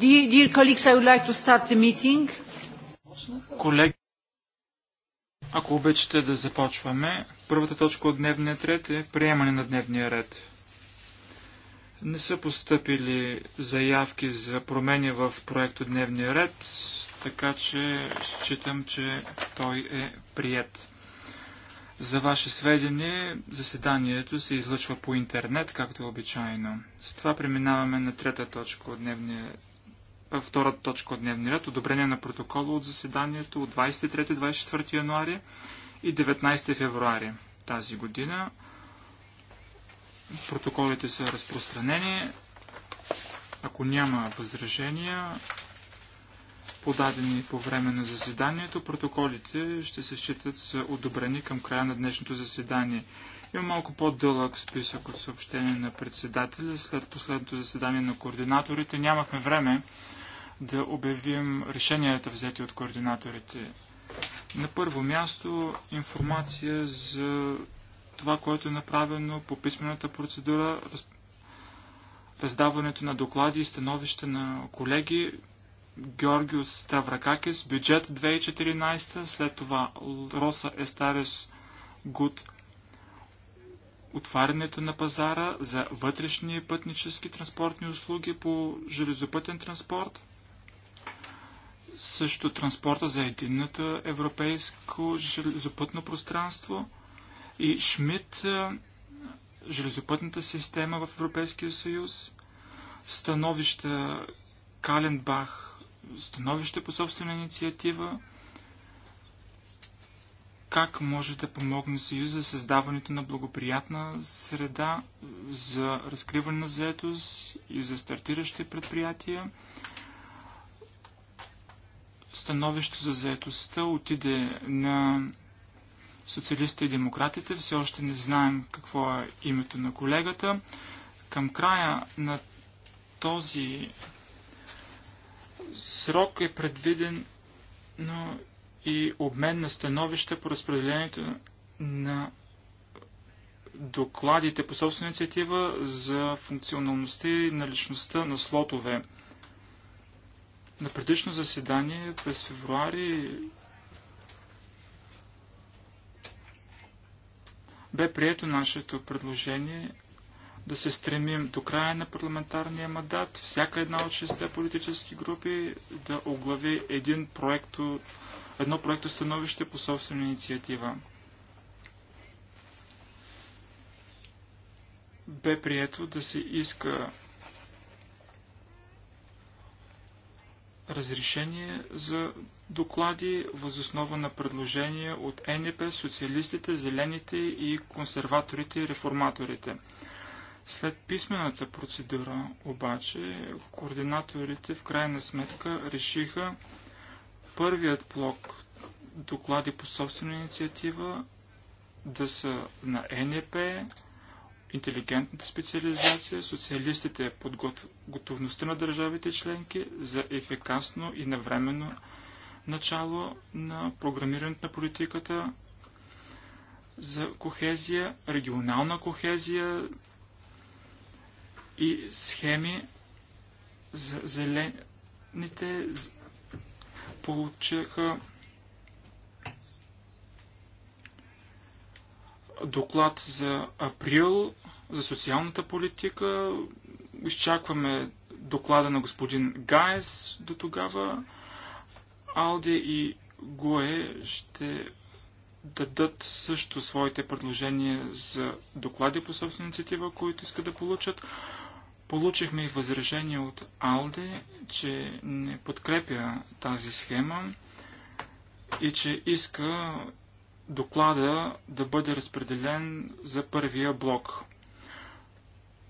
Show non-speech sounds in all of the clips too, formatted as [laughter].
Dear colleagues, I would like to start the meeting. Колеги, ако обичате да започваме, първата точка от дневния ред е приемане на дневния ред. Не са поступили заявки за промени в от дневния ред, така че считам, че той е прият. За ваше сведение, заседанието се излъчва по интернет, както е обичайно. С това преминаваме на трета точка от дневния втората точка от дневния ред, одобрение на протокола от заседанието от 23-24 януари и 19 февруари тази година. Протоколите са разпространени. Ако няма възражения, подадени по време на заседанието, протоколите ще се считат за одобрени към края на днешното заседание. Има малко по-дълъг списък от съобщения на председателя. След последното заседание на координаторите нямахме време да обявим решенията взети от координаторите. На първо място информация за това, което е направено по писмената процедура, раздаването на доклади и становища на колеги, Георгиус Ставракакис, бюджет 2014, след това Роса Естарес Гуд, отварянето на пазара за вътрешни пътнически транспортни услуги по железопътен транспорт, също транспорта за единната европейско железопътно пространство и Шмидт, е, железопътната система в Европейския съюз, становища Каленбах, становище по собствена инициатива, как може да помогне Съюз за създаването на благоприятна среда за разкриване на заетост и за стартиращи предприятия, становище за заетостта отиде на социалистите и демократите. Все още не знаем какво е името на колегата. Към края на този срок е предвиден но и обмен на становища по разпределението на докладите по собствена инициатива за функционалността и наличността на слотове. На предишно заседание през февруари бе прието нашето предложение да се стремим до края на парламентарния мандат, всяка една от шестте политически групи да оглави един проекто, едно проекто становище по собствена инициатива. Бе прието да се иска разрешение за доклади възоснова на предложения от НЕП, социалистите, зелените и консерваторите и реформаторите. След писмената процедура обаче координаторите в крайна сметка решиха първият блок доклади по собствена инициатива да са на НЕП, интелигентната специализация, социалистите под готовността на държавите членки за ефикасно и навременно начало на програмирането на политиката за кохезия, регионална кохезия и схеми за зелените получаха доклад за април за социалната политика. Изчакваме доклада на господин Гайс до тогава. Алде и Гое ще дадат също своите предложения за доклади по собствена инициатива, които искат да получат. Получихме и възражение от Алде, че не подкрепя тази схема и че иска доклада да бъде разпределен за първия блок.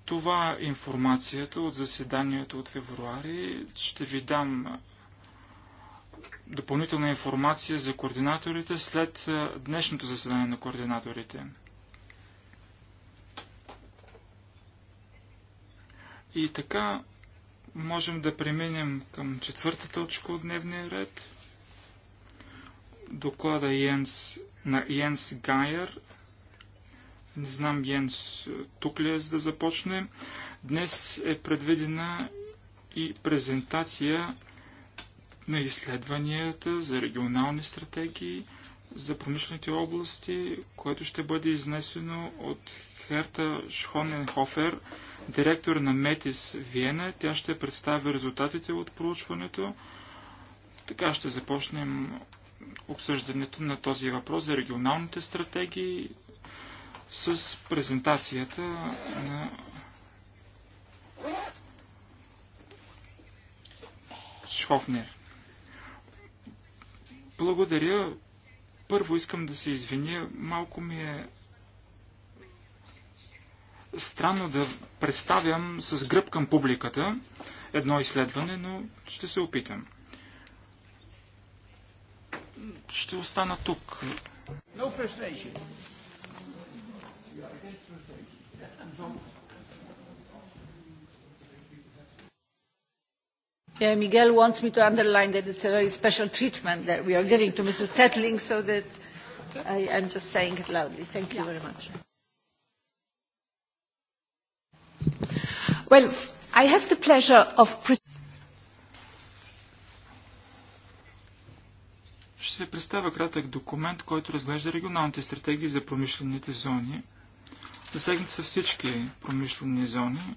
Това е информацията от заседанието от февруари. Ще ви дам допълнителна информация за координаторите след днешното заседание на координаторите. И така можем да преминем към четвърта точка от дневния ред. Доклада Йенс на Йенс Гайер. Не знам Йенс тук ли е, за да започне. Днес е предвидена и презентация на изследванията за регионални стратегии за промишлените области, което ще бъде изнесено от Херта Шхоненхофер, директор на Метис Виена. Тя ще представи резултатите от проучването. Така ще започнем обсъждането на този въпрос за регионалните стратегии с презентацията на Шхофнер. Благодаря. Първо искам да се извиня. Малко ми е странно да представям с гръб към публиката едно изследване, но ще се опитам ще остана тук. No Yeah, Miguel wants me to underline that it's a very special treatment that we are giving to Mrs. Tetling, so that I, I'm just saying it loudly. Thank you yeah. very much. Well, I have the pleasure of. presenting. Ще ви представя кратък документ, който разглежда регионалните стратегии за промишлените зони. Засегнати са всички промишлени зони.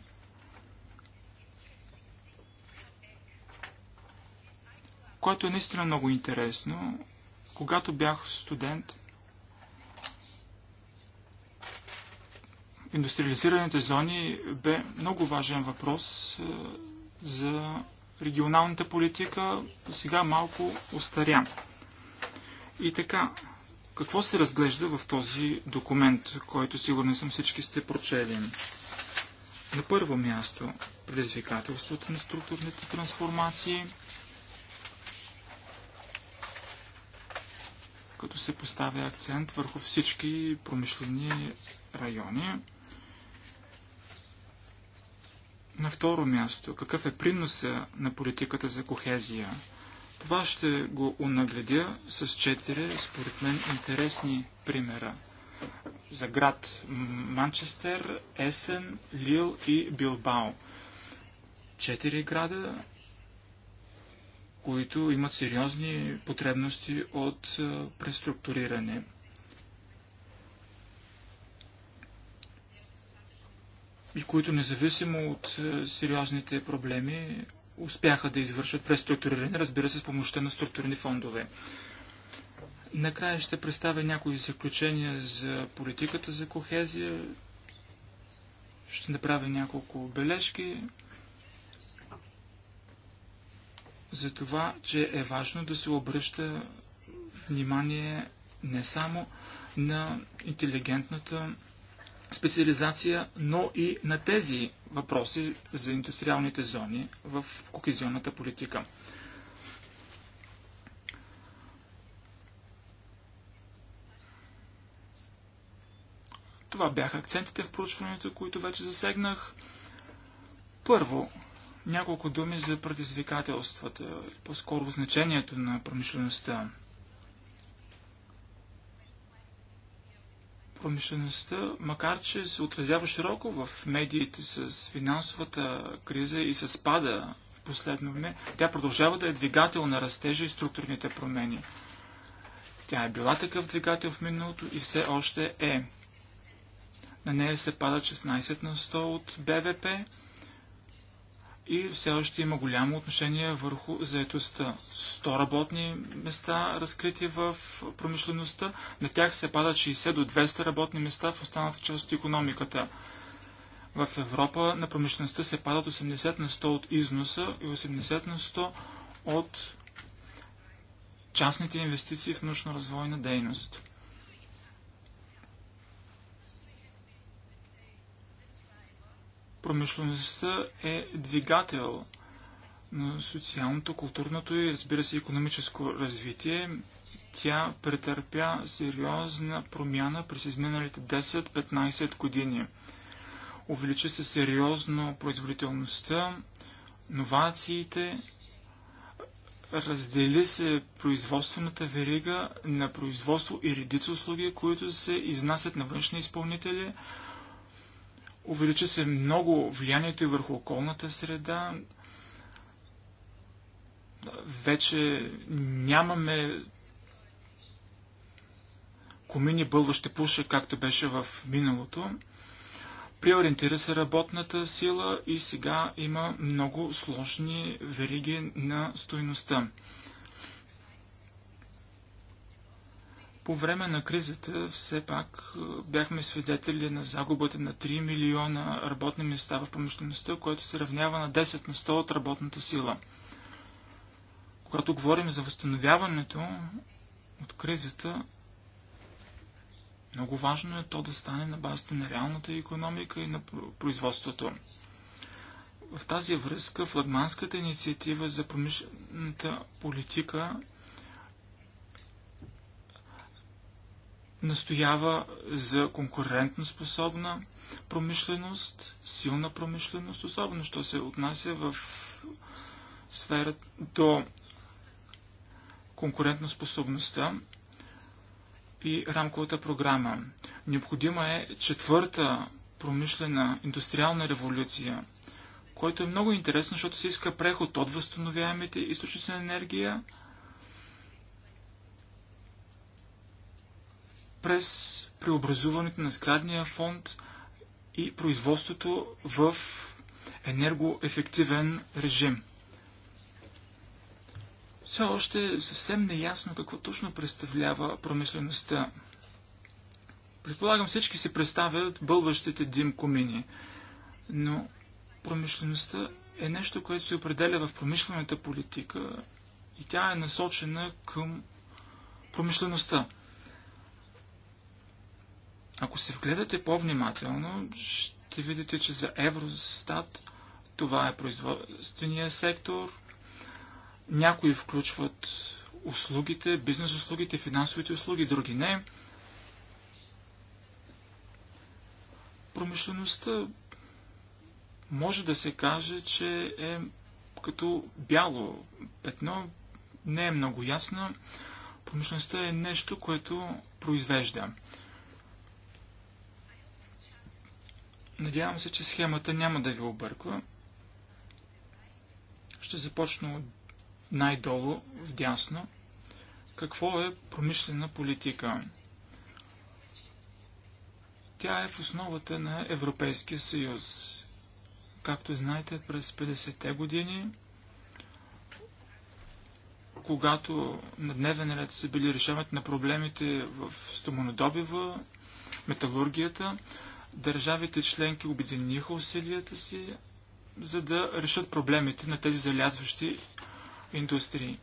Което е наистина много интересно. Когато бях студент, индустриализираните зони бе много важен въпрос е, за регионалната политика сега малко устарям. И така, какво се разглежда в този документ, който сигурно съм всички сте прочели? На първо място, предизвикателството на структурните трансформации, като се поставя акцент върху всички промишлени райони. На второ място, какъв е приноса на политиката за кохезия – това ще го унагледя с четири, според мен, интересни примера. За град Манчестер, Есен, Лил и Билбао. Четири града, които имат сериозни потребности от преструктуриране. И които независимо от сериозните проблеми успяха да извършат преструктуриране, разбира се, с помощта на структурни фондове. Накрая ще представя някои заключения за политиката за кохезия. Ще направя няколко бележки за това, че е важно да се обръща внимание не само на интелигентната специализация, но и на тези въпроси за индустриалните зони в кохезионната политика. Това бяха акцентите в проучването, които вече засегнах. Първо, няколко думи за предизвикателствата, по-скоро значението на промишлеността. Промишлеността, макар че се отразява широко в медиите с финансовата криза и с спада в последно време, тя продължава да е двигател на растежа и структурните промени. Тя е била такъв двигател в миналото и все още е. На нея се пада 16 на 100 от БВП, и все още има голямо отношение върху заетостта. 100 работни места разкрити в промишлеността, на тях се падат 60 до 200 работни места в останалата част от економиката. В Европа на промишлеността се падат 80 на 100 от износа и 80 на 100 от частните инвестиции в научно-развойна дейност. Промишлеността е двигател на социалното, културното и разбира се економическо развитие. Тя претърпя сериозна промяна през изминалите 10-15 години. Увеличи се сериозно производителността, новациите, раздели се производствената верига на производство и редица услуги, които се изнасят на външни изпълнители, Увеличи се много влиянието и върху околната среда. Вече нямаме комини бълващи пуша, както беше в миналото. Приориентира се работната сила и сега има много сложни вериги на стойността. По време на кризата все пак е, бяхме свидетели на загубата на 3 милиона работни места в промишлеността, което се равнява на 10 на 100 от работната сила. Когато говорим за възстановяването от кризата, много важно е то да стане на базата на реалната економика и на производството. В тази връзка флагманската инициатива за промишлената политика настоява за конкурентноспособна промишленост, силна промишленост, особено що се отнася в сфера до конкурентноспособността и рамковата програма. Необходима е четвърта промишлена индустриална революция, който е много интересно, защото се иска преход от възстановяемите източници на енергия през преобразуването на сградния фонд и производството в енергоефективен режим. Все още е съвсем неясно какво точно представлява промишлеността. Предполагам всички си представят бълващите дим комини, но промишлеността е нещо, което се определя в промишлената политика и тя е насочена към промишлеността. Ако се вгледате по-внимателно, ще видите, че за Евростат това е производствения сектор. Някои включват услугите, бизнес услугите, финансовите услуги, други не. Промишлеността може да се каже, че е като бяло петно, не е много ясно. Промишлеността е нещо, което произвежда. Надявам се, че схемата няма да ви обърква. Ще започна най-долу, вдясно. Какво е промишлена политика? Тя е в основата на Европейския съюз. Както знаете, през 50-те години, когато на дневен ред са били решаването на проблемите в стомонодобива, металургията, Държавите членки обединиха усилията си, за да решат проблемите на тези залязващи индустрии.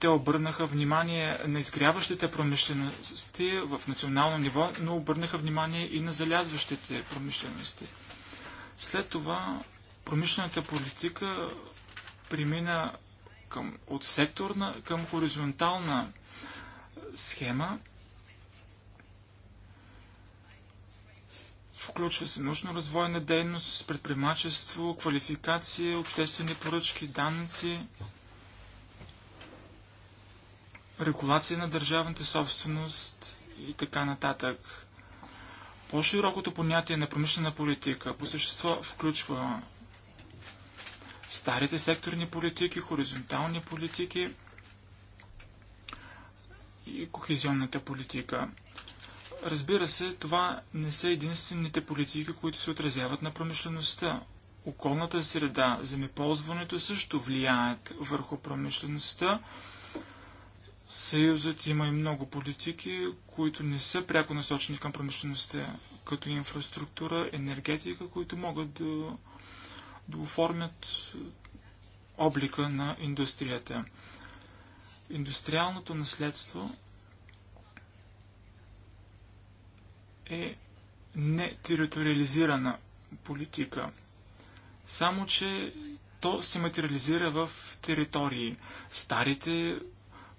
те обърнаха внимание на изгряващите промишлености в национално ниво, но обърнаха внимание и на залязващите промишлености. След това промишлената политика премина към, от секторна към хоризонтална схема. Включва се научно-развойна дейност, предприемачество, квалификация, обществени поръчки, данъци, регулация на държавната собственост и така нататък. По-широкото понятие на промишлена политика по същество включва старите секторни политики, хоризонтални политики и кохезионната политика. Разбира се, това не са единствените политики, които се отразяват на промишлеността. Околната среда, земеползването също влияят върху промишлеността. Съюзът има и много политики, които не са пряко насочени към промишлеността, като инфраструктура, енергетика, които могат да, да оформят облика на индустрията. Индустриалното наследство е нетериториализирана политика. Само, че то се материализира в територии. Старите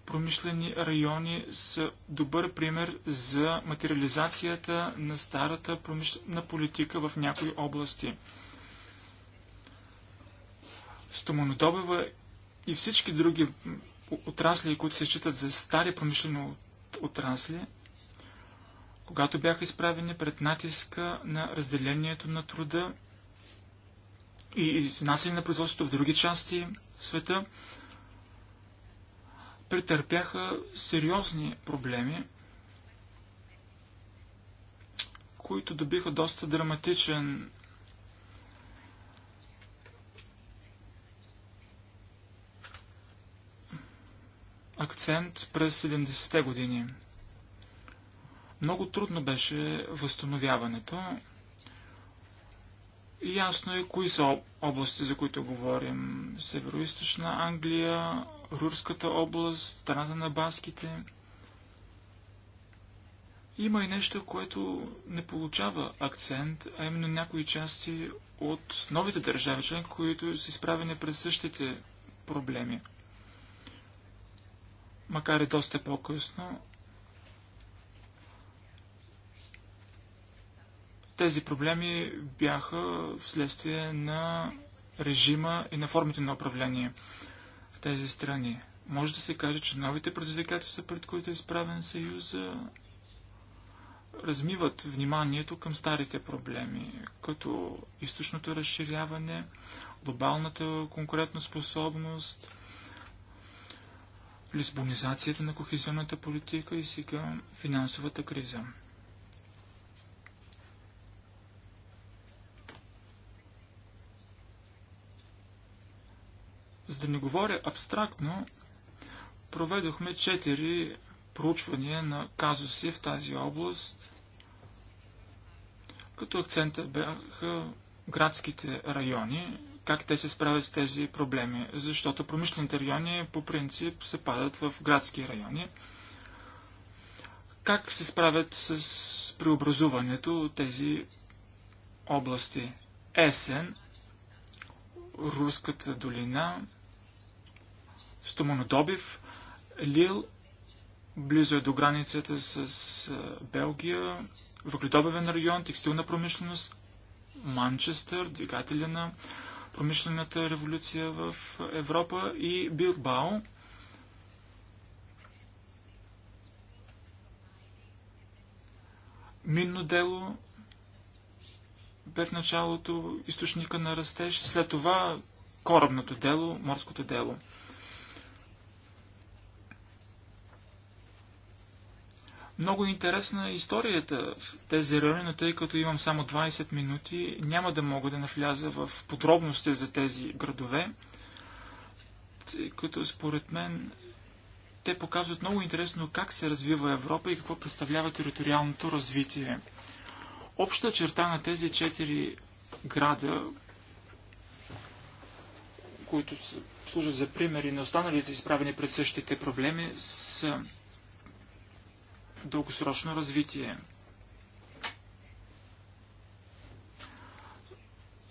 промишлени райони са добър пример за материализацията на старата промишлена политика в някои области. Стомонодобива и всички други отрасли, които се считат за стари промишлени отрасли, когато бяха изправени пред натиска на разделението на труда и изнасяне на производството в други части в света, претърпяха сериозни проблеми, които добиха доста драматичен акцент през 70-те години. Много трудно беше възстановяването. И ясно е кои са области, за които говорим. Североизточна Англия, Рурската област, страната на Баските. Има и нещо, което не получава акцент, а именно някои части от новите държави член, които са изправени през същите проблеми. Макар и доста по-късно, Тези проблеми бяха вследствие на режима и на формите на управление в тези страни. Може да се каже, че новите предизвикателства, пред които е изправен Съюза, размиват вниманието към старите проблеми, като източното разширяване, глобалната конкурентоспособност, лисбонизацията на кохезионната политика и сега финансовата криза. За да не говоря абстрактно, проведохме четири проучвания на казуси в тази област, като акцента бяха градските райони, как те се справят с тези проблеми, защото промишлените райони по принцип се падат в градски райони. Как се справят с преобразуването тези области? Есен, Руската долина, стоманодобив. Лил близо е до границата с Белгия, въгледобивен район, текстилна промишленост, Манчестър, двигателя на промишлената революция в Европа и Билбао. Минно дело бе в началото източника на растеж, след това корабното дело, морското дело – Много интересна е историята в тези райони, но тъй като имам само 20 минути, няма да мога да навляза в подробности за тези градове, тъй като според мен те показват много интересно как се развива Европа и какво представлява териториалното развитие. Обща черта на тези четири града, които служат за примери на останалите изправени пред същите проблеми, са дългосрочно развитие.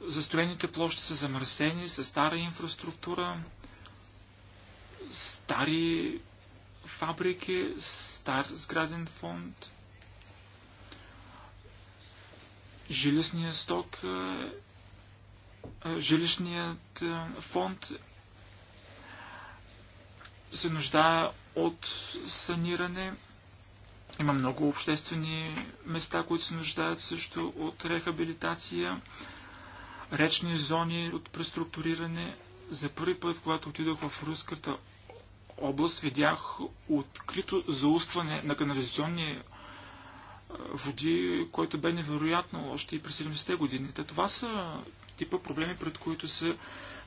Застроените площи са замърсени с стара инфраструктура, стари фабрики, стар сграден фонд. Е, е, жилищният сток, е, жилищният фонд се нуждае от саниране. Има много обществени места, които се нуждаят също от рехабилитация, речни зони от преструктуриране. За първи път, когато отидох в Руската област, видях открито заустване на канализационни води, което бе невероятно още и през 70-те години. Та това са типа проблеми, пред които са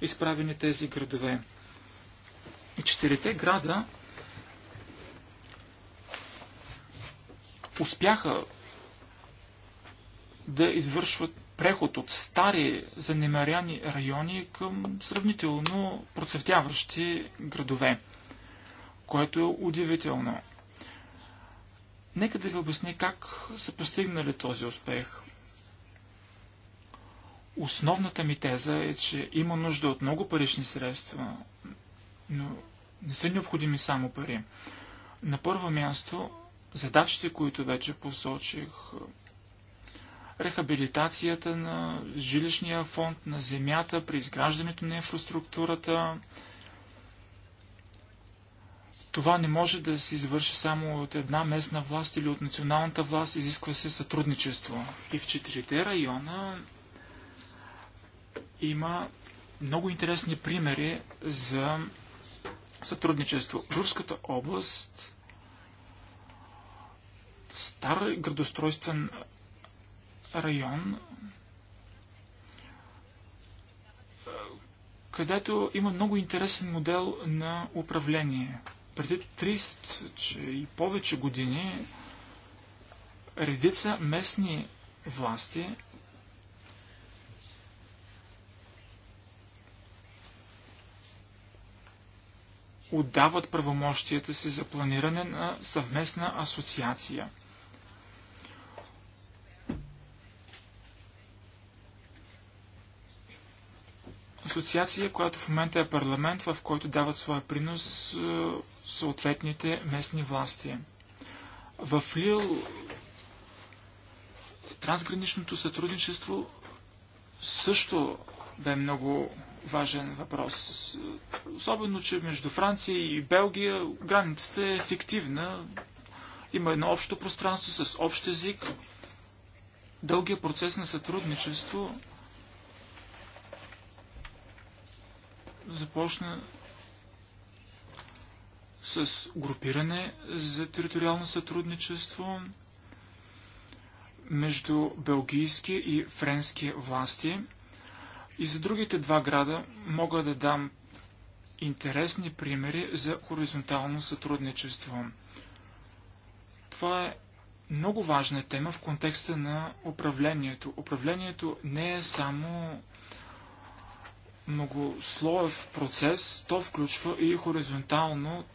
изправени тези градове. И четирите града успяха да извършват преход от стари занемаряни райони към сравнително процъфтяващи градове, което е удивително. Нека да ви обясня как са постигнали този успех. Основната ми теза е, че има нужда от много парични средства, но не са необходими само пари. На първо място задачите, които вече посочих, рехабилитацията на жилищния фонд, на земята, при изграждането на инфраструктурата. Това не може да се извърши само от една местна власт или от националната власт, изисква се сътрудничество. И в четирите района има много интересни примери за сътрудничество. Руската област стар градостройствен район, където има много интересен модел на управление. Преди 30 че и повече години редица местни власти отдават правомощията си за планиране на съвместна асоциация – асоциация, която в момента е парламент, в който дават своя принос е, съответните местни власти. В Лил трансграничното сътрудничество също бе много важен въпрос. Особено, че между Франция и Белгия границата е ефективна. Има едно общо пространство с общ език. Дългия процес на сътрудничество започна с групиране за териториално сътрудничество между белгийски и френски власти. И за другите два града мога да дам интересни примери за хоризонтално сътрудничество. Това е много важна тема в контекста на управлението. Управлението не е само многослоев процес, то включва и хоризонтално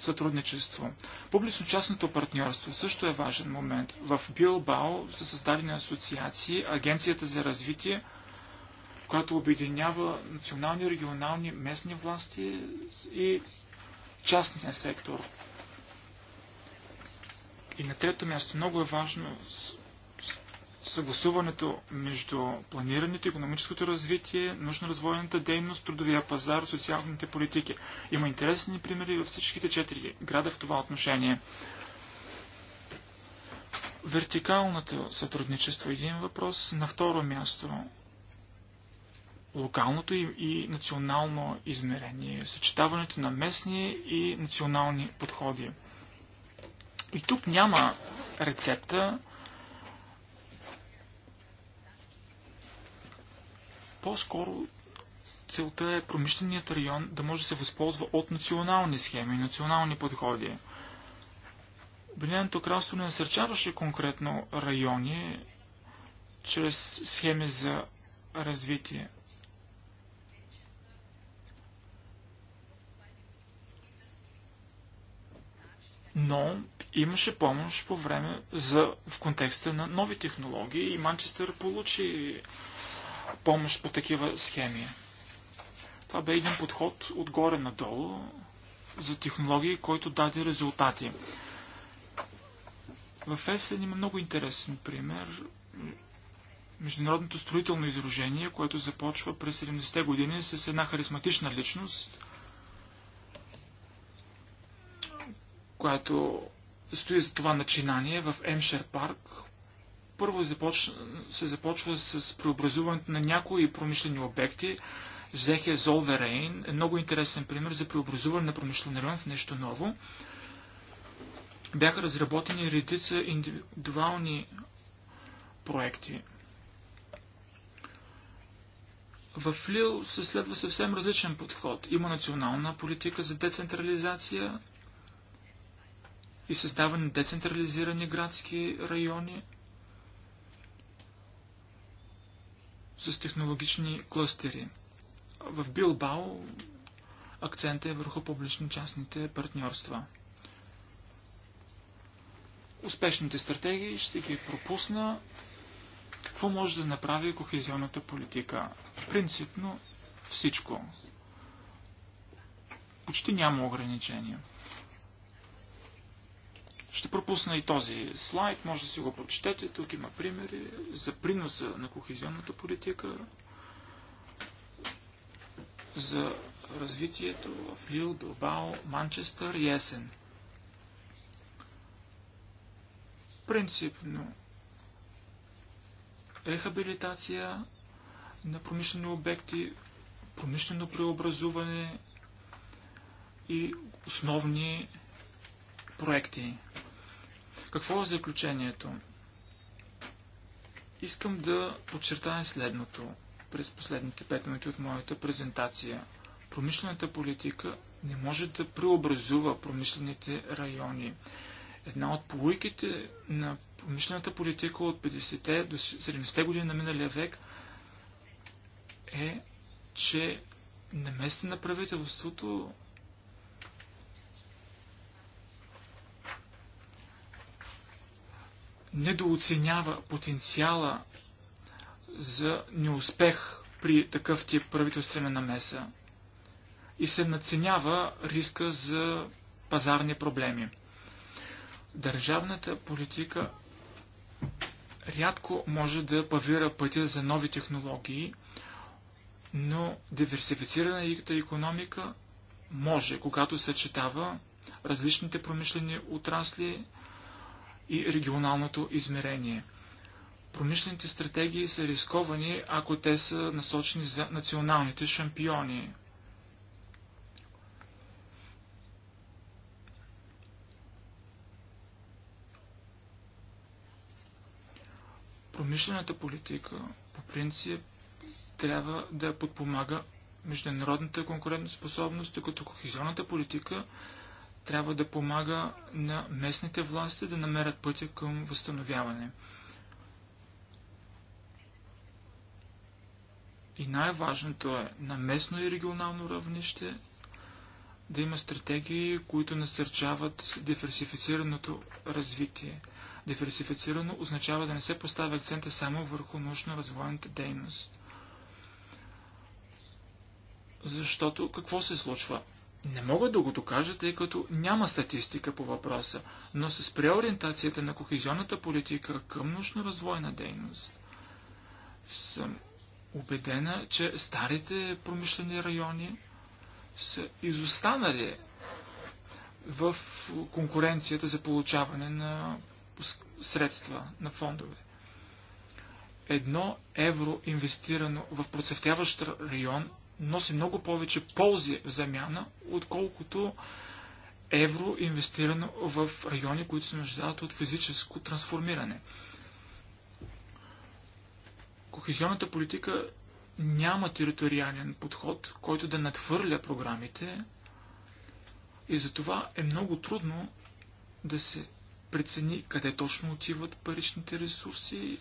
сътрудничество. Публично-частното партньорство също е важен момент. В Билбао са създадени асоциации, Агенцията за развитие, която обединява национални, регионални, местни власти и частния сектор. И на трето място много е важно съгласуването между планирането, економическото развитие, нужно развойната дейност, трудовия пазар, социалните политики. Има интересни примери във всичките четири града в това отношение. Вертикалното сътрудничество е един въпрос. На второ място локалното и, и национално измерение, съчетаването на местни и национални подходи. И тук няма рецепта, По-скоро целта е промишленият район да може да се възползва от национални схеми, национални подходи. Обединеното кралство не насърчаваше конкретно райони чрез схеми за развитие. но имаше помощ по време за, в контекста на нови технологии и Манчестър получи помощ по такива схеми. Това бе един подход отгоре надолу за технологии, който даде резултати. В ЕСЕН има много интересен пример. Международното строително изражение, което започва през 70-те години с една харизматична личност, която стои за това начинание в Емшер парк, първо се започва с преобразуването на някои промишлени обекти. Взехе Золверейн е много интересен пример за преобразуване на промишлен район в нещо ново. Бяха разработени редица индивидуални проекти. В Лил се следва съвсем различен подход. Има национална политика за децентрализация и създаване на децентрализирани градски райони – с технологични клъстери. В Билбао акцентът е върху публично-частните партньорства. Успешните стратегии ще ги пропусна. Какво може да направи кохезионната политика? Принципно всичко. Почти няма ограничения. Ще пропусна и този слайд, може да си го прочетете. Тук има примери за приноса на кохезионната политика, за развитието в Лил, Билбао, Манчестър и Есен. Принципно рехабилитация на промишлени обекти, промишлено преобразуване и основни проекти. Какво е заключението? Искам да подчертая следното през последните 5 минути от моята презентация. Промишлената политика не може да преобразува промишлените райони. Една от полуйките на промишлената политика от 50-те до 70-те години на миналия век е, че наместа на правителството недооценява потенциала за неуспех при такъв тип правителствена намеса и се наценява риска за пазарни проблеми. Държавната политика рядко може да павира пътя за нови технологии, но диверсифицираната економика може, когато съчетава различните промишлени отрасли, и регионалното измерение. Промишлените стратегии са рисковани, ако те са насочени за националните шампиони. Промишлената политика по принцип трябва да подпомага международната конкурентоспособност, като кохезионната политика трябва да помага на местните власти да намерят пътя към възстановяване. И най-важното е на местно и регионално равнище да има стратегии, които насърчават диверсифицираното развитие. Диверсифицирано означава да не се поставя акцента само върху научно-развойната дейност. Защото какво се случва? Не мога да го докажа, тъй като няма статистика по въпроса, но с преориентацията на кохезионната политика към нощно развойна дейност съм убедена, че старите промишлени райони са изостанали в конкуренцията за получаване на средства на фондове. Едно евро инвестирано в процъфтяващ район носи много повече ползи в замяна, отколкото евро инвестирано в райони, които се нуждаят от физическо трансформиране. Кохезионната политика няма териториален подход, който да надхвърля програмите и затова е много трудно да се прецени къде точно отиват паричните ресурси,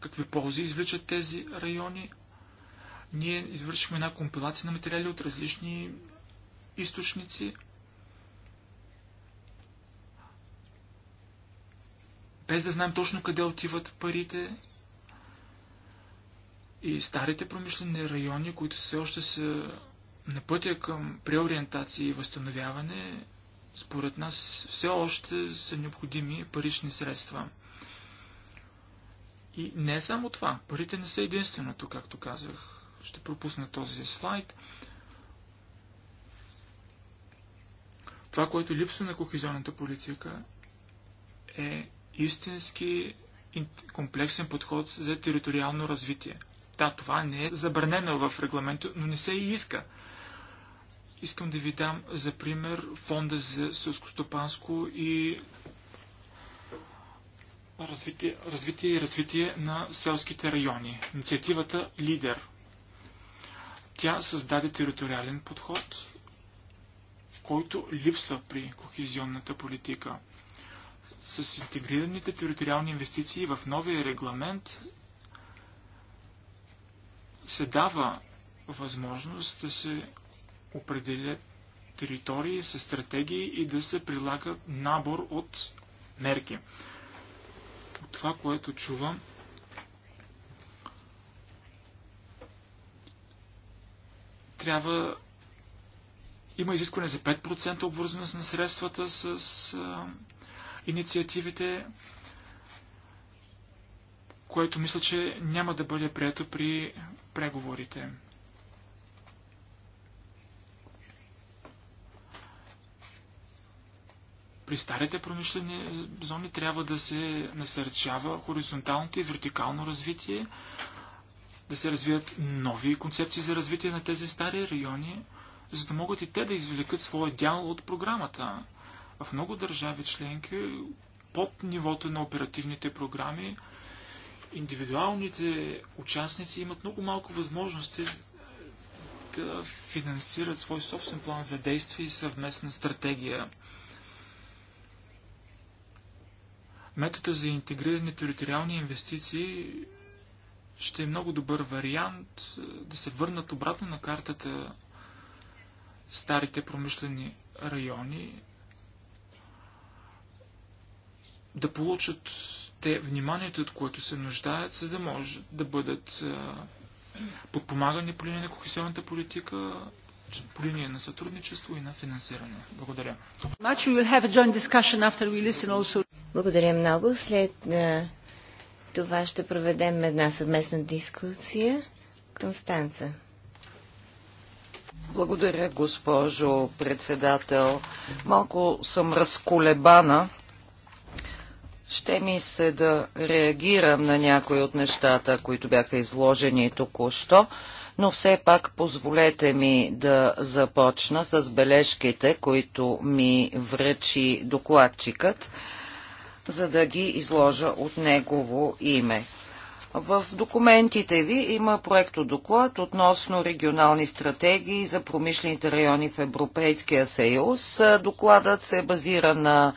какви ползи извличат тези райони, ние извършихме една компилация на материали от различни източници, без да знаем точно къде отиват парите и старите промишлени райони, които все още са на пътя към преориентация и възстановяване, според нас все още са необходими парични средства. И не само това, парите не са единственото, както казах ще пропусна този слайд. Това, което липсва на кохезионната политика е истински комплексен подход за териториално развитие. Да, това не е забранено в регламента, но не се и иска. Искам да ви дам за пример фонда за селскостопанско и развитие, развитие и развитие на селските райони. Инициативата Лидер. Тя създаде териториален подход, който липсва при кохезионната политика. С интегрираните териториални инвестиции в новия регламент се дава възможност да се определят територии с стратегии и да се прилага набор от мерки. От това, което чувам, трябва има изискване за 5% обвързаност на средствата с а, инициативите, което мисля, че няма да бъде прието при преговорите. При старите промишлени зони трябва да се насърчава хоризонталното и вертикално развитие, да се развият нови концепции за развитие на тези стари райони, за да могат и те да извлекат своя дял от програмата. В много държави членки, под нивото на оперативните програми, индивидуалните участници имат много малко възможности да финансират свой собствен план за действие и съвместна стратегия. Метода за на териториални инвестиции ще е много добър вариант е, да се върнат обратно на картата старите промишлени райони, да получат те вниманието, от което се нуждаят, за да може да бъдат е, подпомагани по линия на кохесионната политика, по линия на сътрудничество и на финансиране. Благодаря. Благодаря много. След е, това ще проведем една съвместна дискусия. Констанца. Благодаря, госпожо председател. Малко съм разколебана. Ще ми се да реагирам на някои от нещата, които бяха изложени току-що, но все пак позволете ми да започна с бележките, които ми връчи докладчикът за да ги изложа от негово име. В документите ви има проекто доклад относно регионални стратегии за промишлените райони в Европейския съюз. Докладът се базира на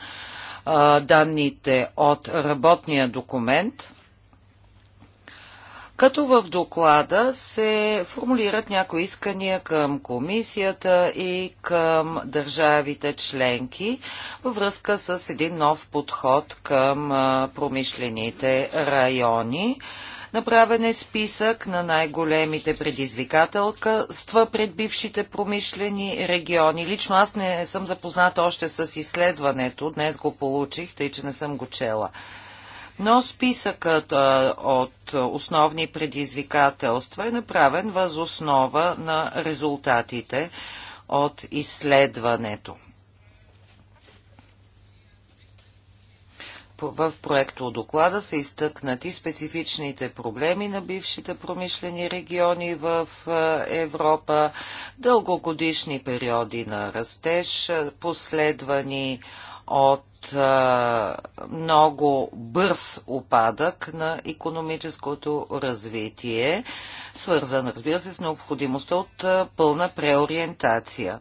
данните от работния документ като в доклада се формулират някои искания към комисията и към държавите членки във връзка с един нов подход към промишлените райони. Направен е списък на най-големите предизвикателства пред бившите промишлени региони. Лично аз не съм запозната още с изследването. Днес го получих, тъй че не съм го чела но списъкът а, от основни предизвикателства е направен въз основа на резултатите от изследването. в проекто доклада са изтъкнати специфичните проблеми на бившите промишлени региони в Европа, дългогодишни периоди на растеж, последвани от а, много бърз упадък на економическото развитие, свързан, разбира се, с необходимостта от а, пълна преориентация.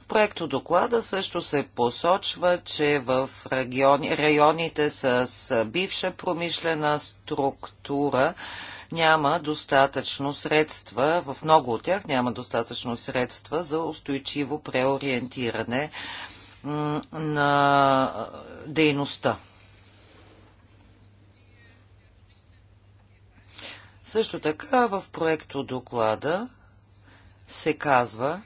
В проекто доклада също се посочва, че в региони, районите с бивша промишлена структура няма достатъчно средства, в много от тях няма достатъчно средства за устойчиво преориентиране на дейността. Също така в проекто доклада се казва,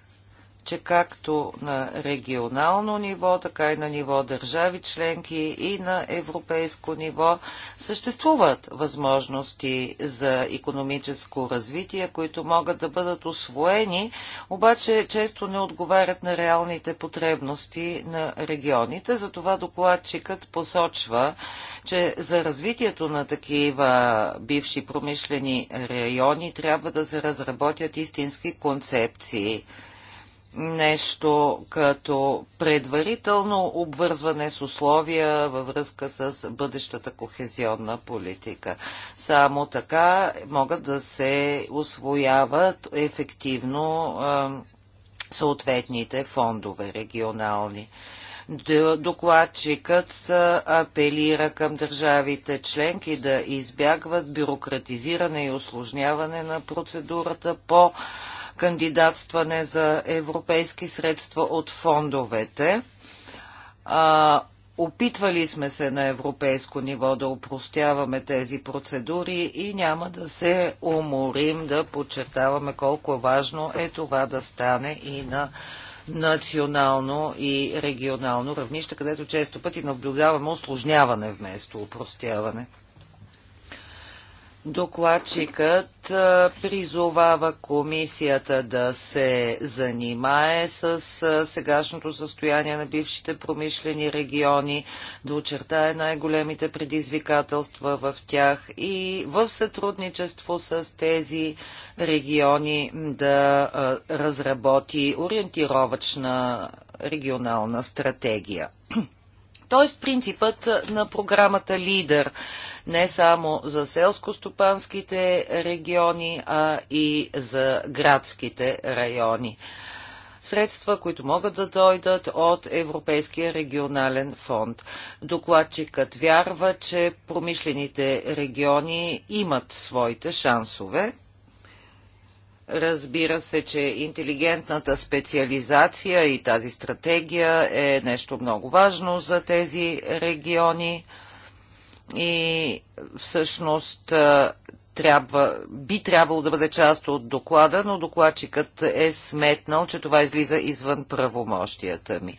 че както на регионално ниво, така и на ниво държави членки и на европейско ниво съществуват възможности за економическо развитие, които могат да бъдат освоени, обаче често не отговарят на реалните потребности на регионите. Затова докладчикът посочва, че за развитието на такива бивши промишлени райони трябва да се разработят истински концепции – нещо като предварително обвързване с условия във връзка с бъдещата кохезионна политика. Само така могат да се освояват ефективно съответните фондове регионални. Докладчикът апелира към държавите членки да избягват бюрократизиране и осложняване на процедурата по кандидатстване за европейски средства от фондовете. А, опитвали сме се на европейско ниво да упростяваме тези процедури и няма да се уморим да подчертаваме колко важно е това да стане и на национално и регионално равнище, където често пъти наблюдаваме осложняване вместо упростяване. Докладчикът призовава комисията да се занимае с сегашното състояние на бившите промишлени региони, да очертае най-големите предизвикателства в тях и в сътрудничество с тези региони да разработи ориентировачна регионална стратегия. [clears throat] Тоест принципът на програмата Лидер – не само за селско-стопанските региони, а и за градските райони. Средства, които могат да дойдат от Европейския регионален фонд. Докладчикът вярва, че промишлените региони имат своите шансове. Разбира се, че интелигентната специализация и тази стратегия е нещо много важно за тези региони и всъщност трябва, би трябвало да бъде част от доклада, но докладчикът е сметнал, че това излиза извън правомощията ми.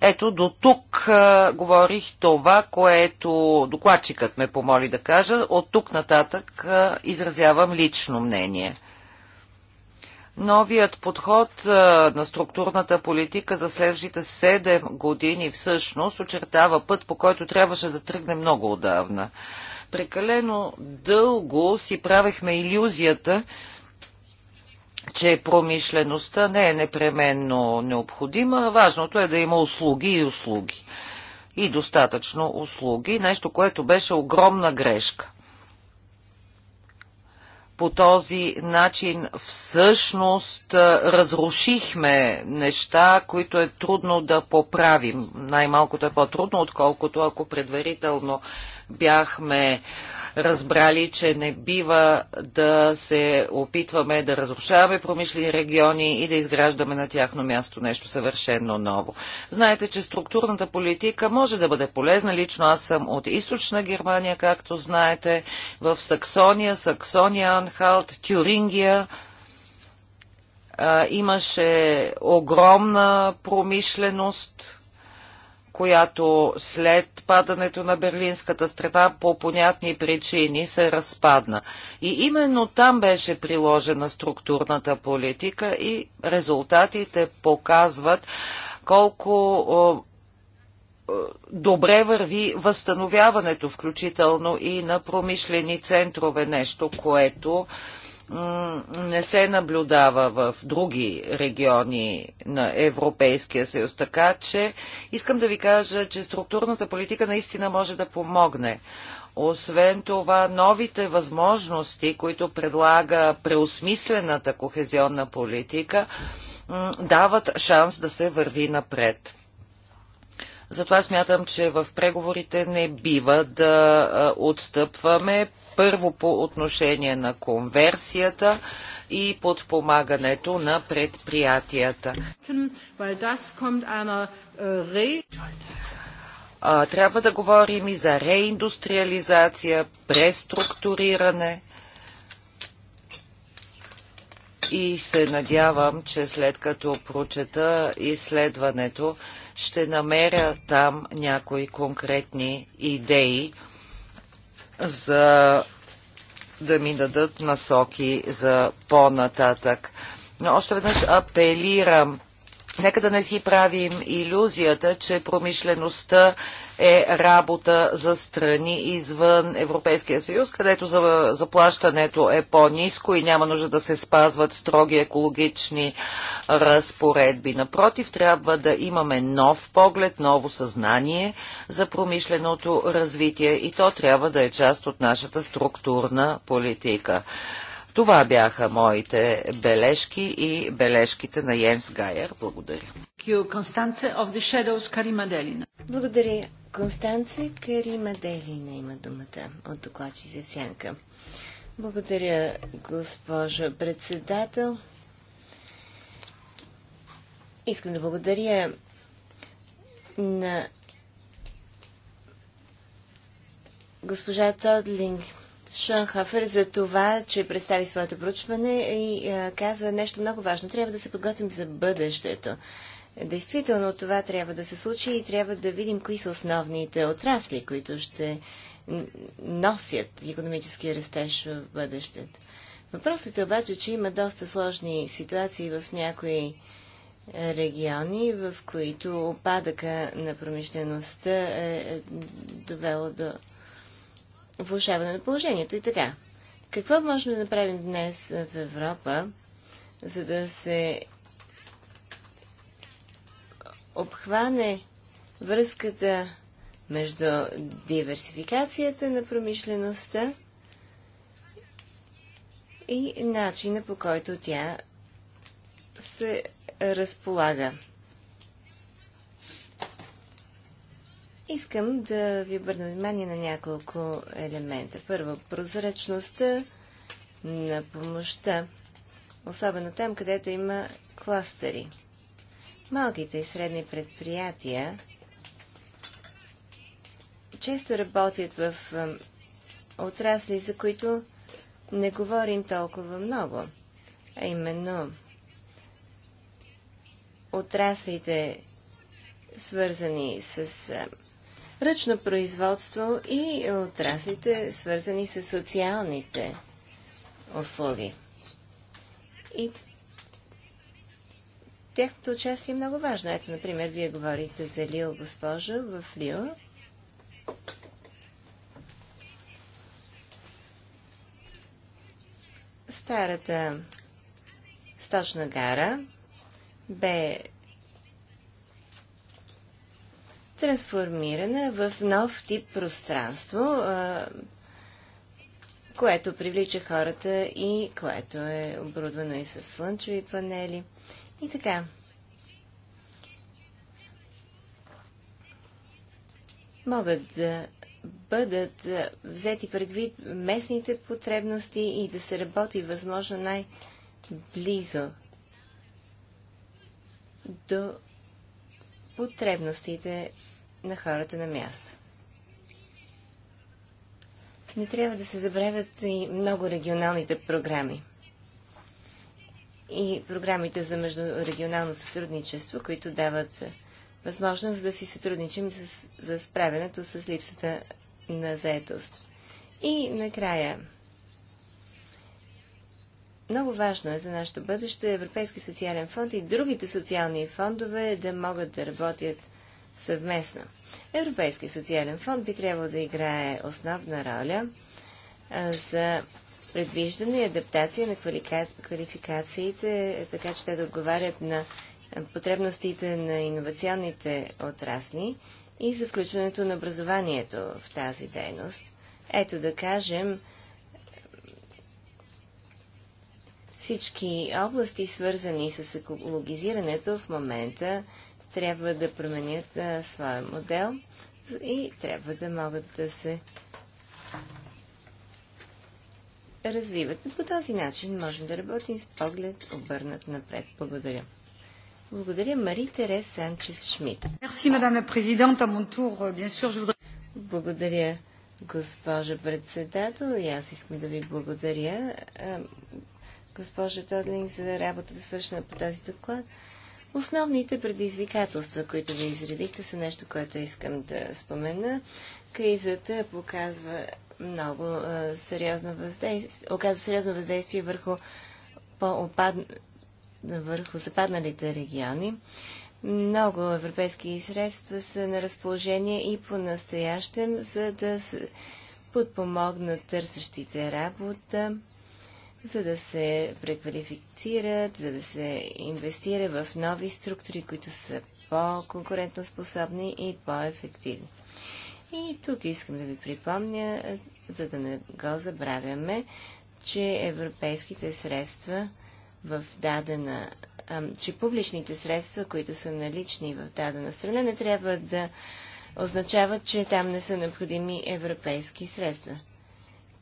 Ето, до тук а, говорих това, което докладчикът ме помоли да кажа. От тук нататък а, изразявам лично мнение. Новият подход на структурната политика за следващите 7 години всъщност очертава път, по който трябваше да тръгне много отдавна. Прекалено дълго си правехме иллюзията, че промишлеността не е непременно необходима. Важното е да има услуги и услуги. И достатъчно услуги. Нещо, което беше огромна грешка по този начин всъщност разрушихме неща, които е трудно да поправим. Най-малкото е по-трудно, отколкото ако предварително бяхме разбрали, че не бива да се опитваме да разрушаваме промишлени региони и да изграждаме на тяхно място нещо съвършено ново. Знаете, че структурната политика може да бъде полезна. Лично аз съм от източна Германия, както знаете, в Саксония, Саксония, Анхалт, Тюрингия имаше огромна промишленост, която след падането на Берлинската страна по понятни причини се разпадна. И именно там беше приложена структурната политика и резултатите показват колко добре върви възстановяването, включително и на промишлени центрове, нещо, което не се наблюдава в други региони на Европейския съюз. Така че искам да ви кажа, че структурната политика наистина може да помогне. Освен това, новите възможности, които предлага преосмислената кохезионна политика, дават шанс да се върви напред. Затова смятам, че в преговорите не бива да отстъпваме първо по отношение на конверсията и подпомагането на предприятията. Äh, трябва да говорим и за реиндустриализация, преструктуриране и се надявам, че след като прочета изследването, ще намеря там някои конкретни идеи за да ми дадат насоки за по-нататък. Но още веднъж апелирам. Нека да не си правим иллюзията, че промишлеността е работа за страни извън Европейския съюз, където заплащането е по-низко и няма нужда да се спазват строги екологични разпоредби. Напротив, трябва да имаме нов поглед, ново съзнание за промишленото развитие и то трябва да е част от нашата структурна политика. Това бяха моите бележки и бележките на Йенс Гайер. Благодаря. Благодаря. Констанция Карима Делина има думата от докладчи за сянка. Благодаря, госпожо председател. Искам да благодаря на госпожа Тодлинг Шонхофер за това, че представи своето проучване и а, каза нещо много важно. Трябва да се подготвим за бъдещето. Действително това трябва да се случи и трябва да видим кои са основните отрасли, които ще носят економически растеж в бъдещето. Въпросът е обаче, че има доста сложни ситуации в някои е, региони, в които опадъка на промишлеността е, е довело до влушаване на положението. И така, какво можем да направим днес в Европа, за да се обхване връзката между диверсификацията на промишлеността и начина по който тя се разполага. Искам да ви обърна внимание на няколко елемента. Първо, прозрачността на помощта, особено там, където има кластери – Малките и средни предприятия често работят в отрасли, за които не говорим толкова много, а именно отраслите, свързани с ръчно производство и отраслите, свързани с социалните услуги. И тяхното участие е много важно. Ето, например, вие говорите за Лил, госпожо, в Лил. Старата сточна гара бе трансформирана в нов тип пространство, което привлича хората и което е оборудвано и с слънчеви панели. И така. Могат да бъдат взети предвид местните потребности и да се работи възможно най-близо до потребностите на хората на място. Не трябва да се забравят и много регионалните програми – и програмите за междурегионално сътрудничество, които дават е, възможност да си сътрудничим с, за справянето с липсата на заетост. И накрая, много важно е за нашето бъдеще Европейски социален фонд и другите социални фондове да могат да работят съвместно. Европейски социален фонд би трябвало да играе основна роля за предвиждане и адаптация на квалификациите, така че те да отговарят на потребностите на иновационните отрасли и за включването на образованието в тази дейност. Ето да кажем, всички области, свързани с екологизирането в момента, трябва да променят а, своя модел и трябва да могат да се развиват. По този начин можем да работим с поглед обърнат напред. Благодаря. Благодаря Мари-Терес Санчес Шмидт. Euh, благодаря, госпожа председател. И аз искам да ви благодаря, госпожа Тодлин, за работата свършена по този доклад. Основните предизвикателства, които ви изредихте, са нещо, което искам да спомена. Кризата показва много а, сериозно въздействие, оказва сериозно въздействие върху, по-опад... върху западналите региони. Много европейски средства са на разположение и по-настоящем, за да се подпомогнат търсещите работа, за да се преквалифицират, за да се инвестира в нови структури, които са по-конкурентоспособни и по-ефективни. И тук искам да ви припомня, за да не го забравяме, че европейските средства в дадена че публичните средства, които са налични в дадена страна, не трябва да означават, че там не са необходими европейски средства.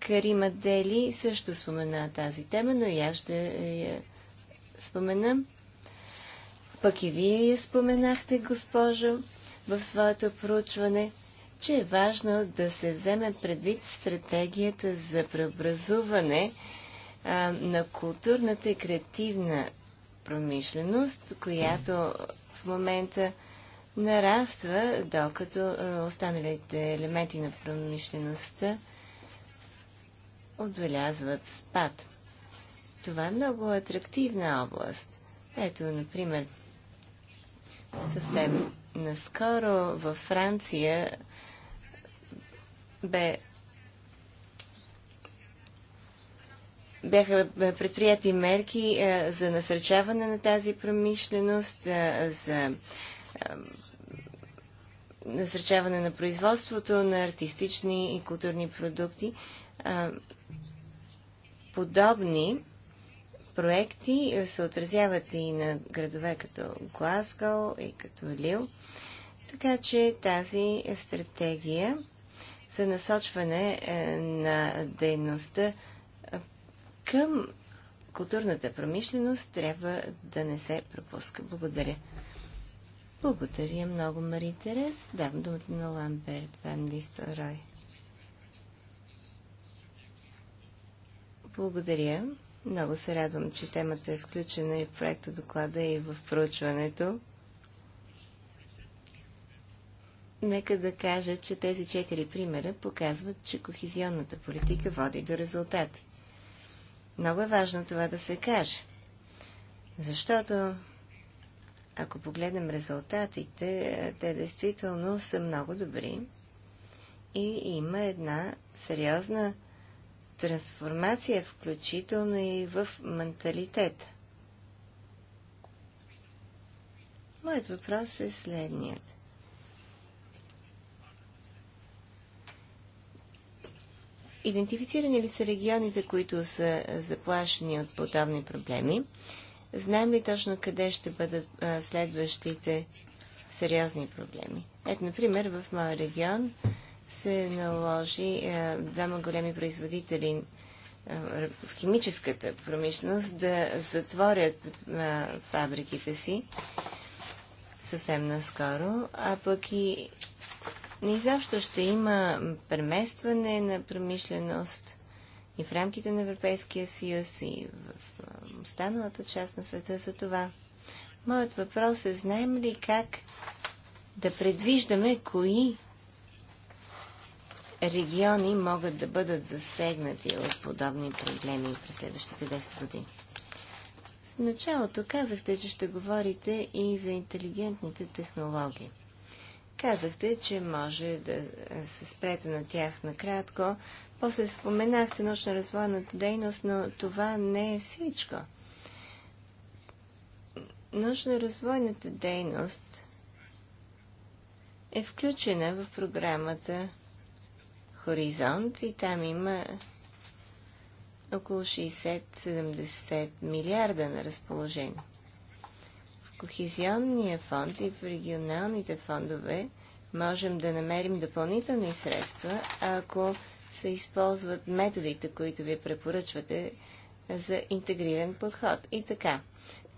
Карима Дели също спомена тази тема, но и аз ще я спомена. Пък и вие я споменахте, госпожо, в своето проучване – че е важно да се вземе предвид стратегията за преобразуване а, на културната и креативна промишленост, която в момента нараства, докато останалите елементи на промишлеността отбелязват спад. Това е много атрактивна област. Ето, например, съвсем наскоро във Франция бе бяха предприяти мерки а, е, за насърчаване на тази промишленост, а, е, за а, е, насърчаване на производството на артистични и културни продукти. Подобни проекти се отразяват и на градове като Глазго и като Лил. Така че тази стратегия за насочване е, на дейността е, към културната промишленост трябва да не се пропуска. Благодаря. Благодаря много, Мари Терес. Давам думата на Ламберт Ван Дистелрой. Благодаря. Много се радвам, че темата е включена и в проекта доклада и в проучването. Нека да кажа, че тези четири примера показват, че кохезионната политика води до резултати. Много е важно това да се каже, защото ако погледнем резултатите, те действително са много добри и има една сериозна трансформация, включително и в менталитета. Моят въпрос е следният. идентифицирани ли са регионите, които са заплашени от подобни проблеми? Знаем ли точно къде ще бъдат следващите сериозни проблеми? Ето, например, в моя регион се наложи двама големи производители в химическата промишленост да затворят фабриките си съвсем наскоро, а пък и Изобщо ще има преместване на промишленост и в рамките на Европейския съюз, и в останалата част на света за това. Моят въпрос е, знаем ли как да предвиждаме кои региони могат да бъдат засегнати от подобни проблеми през следващите 10 години? В началото казахте, че ще говорите и за интелигентните технологии. Казахте, че може да се спрете на тях накратко. После споменахте научно-развойната дейност, но това не е всичко. Научно-развойната дейност е включена в програмата Хоризонт и там има около 60-70 милиарда на разположение. В Кохезионния фонд и в регионалните фондове можем да намерим допълнителни средства, ако се използват методите, които ви препоръчвате за интегриран подход. И така,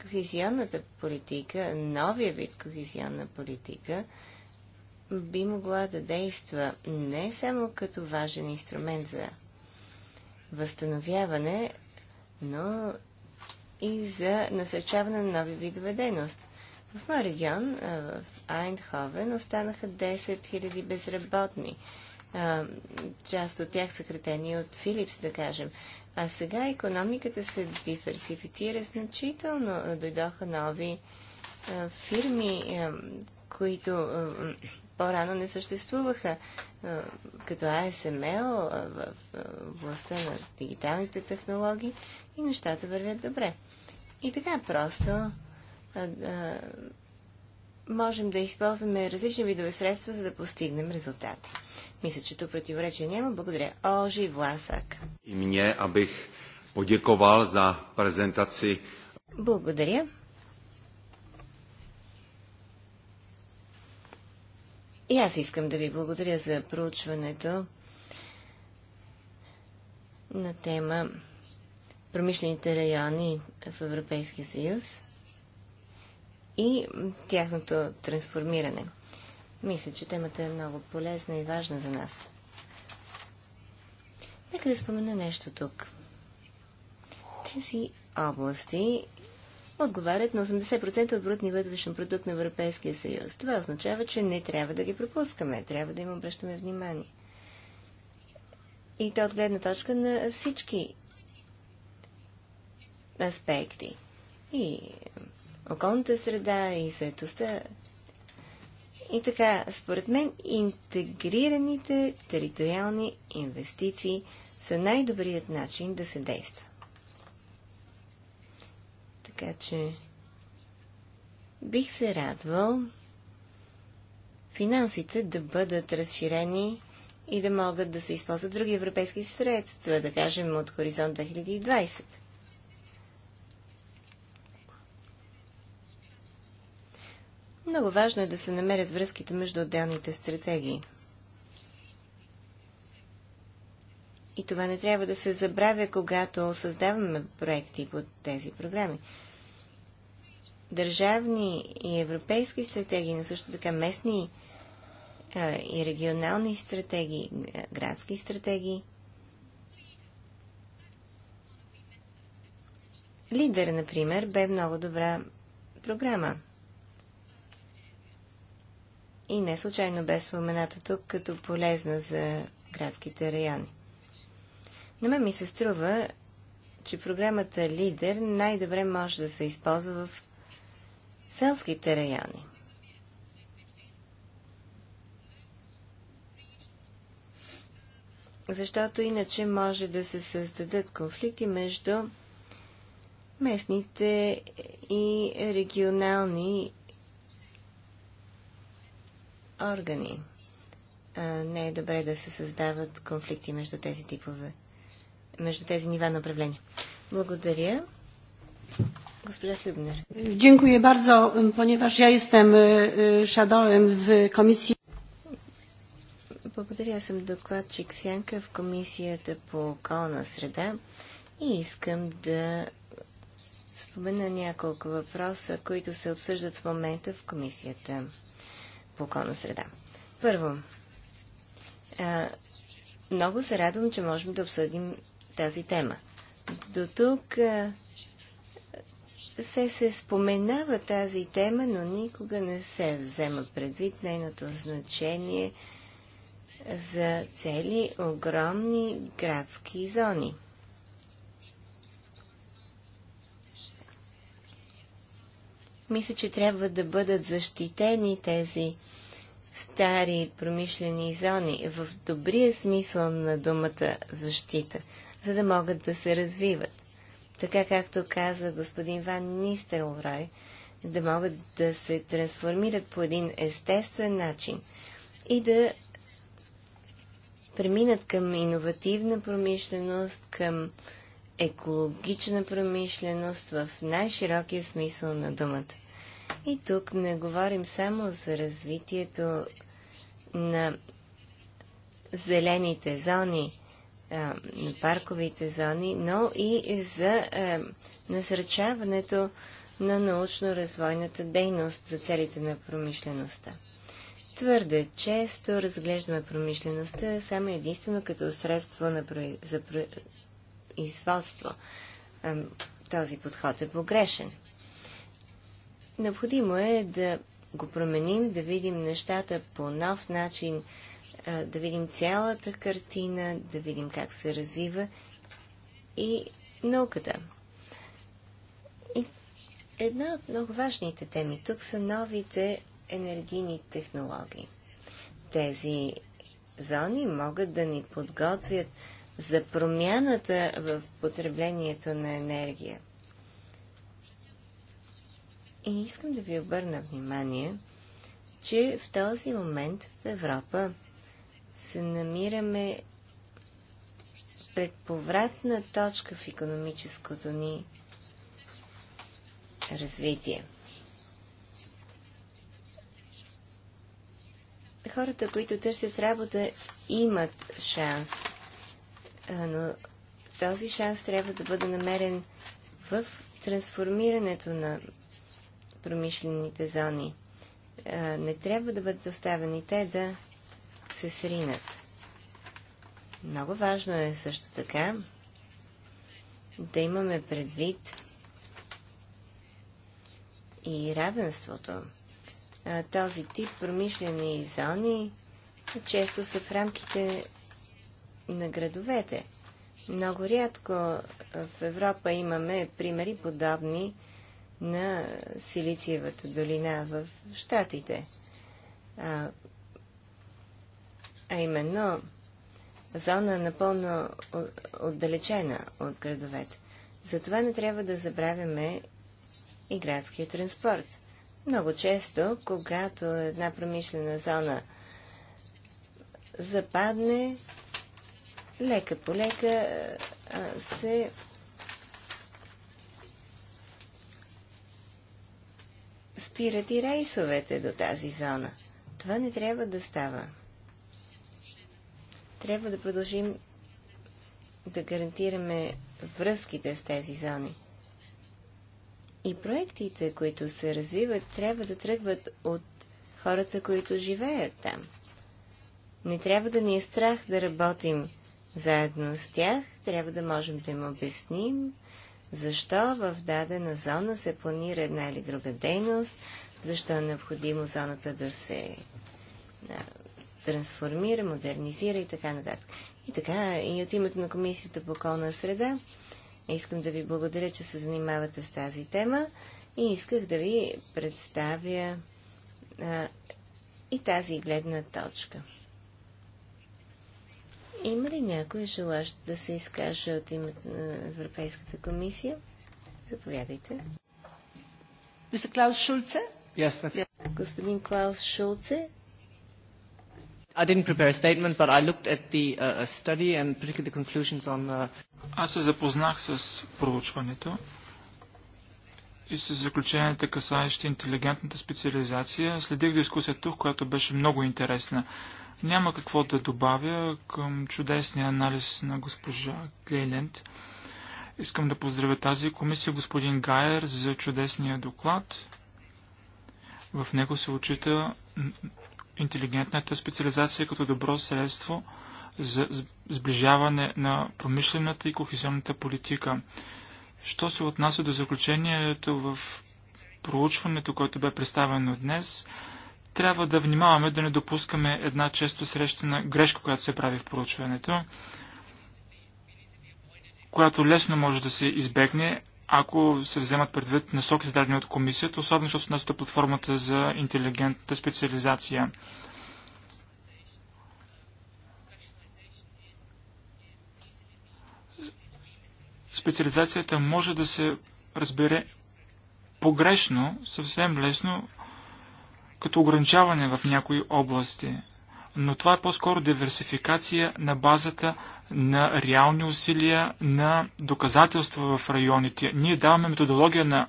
кохезионната политика, новия вид кохезионна политика, би могла да действа не само като важен инструмент за възстановяване, но и за насърчаване на нови видове дейност. В моя регион, в Айндховен, останаха 10 000 безработни. Част от тях съкратени от Филипс, да кажем. А сега економиката се диверсифицира значително. Дойдоха нови фирми, които по-рано не съществуваха, като ASML в областта на дигиталните технологии и нещата вървят добре. И така просто можем да използваме различни видове средства, за да постигнем резултати. Мисля, че тук противоречия няма. Благодаря. Ожи Власак. И мне, абих подяковал за презентаци. Благодаря. И аз искам да ви благодаря за проучването на тема промишлените райони в Европейския съюз и тяхното трансформиране. Мисля, че темата е много полезна и важна за нас. Нека да спомена нещо тук. Тези области отговарят на 80% от брутния вътрешен продукт на Европейския съюз. Това означава, че не трябва да ги пропускаме, трябва да им обръщаме внимание. И то от гледна точка на всички аспекти. И околната среда и заедостта. И така, според мен, интегрираните териториални инвестиции са най-добрият начин да се действа. Така че бих се радвал финансите да бъдат разширени и да могат да се използват други европейски средства, да кажем от Хоризонт 2020. Много важно е да се намерят връзките между отделните стратегии. И това не трябва да се забравя, когато създаваме проекти под тези програми. Държавни и европейски стратегии, но също така местни и регионални стратегии, градски стратегии. Лидер, например, бе много добра програма и не случайно бе спомената тук като полезна за градските райони. На мен ми се струва, че програмата Лидер най-добре може да се използва в селските райони. Защото иначе може да се създадат конфликти между местните и регионални органи. А, не е добре да се създават конфликти между тези типове, между тези нива на управление. Благодаря. Госпожа Хюбнер. Dziękuję bardzo, ponieważ ja jestem e, shadowem w komisji. Благодаря, аз съм докладчик Сянка в Комисията по околна среда и искам да спомена няколко въпроса, които се обсъждат в момента в Комисията по околна среда. Първо, много се радвам, че можем да обсъдим тази тема. До тук се, се споменава тази тема, но никога не се взема предвид нейното значение за цели огромни градски зони. Мисля, че трябва да бъдат защитени тези стари промишлени зони в добрия смисъл на думата защита, за да могат да се развиват. Така както каза господин Ван Нистелрой, да могат да се трансформират по един естествен начин и да преминат към иновативна промишленост, към екологична промишленост в най-широкия смисъл на думата. И тук не говорим само за развитието на зелените зони, на парковите зони, но и за насръчаването на научно-развойната дейност за целите на промишлеността. Твърде често разглеждаме промишлеността само единствено като средство на про... за производство. Този подход е погрешен. Необходимо е да го променим, да видим нещата по нов начин, да видим цялата картина, да видим как се развива и науката. И една от много важните теми тук са новите енергийни технологии. Тези зони могат да ни подготвят за промяната в потреблението на енергия. И искам да ви обърна внимание, че в този момент в Европа се намираме пред повратна точка в економическото ни развитие. Хората, които търсят работа, имат шанс, но този шанс трябва да бъде намерен в трансформирането на промишлените зони. Не трябва да бъдат оставени те да се сринат. Много важно е също така да имаме предвид и равенството. Този тип промишлени зони често са в рамките на градовете. Много рядко в Европа имаме примери подобни на Силициевата долина в Штатите. А, а именно зона напълно отдалечена от градовете. Затова не трябва да забравяме и градския транспорт. Много често, когато една промишлена зона западне, лека по лека се спират и рейсовете до тази зона. Това не трябва да става. Трябва да продължим да гарантираме връзките с тези зони. И проектите, които се развиват, трябва да тръгват от хората, които живеят там. Не трябва да ни е страх да работим заедно с тях, трябва да можем да им обясним, защо в дадена зона се планира една или друга дейност, защо е необходимо зоната да се а, трансформира, модернизира и така нататък. И така, и от името на Комисията по околна среда, искам да ви благодаря, че се занимавате с тази тема и исках да ви представя а, и тази гледна точка. Има ли някой желащ да се изкаже от името на Европейската комисия? Заповядайте. Mr. Клаус Шулце? Yes, that's... Господин Клаус Шулце? I didn't prepare a statement, but I looked at the uh, uh study and particularly the conclusions on... the... Uh, Аз се запознах с проучването и с заключенията касаещи интелигентната специализация. Следих дискусията тук, която беше много интересна. Uh, няма какво да добавя към чудесния анализ на госпожа Клейленд. Искам да поздравя тази комисия, господин Гайер, за чудесния доклад. В него се очита интелигентната специализация като добро средство за сближаване на промишлената и кохезионната политика. Що се отнася до заключението в проучването, което бе представено днес, трябва да внимаваме да не допускаме една често срещана грешка, която се прави в проучването, която лесно може да се избегне, ако се вземат предвид насоките дадени от комисията, особено защото се до платформата за интелигентната специализация. Специализацията може да се разбере погрешно, съвсем лесно като ограничаване в някои области. Но това е по-скоро диверсификация на базата на реални усилия, на доказателства в районите. Ние даваме методология на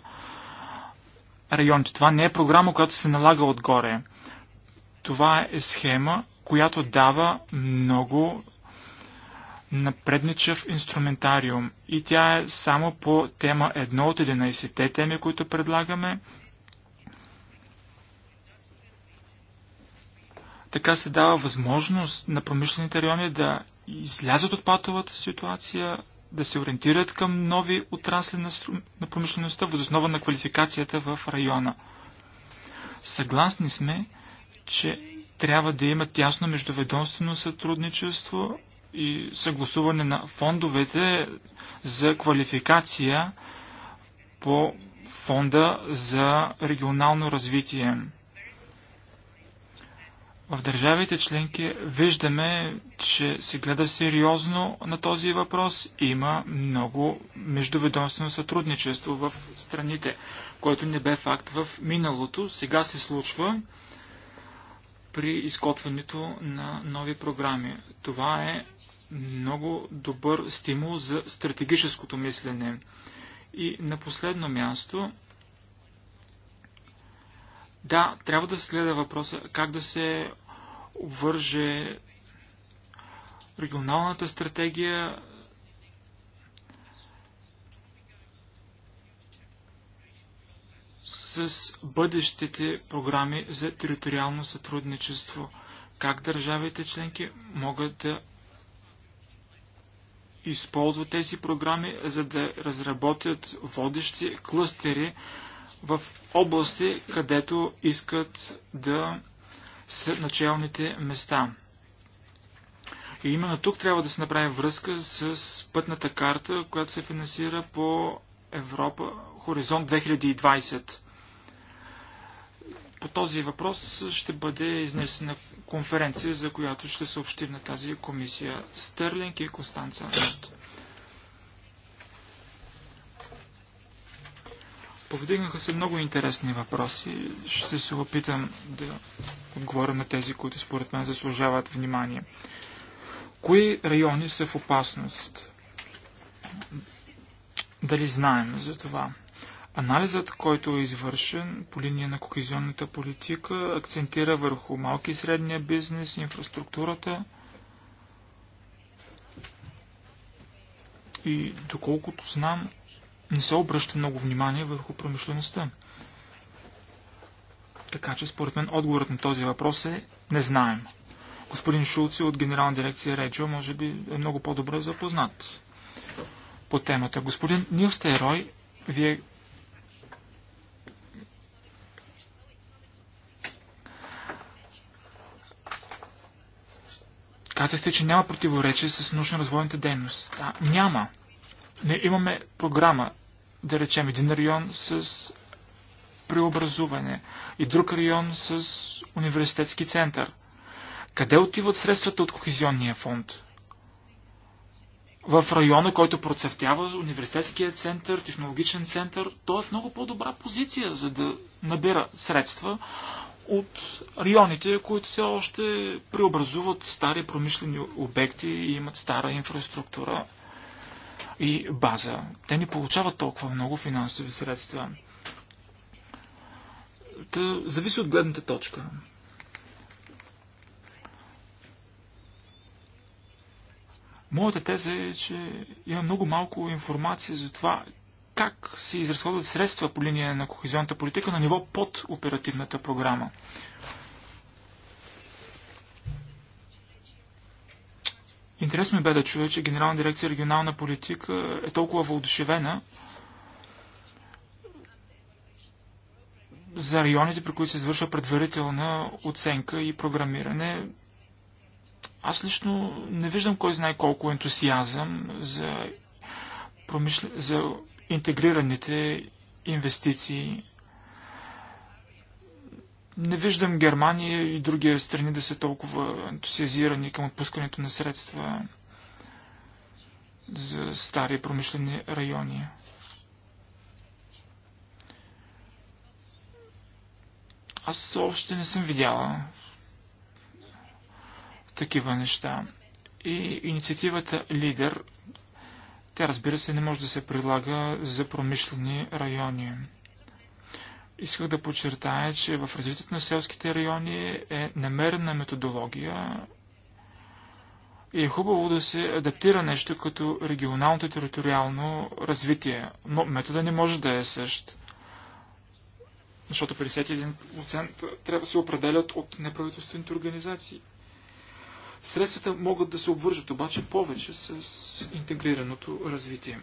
районите. Това не е програма, която се налага отгоре. Това е схема, която дава много напредничав инструментариум и тя е само по тема едно от 11-те теми, които предлагаме Така се дава възможност на промишлените райони да излязат от патовата ситуация, да се ориентират към нови отрасли на, на промишлеността, възоснова на квалификацията в района. Съгласни сме, че трябва да има тясно междуведомствено сътрудничество и съгласуване на фондовете за квалификация по фонда за регионално развитие. В държавите членки виждаме, че се гледа сериозно на този въпрос. и Има много междуведомствено сътрудничество в страните, което не бе факт в миналото. Сега се случва при изготвянето на нови програми. Това е много добър стимул за стратегическото мислене. И на последно място да, трябва да се гледа въпроса как да се обвърже регионалната стратегия с бъдещите програми за териториално сътрудничество. Как държавите членки могат да използват тези програми, за да разработят водещи клъстери в области, където искат да са началните места. И именно тук трябва да се направи връзка с пътната карта, която се финансира по Европа Хоризонт 2020. По този въпрос ще бъде изнесена конференция, за която ще съобщим на тази комисия Стерлинг и Констанца Повдигнаха се много интересни въпроси. Ще се опитам да отговоря на тези, които според мен заслужават внимание. Кои райони са в опасност? Дали знаем за това? Анализът, който е извършен по линия на кохезионната политика, акцентира върху малки и средния бизнес, инфраструктурата и доколкото знам, не се обръща много внимание върху промишлеността. Така че, според мен, отговорът на този въпрос е не знаем. Господин Шулци е от Генерална дирекция Реджо може би е много по-добре запознат по темата. Господин Нил Стерой, вие казахте, че няма противоречие с научно-развойната дейност. Да, няма. Не имаме програма, да речем, един район с преобразуване и друг район с университетски център. Къде отиват средствата от Кохезионния фонд? В района, който процъфтява университетския център, технологичен център, той е в много по-добра позиция, за да набира средства от районите, които все още преобразуват стари промишлени обекти и имат стара инфраструктура и база. Те не получават толкова много финансови средства. Та, зависи от гледната точка. Моята теза е, че има много малко информация за това как се изразходват средства по линия на кохезионната политика на ниво под оперативната програма. Интересно ми бе да чуя, че Генерална дирекция регионална политика е толкова въодушевена за районите, при които се извършва предварителна оценка и програмиране. Аз лично не виждам кой знае колко ентусиазъм за, промишля... за интегрираните инвестиции не виждам Германия и други страни да са толкова ентусиазирани към отпускането на средства за стари промишлени райони. Аз още не съм видяла такива неща. И инициативата Лидер, тя разбира се не може да се предлага за промишлени райони. Исках да подчертая, че в развитието на селските райони е намерена методология и е хубаво да се адаптира нещо като регионалното и териториално развитие. Но метода не може да е същ. Защото 51% трябва да се определят от неправителствените организации. Средствата могат да се обвържат обаче повече с интегрираното развитие.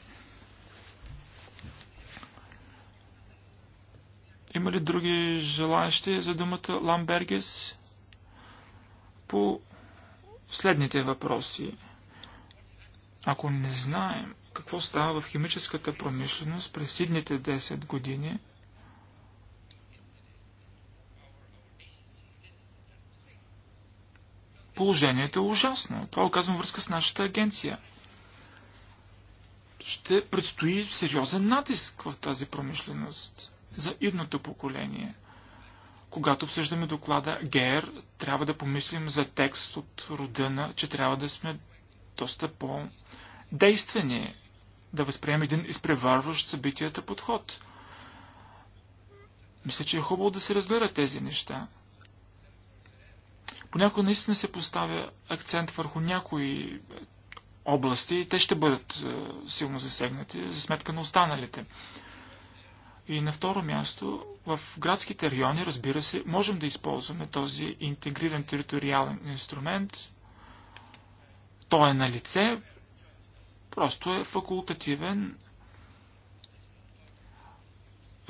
Има ли други желаящи за думата Ламбергес? По следните въпроси. Ако не знаем какво става в химическата промишленост през следните 10 години, положението е ужасно. Това оказвам връзка с нашата агенция. Ще предстои сериозен натиск в тази промишленост за идното поколение. Когато обсъждаме доклада ГЕР, трябва да помислим за текст от рода че трябва да сме доста по-действени, да възприемем един изпреварващ събитията подход. Мисля, че е хубаво да се разгледат тези неща. Понякога наистина се поставя акцент върху някои области и те ще бъдат е, силно засегнати за сметка на останалите. И на второ място, в градските райони, разбира се, можем да използваме този интегриран териториален инструмент. Той е на лице, просто е факултативен.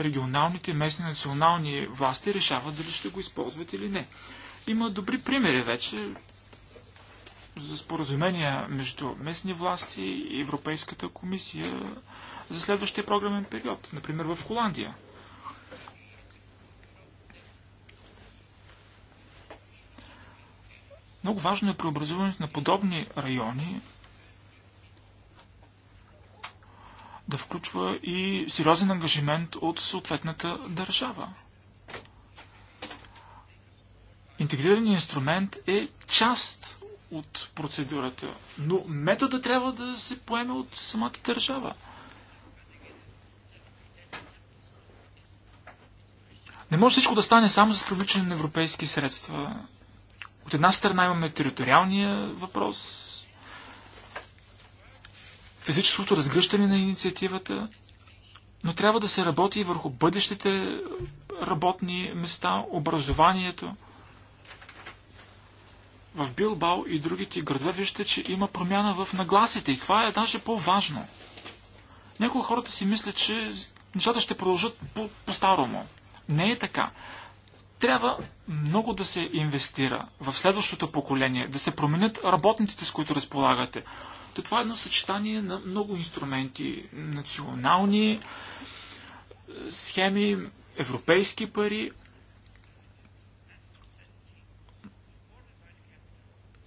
Регионалните, местни, национални власти решават дали ще го използват или не. Има добри примери вече за споразумения между местни власти и Европейската комисия за следващия програмен период, например в Холандия. Много важно е преобразуването на подобни райони да включва и сериозен ангажимент от съответната държава. Интегрираният инструмент е част от процедурата, но метода трябва да се поеме от самата държава. Не може всичко да стане само с привличане на европейски средства. От една страна имаме териториалния въпрос, физическото разгръщане на инициативата, но трябва да се работи и върху бъдещите работни места, образованието. В Билбао и другите градове виждате, че има промяна в нагласите и това е даже по-важно. Някои хората си мислят, че нещата ще продължат по-старому. Не е така. Трябва много да се инвестира в следващото поколение, да се променят работниците, с които разполагате. То това е едно съчетание на много инструменти. Национални е, схеми, европейски пари.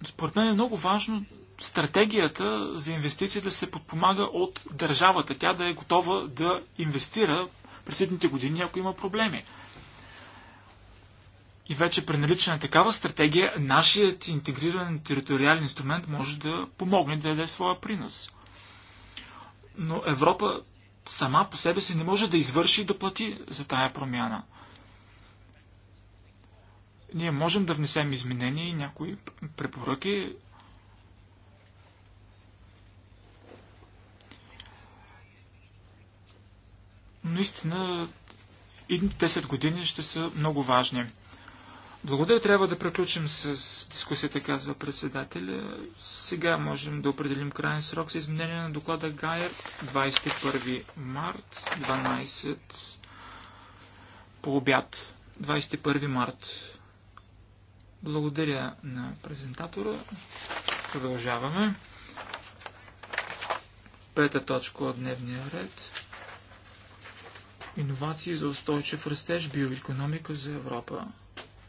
Според мен е много важно стратегията за инвестиции да се подпомага от държавата. Тя да е готова да инвестира през следните години, ако има проблеми. И вече при наличие на такава стратегия, нашият интегриран териториален инструмент може да помогне да даде своя принос. Но Европа сама по себе си не може да извърши и да плати за тая промяна. Ние можем да внесем изменения и някои препоръки наистина едните 10 години ще са много важни. Благодаря, трябва да приключим с дискусията, казва председателя. Сега можем да определим крайен срок за изменение на доклада Гайер 21 март 12 по обяд. 21 март. Благодаря на презентатора. Продължаваме. Пета точка от дневния ред. Иновации за устойчив растеж, биоекономика за Европа.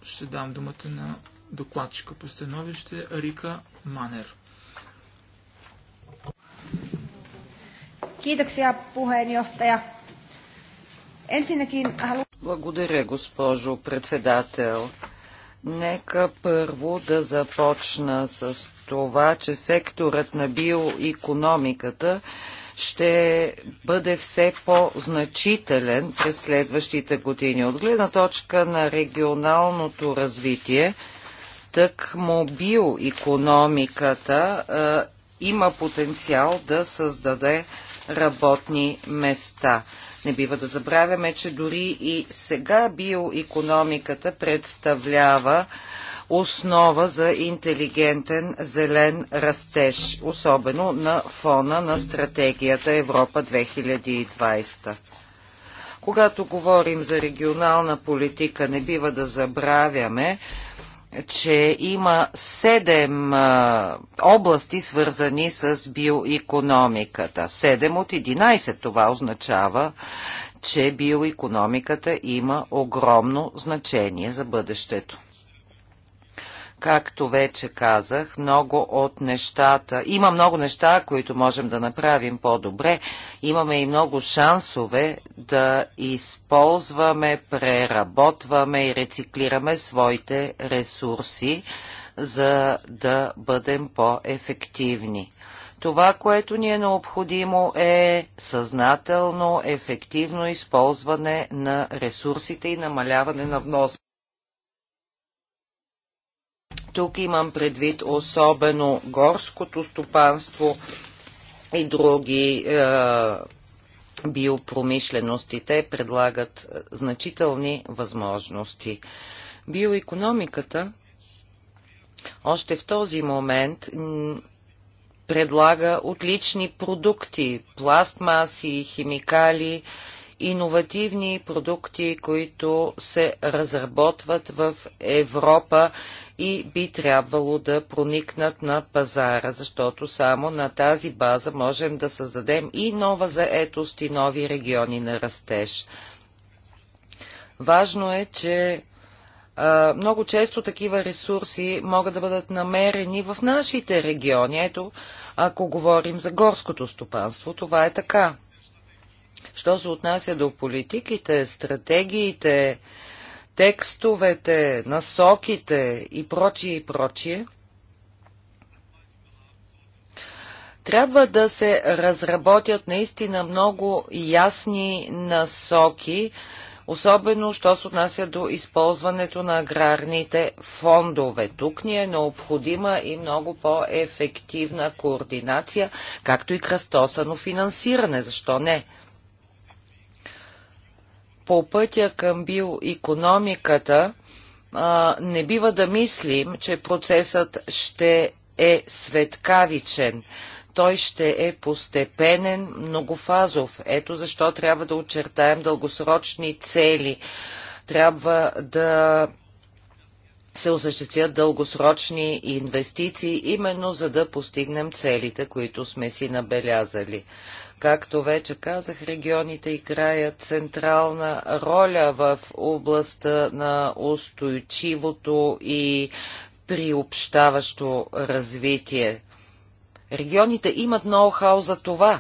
Ще дам думата на докладчика по становище Рика Манер. Kiitoksia puheenjohtaja. Ensinnäkin Благодаря, госпожо председател. Нека първо да започна с това, че секторът на биоекономиката ще бъде все по-значителен през следващите години. От гледна точка на регионалното развитие, так мобил економиката а, има потенциал да създаде работни места. Не бива да забравяме, че дори и сега биоекономиката представлява основа за интелигентен зелен растеж, особено на фона на стратегията Европа 2020. Когато говорим за регионална политика, не бива да забравяме, че има седем а, области, свързани с биоекономиката. Седем от 11 това означава, че биоекономиката има огромно значение за бъдещето. Както вече казах, много от нещата, има много неща, които можем да направим по-добре. Имаме и много шансове да използваме, преработваме и рециклираме своите ресурси, за да бъдем по-ефективни. Това, което ни е необходимо е съзнателно, ефективно използване на ресурсите и намаляване на вноса. Тук имам предвид особено горското стопанство и други е, биопромишлености. Те предлагат е, значителни възможности. Биоекономиката още в този момент предлага отлични продукти, пластмаси, химикали иновативни продукти, които се разработват в Европа и би трябвало да проникнат на пазара, защото само на тази база можем да създадем и нова заетост и нови региони на растеж. Важно е, че много често такива ресурси могат да бъдат намерени в нашите региони. Ето, ако говорим за горското стопанство, това е така. Що се отнася до политиките, стратегиите, текстовете, насоките и прочие и прочие, трябва да се разработят наистина много ясни насоки, особено що се отнася до използването на аграрните фондове. Тук ни е необходима и много по-ефективна координация, както и кръстосано финансиране. Защо не? по пътя към биоекономиката не бива да мислим, че процесът ще е светкавичен. Той ще е постепенен, многофазов. Ето защо трябва да очертаем дългосрочни цели. Трябва да се осъществят дългосрочни инвестиции, именно за да постигнем целите, които сме си набелязали. Както вече казах, регионите играят централна роля в областта на устойчивото и приобщаващо развитие. Регионите имат ноу-хау за това.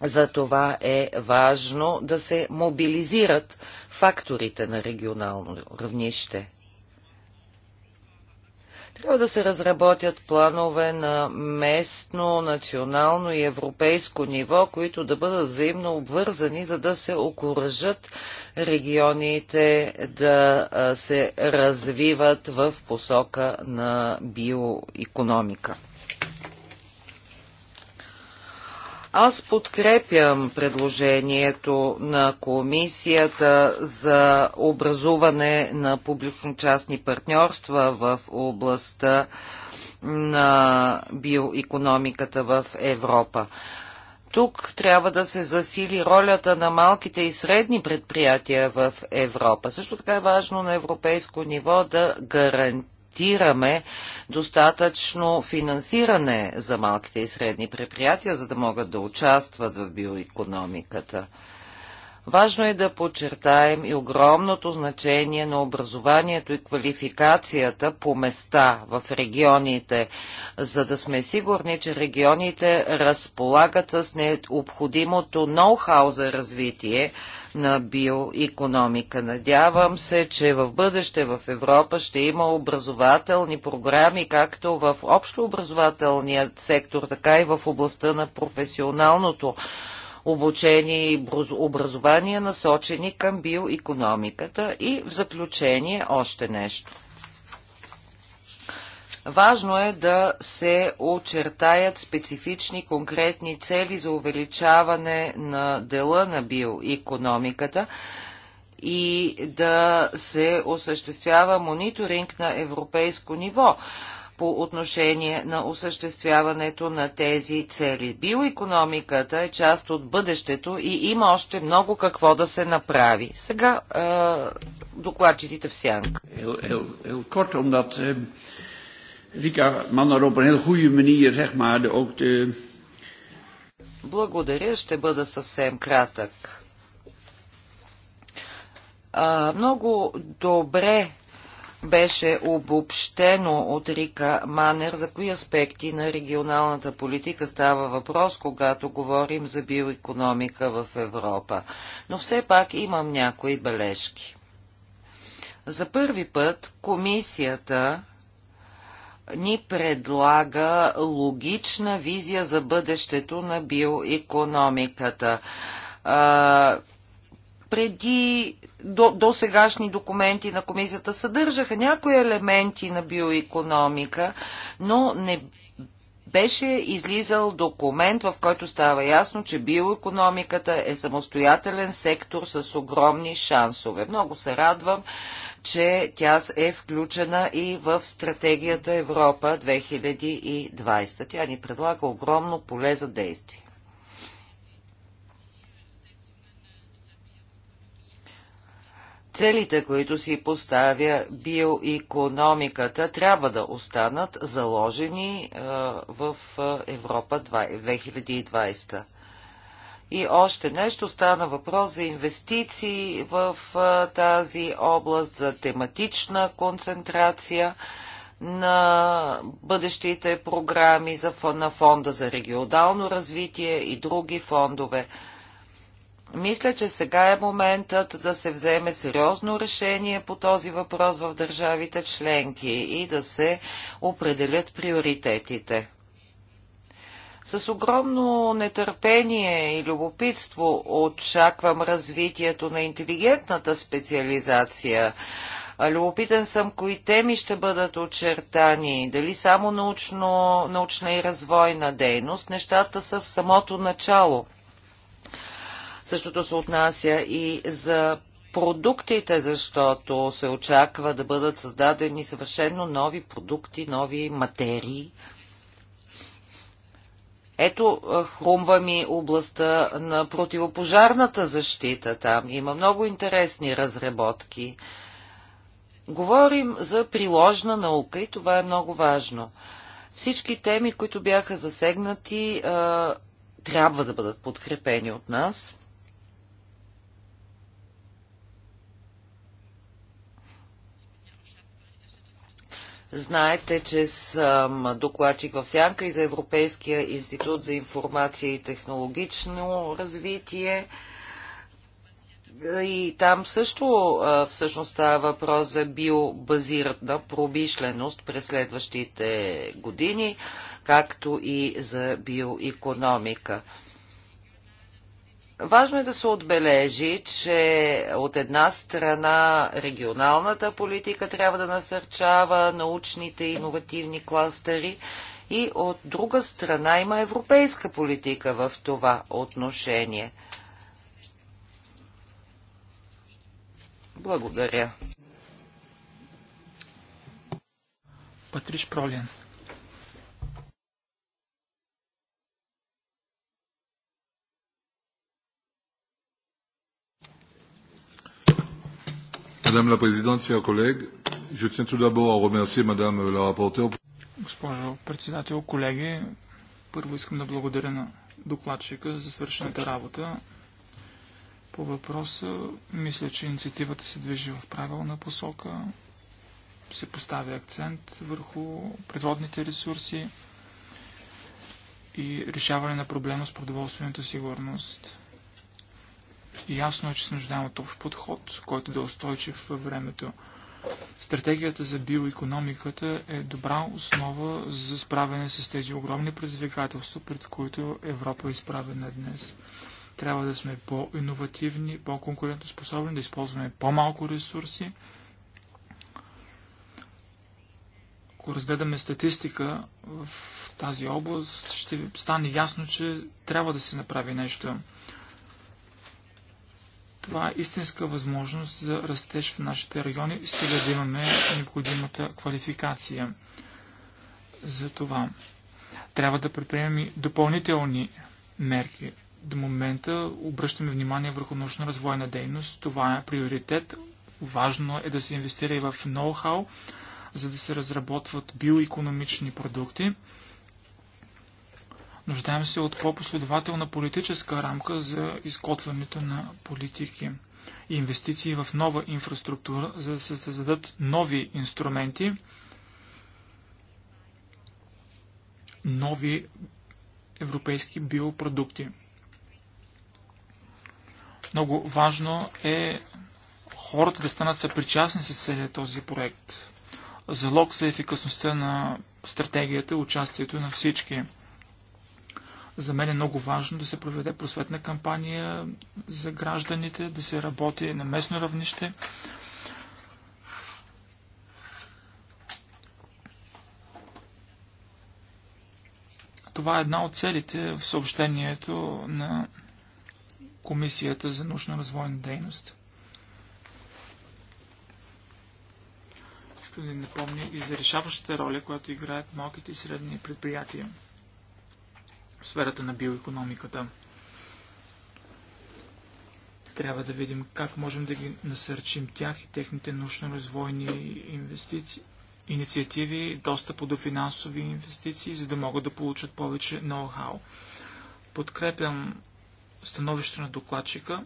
За това е важно да се мобилизират факторите на регионално равнище. Трябва да се разработят планове на местно, национално и европейско ниво, които да бъдат взаимно обвързани, за да се окоръжат регионите да се развиват в посока на биоекономика. Аз подкрепям предложението на комисията за образуване на публично-частни партньорства в областта на биоекономиката в Европа. Тук трябва да се засили ролята на малките и средни предприятия в Европа. Също така е важно на европейско ниво да гарантира гарантираме достатъчно финансиране за малките и средни предприятия, за да могат да участват в биоекономиката. Важно е да подчертаем и огромното значение на образованието и квалификацията по места в регионите, за да сме сигурни, че регионите разполагат с необходимото ноу-хау за развитие, на биоекономика. Надявам се, че в бъдеще в Европа ще има образователни програми, както в общообразователният сектор, така и в областта на професионалното обучение и образование, насочени към биоекономиката. И в заключение още нещо – Важно е да се очертаят специфични конкретни цели за увеличаване на дела на биоекономиката и да се осъществява мониторинг на европейско ниво по отношение на осъществяването на тези цели. Биоекономиката е част от бъдещето и има още много какво да се направи. Сега е, докладчетите в сянка. omdat, Рика Манар op een heel goede manier, zeg maar, ook de... Благодаря, ще бъда съвсем кратък. А, много добре беше обобщено от Рика Манер за кои аспекти на регионалната политика става въпрос, когато говорим за биоекономика в Европа. Но все пак имам някои бележки. За първи път комисията ни предлага логична визия за бъдещето на биоекономиката. А, преди до, до сегашни документи на комисията съдържаха някои елементи на биоекономика, но не беше излизал документ, в който става ясно, че биоекономиката е самостоятелен сектор с огромни шансове. Много се радвам, че тя е включена и в стратегията Европа 2020. Тя ни предлага огромно поле за действие. Целите, които си поставя биоекономиката, трябва да останат заложени в Европа 2020. И още нещо, стана въпрос за инвестиции в тази област, за тематична концентрация на бъдещите програми за, на фонда за регионално развитие и други фондове. Мисля, че сега е моментът да се вземе сериозно решение по този въпрос в държавите членки и да се определят приоритетите. С огромно нетърпение и любопитство очаквам развитието на интелигентната специализация. Любопитен съм кои теми ще бъдат очертани, дали само научно, научна и развойна дейност. Нещата са в самото начало. Същото се отнася и за продуктите, защото се очаква да бъдат създадени съвършенно нови продукти, нови материи ето, хрумва ми областта на противопожарната защита там. Има много интересни разработки. Говорим за приложна наука и това е много важно. Всички теми, които бяха засегнати, трябва да бъдат подкрепени от нас. Знаете, че съм докладчик в Сянка и за Европейския институт за информация и технологично развитие. И там също всъщност става въпрос за биобазирана промишленост през следващите години, както и за биоекономика. Важно е да се отбележи, че от една страна регионалната политика трябва да насърчава научните и иновативни кластери и от друга страна има европейска политика в това отношение. Благодаря. Патриш Пролин. Madame la Présidente, chers collègues, je tiens tout d'abord à remercier Madame la rapporteure. Госпожо председател, колеги, първо искам да благодаря на докладчика за свършената работа. По въпроса, мисля, че инициативата се движи в правилна посока. Се поставя акцент върху природните ресурси и решаване на проблема с продоволствената сигурност. Ясно е, че се нуждаем от общ подход, който да е устойчив във времето. Стратегията за биоекономиката е добра основа за справяне с тези огромни предизвикателства, пред които Европа е изправена днес. Трябва да сме по-инновативни, по-конкурентоспособни, да използваме по-малко ресурси. Ако разгледаме статистика в тази област, ще стане ясно, че трябва да се направи нещо. Това е истинска възможност за растеж в нашите райони, стига да имаме необходимата квалификация за това. Трябва да предприемем и допълнителни мерки. До момента обръщаме внимание върху научно-развойна дейност. Това е приоритет. Важно е да се инвестира и в ноу-хау, за да се разработват биоекономични продукти – Нуждаем се от по-последователна политическа рамка за изготвянето на политики и инвестиции в нова инфраструктура, за да се създадат нови инструменти, нови европейски биопродукти. Много важно е хората да станат съпричастни с целият този проект. Залог за ефикасността на стратегията е участието на всички – за мен е много важно да се проведе просветна кампания за гражданите, да се работи на местно равнище. Това е една от целите в съобщението на Комисията за научно-развойна дейност. Искам да напомня и за решаващата роля, която играят малките и средни предприятия в сферата на биоекономиката. Трябва да видим как можем да ги насърчим тях и техните научно-развойни инвестиции, инициативи, достъпа до финансови инвестиции, за да могат да получат повече ноу-хау. Подкрепям становище на докладчика,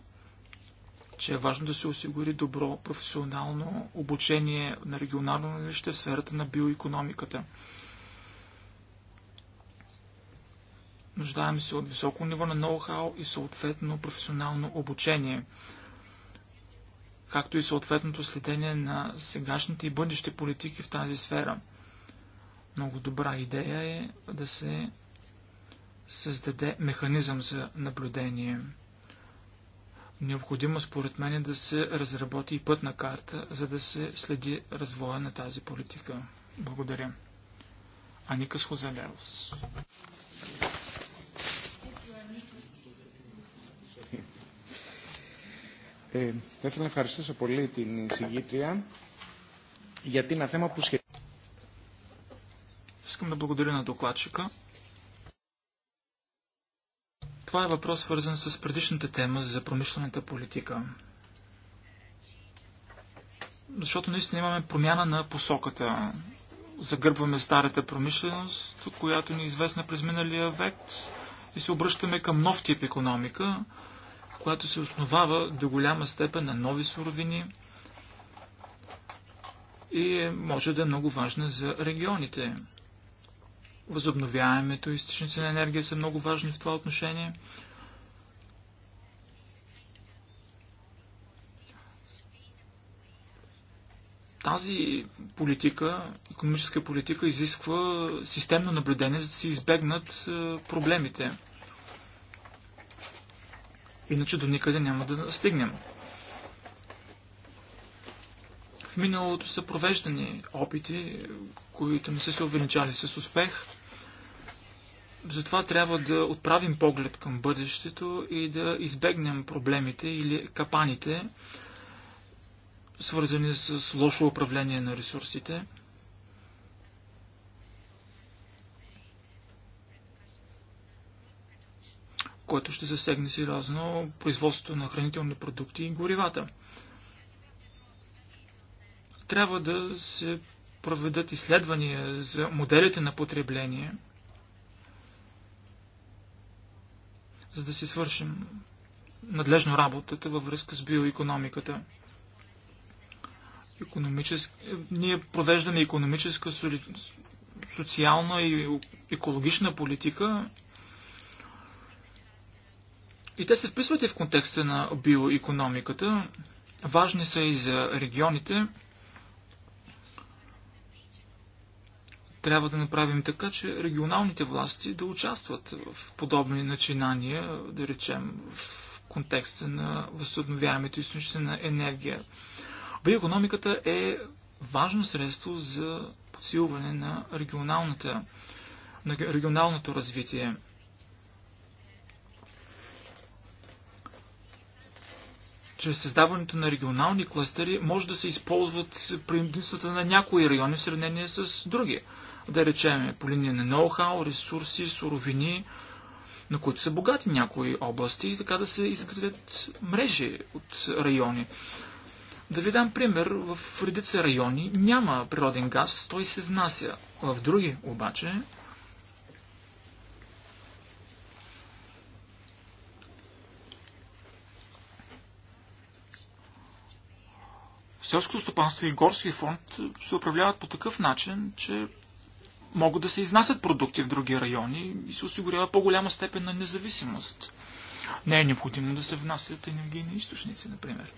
че е важно да се осигури добро професионално обучение на регионално нивище в сферата на биоекономиката. Нуждаем се от високо ниво на ноу-хау и съответно професионално обучение, както и съответното следение на сегашните и бъдещи политики в тази сфера. Много добра идея е да се създаде механизъм за наблюдение. Необходимо според мен е да се разработи и пътна карта, за да се следи развоя на тази политика. Благодаря. Аникас Хозелеус. θα ήθελα να ευχαριστήσω πολύ την συγκήτρια γιατί είναι ένα θέμα που σχετίζει. Искам да благодаря на докладчика. Това е въпрос свързан с предишната тема за промишлената политика. Защото наистина имаме промяна на посоката. Загърбваме старата промишленост, която ни е известна през миналия век и се обръщаме към нов тип економика – която се основава до голяма степен на нови суровини и е, може да е много важна за регионите. Възобновяемето източници на енергия са много важни в това отношение. тази политика, економическа политика, изисква системно наблюдение, за да се избегнат е, проблемите. Иначе до никъде няма да стигнем. В миналото са провеждани опити, които не са се увеличали с успех. Затова трябва да отправим поглед към бъдещето и да избегнем проблемите или капаните, свързани с лошо управление на ресурсите. което ще засегне сериозно производството на хранителни продукти и горивата. Трябва да се проведат изследвания за моделите на потребление, за да си свършим надлежно работата във връзка с биоекономиката. Економическ... Ние провеждаме економическа, социална и екологична политика и те се вписват и в контекста на биоекономиката. Важни са и за регионите. Трябва да направим така, че регионалните власти да участват в подобни начинания, да речем, в контекста на възстановяемите източници на енергия. Биоекономиката е важно средство за подсилване на регионалната на регионалното развитие. чрез създаването на регионални кластери може да се използват предимствата на някои райони в сравнение с други. Да речем по линия на ноу-хау, ресурси, суровини, на които са богати някои области и така да се изградят мрежи от райони. Да ви дам пример, в редица райони няма природен газ, той се внася. В други обаче Селското стопанство и горски фонд е, се управляват по такъв начин, че могат да се изнасят продукти в други райони и се осигурява по-голяма степен на независимост. Не е необходимо да се внасят енергийни източници, например.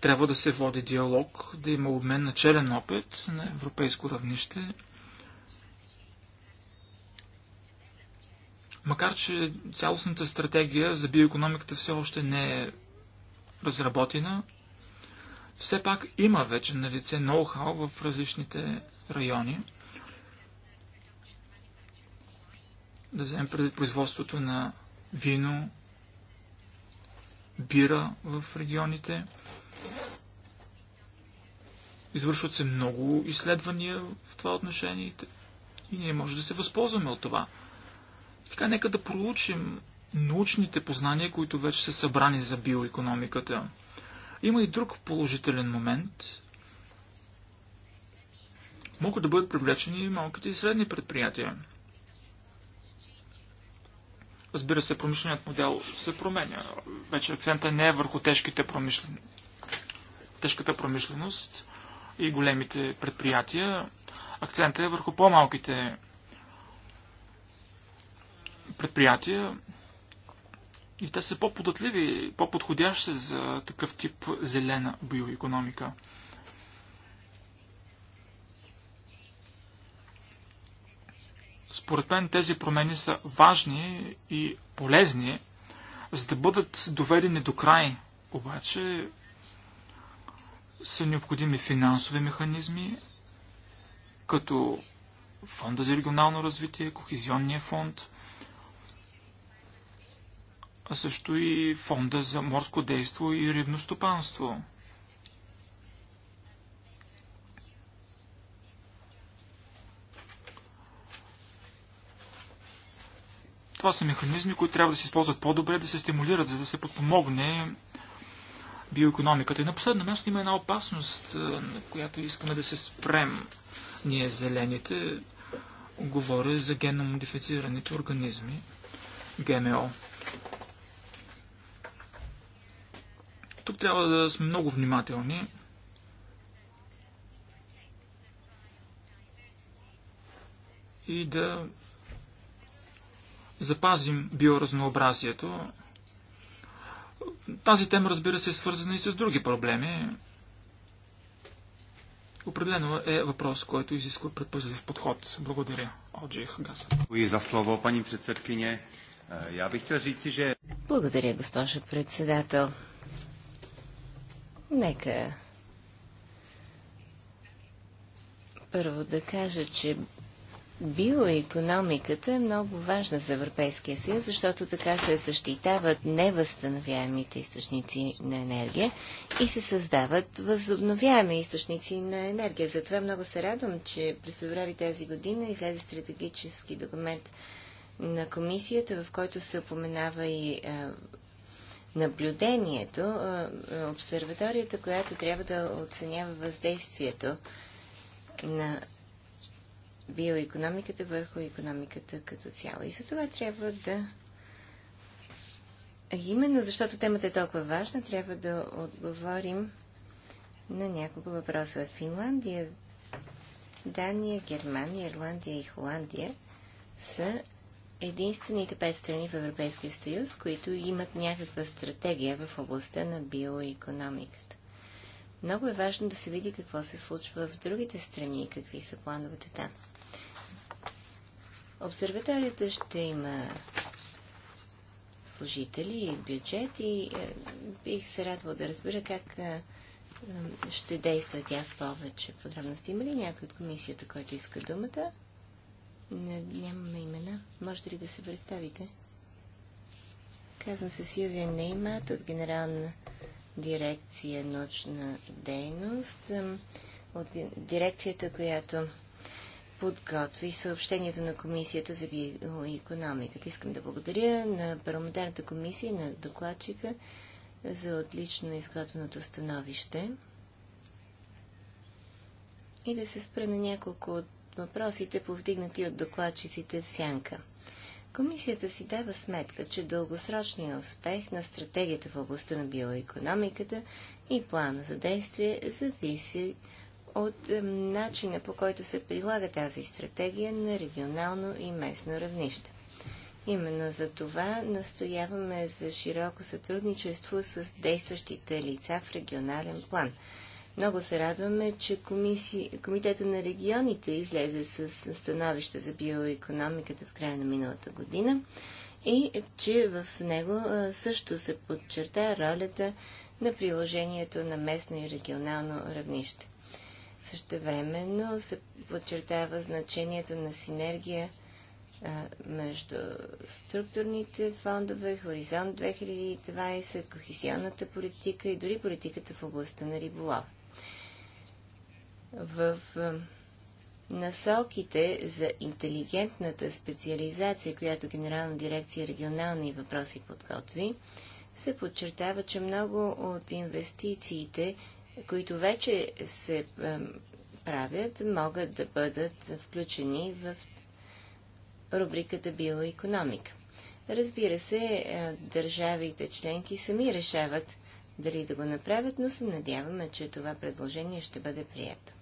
Трябва да се води диалог, да има обмен на челен опит на европейско равнище Макар, че цялостната стратегия за биоекономиката все още не е разработена, все пак има вече на лице ноу-хау в различните райони. Да вземем преди производството на вино, бира в регионите. Извършват се много изследвания в това отношение и ние може да се възползваме от това. Така нека да проучим научните познания, които вече са събрани за биоекономиката. Има и друг положителен момент. Могат да бъдат привлечени и малките и средни предприятия. Разбира се, промишленият модел се променя. Вече акцента не е върху тежките промишлен... тежката промишленост и големите предприятия. Акцента е върху по-малките предприятия и те са по-податливи, по-подходящи за такъв тип зелена биоекономика. Според мен тези промени са важни и полезни, за да бъдат доведени до край. Обаче са необходими финансови механизми, като Фонда за регионално развитие, Кохезионния фонд – а също и фонда за морско действо и рибно стопанство. Това са механизми, които трябва да се използват по-добре, да се стимулират, за да се подпомогне биоекономиката. И на последно място има една опасност, на която искаме да се спрем ние зелените. Говоря за генно модифицираните организми, ГМО. Тук трябва да сме много внимателни. И да запазим биоразнообразието. Тази тема, разбира се, е свързана и с други проблеми. Определено е въпрос, който изисква предпазлив подход. Благодаря. Оджих Гаса. за слово, пани председкиня. Я бих хотел че... Благодаря, госпожо председател. Нека първо да кажа, че биоекономиката е много важна за Европейския съюз, защото така се защитават невъзстановяемите източници на енергия и се създават възобновяеми източници на енергия. Затова много се радвам, че през феврари тази година излезе стратегически документ на комисията, в който се опоменава и наблюдението, обсерваторията, която трябва да оценява въздействието на биоекономиката върху економиката като цяло. И за това трябва да. Именно защото темата е толкова важна, трябва да отговорим на няколко въпроса. Финландия, Дания, Германия, Ирландия и Холандия са единствените пет страни в Европейския съюз, които имат някаква стратегия в областта на биоекономиката. Много е важно да се види какво се случва в другите страни и какви са плановете там. Обсерваторията ще има служители и бюджет и е, бих се радвала да разбера как е, е, ще действа тя в повече подробности. Има ли някой от комисията, който иска думата? Не, нямаме имена. Можете ли да се представите? Казвам се Силвия Неймат от Генерална дирекция научна дейност. От дирекцията, която подготви съобщението на Комисията за биоекономиката. Искам да благодаря на парламентарната комисия и на докладчика за отлично изготвеното становище и да се спра на няколко от въпросите, повдигнати от докладчиците в Сянка. Комисията си дава сметка, че дългосрочният успех на стратегията в областта на биоекономиката и плана за действие зависи от е, начина по който се прилага тази стратегия на регионално и местно равнище. Именно за това настояваме за широко сътрудничество с действащите лица в регионален план – много се радваме, че комисия, Комитета на регионите излезе с становище за биоекономиката в края на миналата година и че в него също се подчерта ролята на приложението на местно и регионално равнище. Същевременно се подчертава значението на синергия между структурните фондове, Хоризонт 2020, кохесионната политика и дори политиката в областта на риболова в насоките за интелигентната специализация, която Генерална дирекция регионални въпроси подготви, се подчертава, че много от инвестициите, които вече се правят, могат да бъдат включени в рубриката биоекономика. Разбира се, държавите членки сами решават дали да го направят, но се надяваме, че това предложение ще бъде прието.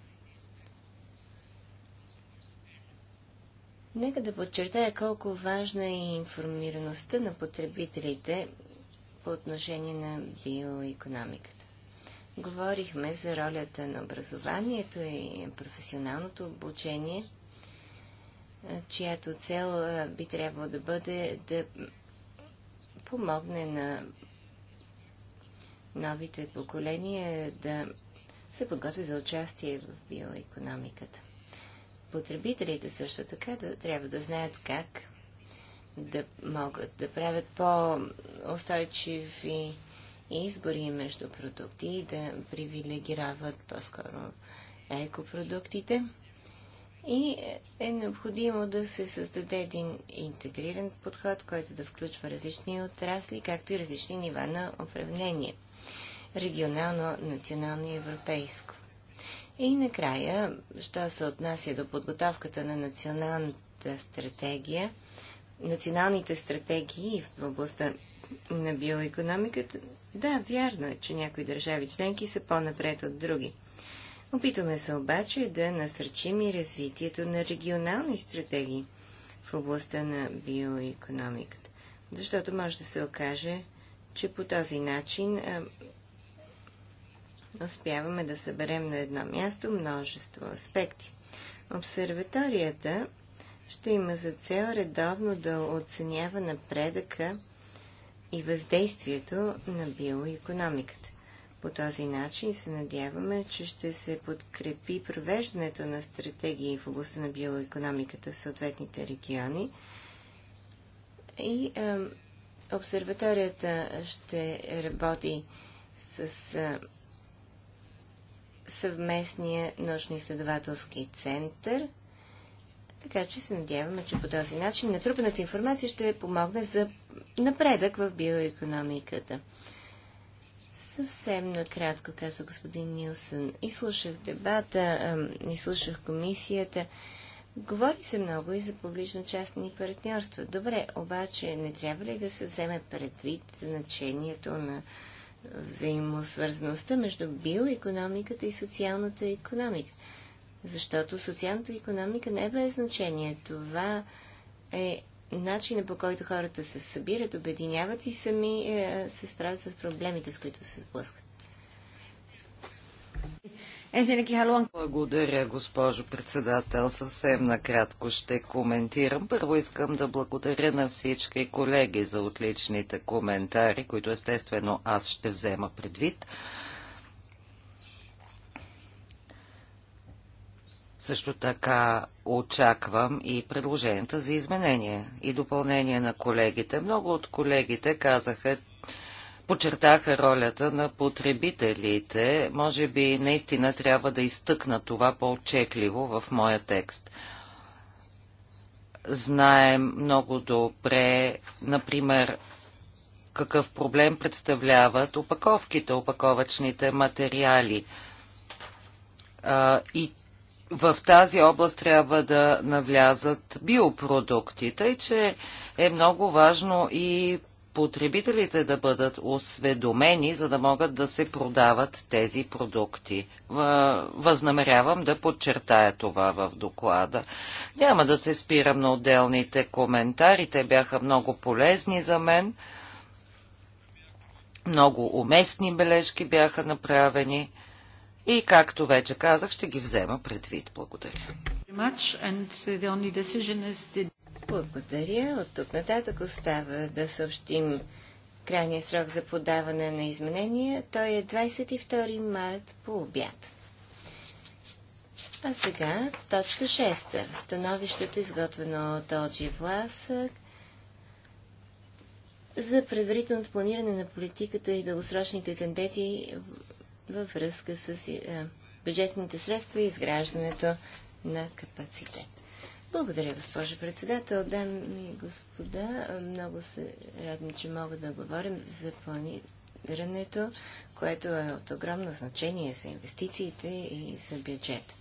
Нека да подчертая колко важна е информираността на потребителите по отношение на биоекономиката. Говорихме за ролята на образованието и професионалното обучение, чиято цел би трябвало да бъде да помогне на новите поколения да се подготви за участие в биоекономиката. Потребителите също така да, трябва да знаят как да могат да правят по-устойчиви избори между продукти и да привилегироват по-скоро екопродуктите. И е необходимо да се създаде един интегриран подход, който да включва различни отрасли, както и различни нива на управление – регионално, национално и европейско. И накрая, що се отнася до подготовката на националната стратегия, националните стратегии в областта на биоекономиката, да, вярно е, че някои държави членки са по-напред от други. Опитваме се обаче да насърчим и развитието на регионални стратегии в областта на биоекономиката, защото може да се окаже, че по този начин успяваме да съберем на едно място множество аспекти. Обсерваторията ще има за цел редовно да оценява напредъка и въздействието на биоекономиката. По този начин се надяваме, че ще се подкрепи провеждането на стратегии в областта на биоекономиката в съответните региони и е, обсерваторията ще работи с е, съвместния научно-изследователски център. Така че се надяваме, че по този начин натрупаната информация ще помогне за напредък в биоекономиката. Съвсем накратко, каза господин Нилсън. Изслушах дебата, изслушах комисията. Говори се много и за публично-частни партньорства. Добре, обаче не трябва ли да се вземе предвид значението на взаимосвързаността между биоекономиката и социалната економика. Защото социалната економика не е без значение. Това е начина по който хората се събират, обединяват и сами е, се справят с проблемите, с които се сблъскат. Ensinnäkin haluan... Благодаря, госпожо председател. Съвсем накратко ще коментирам. Първо искам да благодаря на всички колеги за отличните коментари, които естествено аз ще взема предвид. Също така очаквам и предложенията за изменение и допълнение на колегите. Много от колегите казаха, подчертаха ролята на потребителите. Може би наистина трябва да изтъкна това по отчекливо в моя текст. Знаем много добре, например, какъв проблем представляват опаковките, опаковачните материали. А, и в тази област трябва да навлязат биопродуктите, тъй, че е много важно и потребителите да бъдат осведомени, за да могат да се продават тези продукти. Възнамерявам да подчертая това в доклада. Няма да се спирам на отделните коментари, те бяха много полезни за мен. Много уместни бележки бяха направени и, както вече казах, ще ги взема предвид. Благодаря. Благодаря. От тук нататък остава да съобщим крайния срок за подаване на изменения. Той е 22 март по обяд. А сега точка 6. Становището изготвено от Оджи Власък за предварителното планиране на политиката и дългосрочните тенденции във връзка с е, бюджетните средства и изграждането на капацитет. Благодаря, госпожа председател. Дами и господа, много се радвам, че мога да говорим за планирането, което е от огромно значение за инвестициите и за бюджета.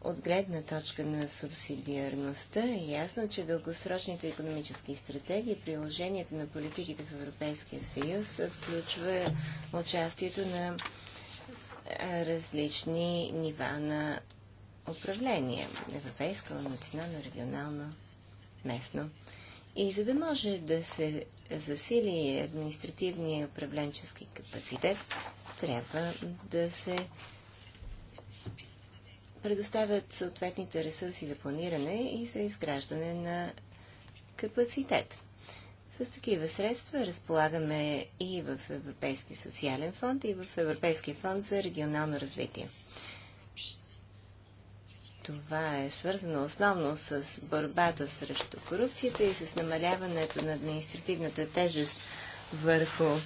От гледна точка на субсидиарността е ясно, че дългосрочните економически стратегии и приложението на политиките в Европейския съюз включва участието на различни нива на управление европейско, национално, регионално, местно. И за да може да се засили административния управленчески капацитет, трябва да се предоставят съответните ресурси за планиране и за изграждане на капацитет. С такива средства разполагаме и в Европейски социален фонд, и в Европейския фонд за регионално развитие. Това е свързано основно с борбата срещу корупцията и с намаляването на административната тежест върху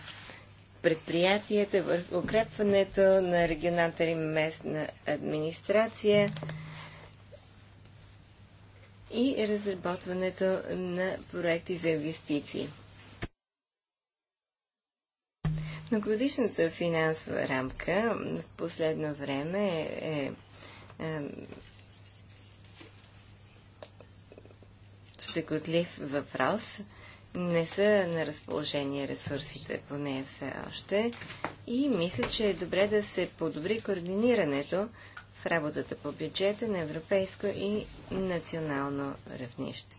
предприятията, върху укрепването на регионалната и местна администрация, и разработването на проекти за инвестиции. Многогодишната финансова рамка в последно време е, е, е щекотлив въпрос. Не са на разположение ресурсите по нея все още и мисля, че е добре да се подобри координирането работата по бюджета на европейско и национално равнище.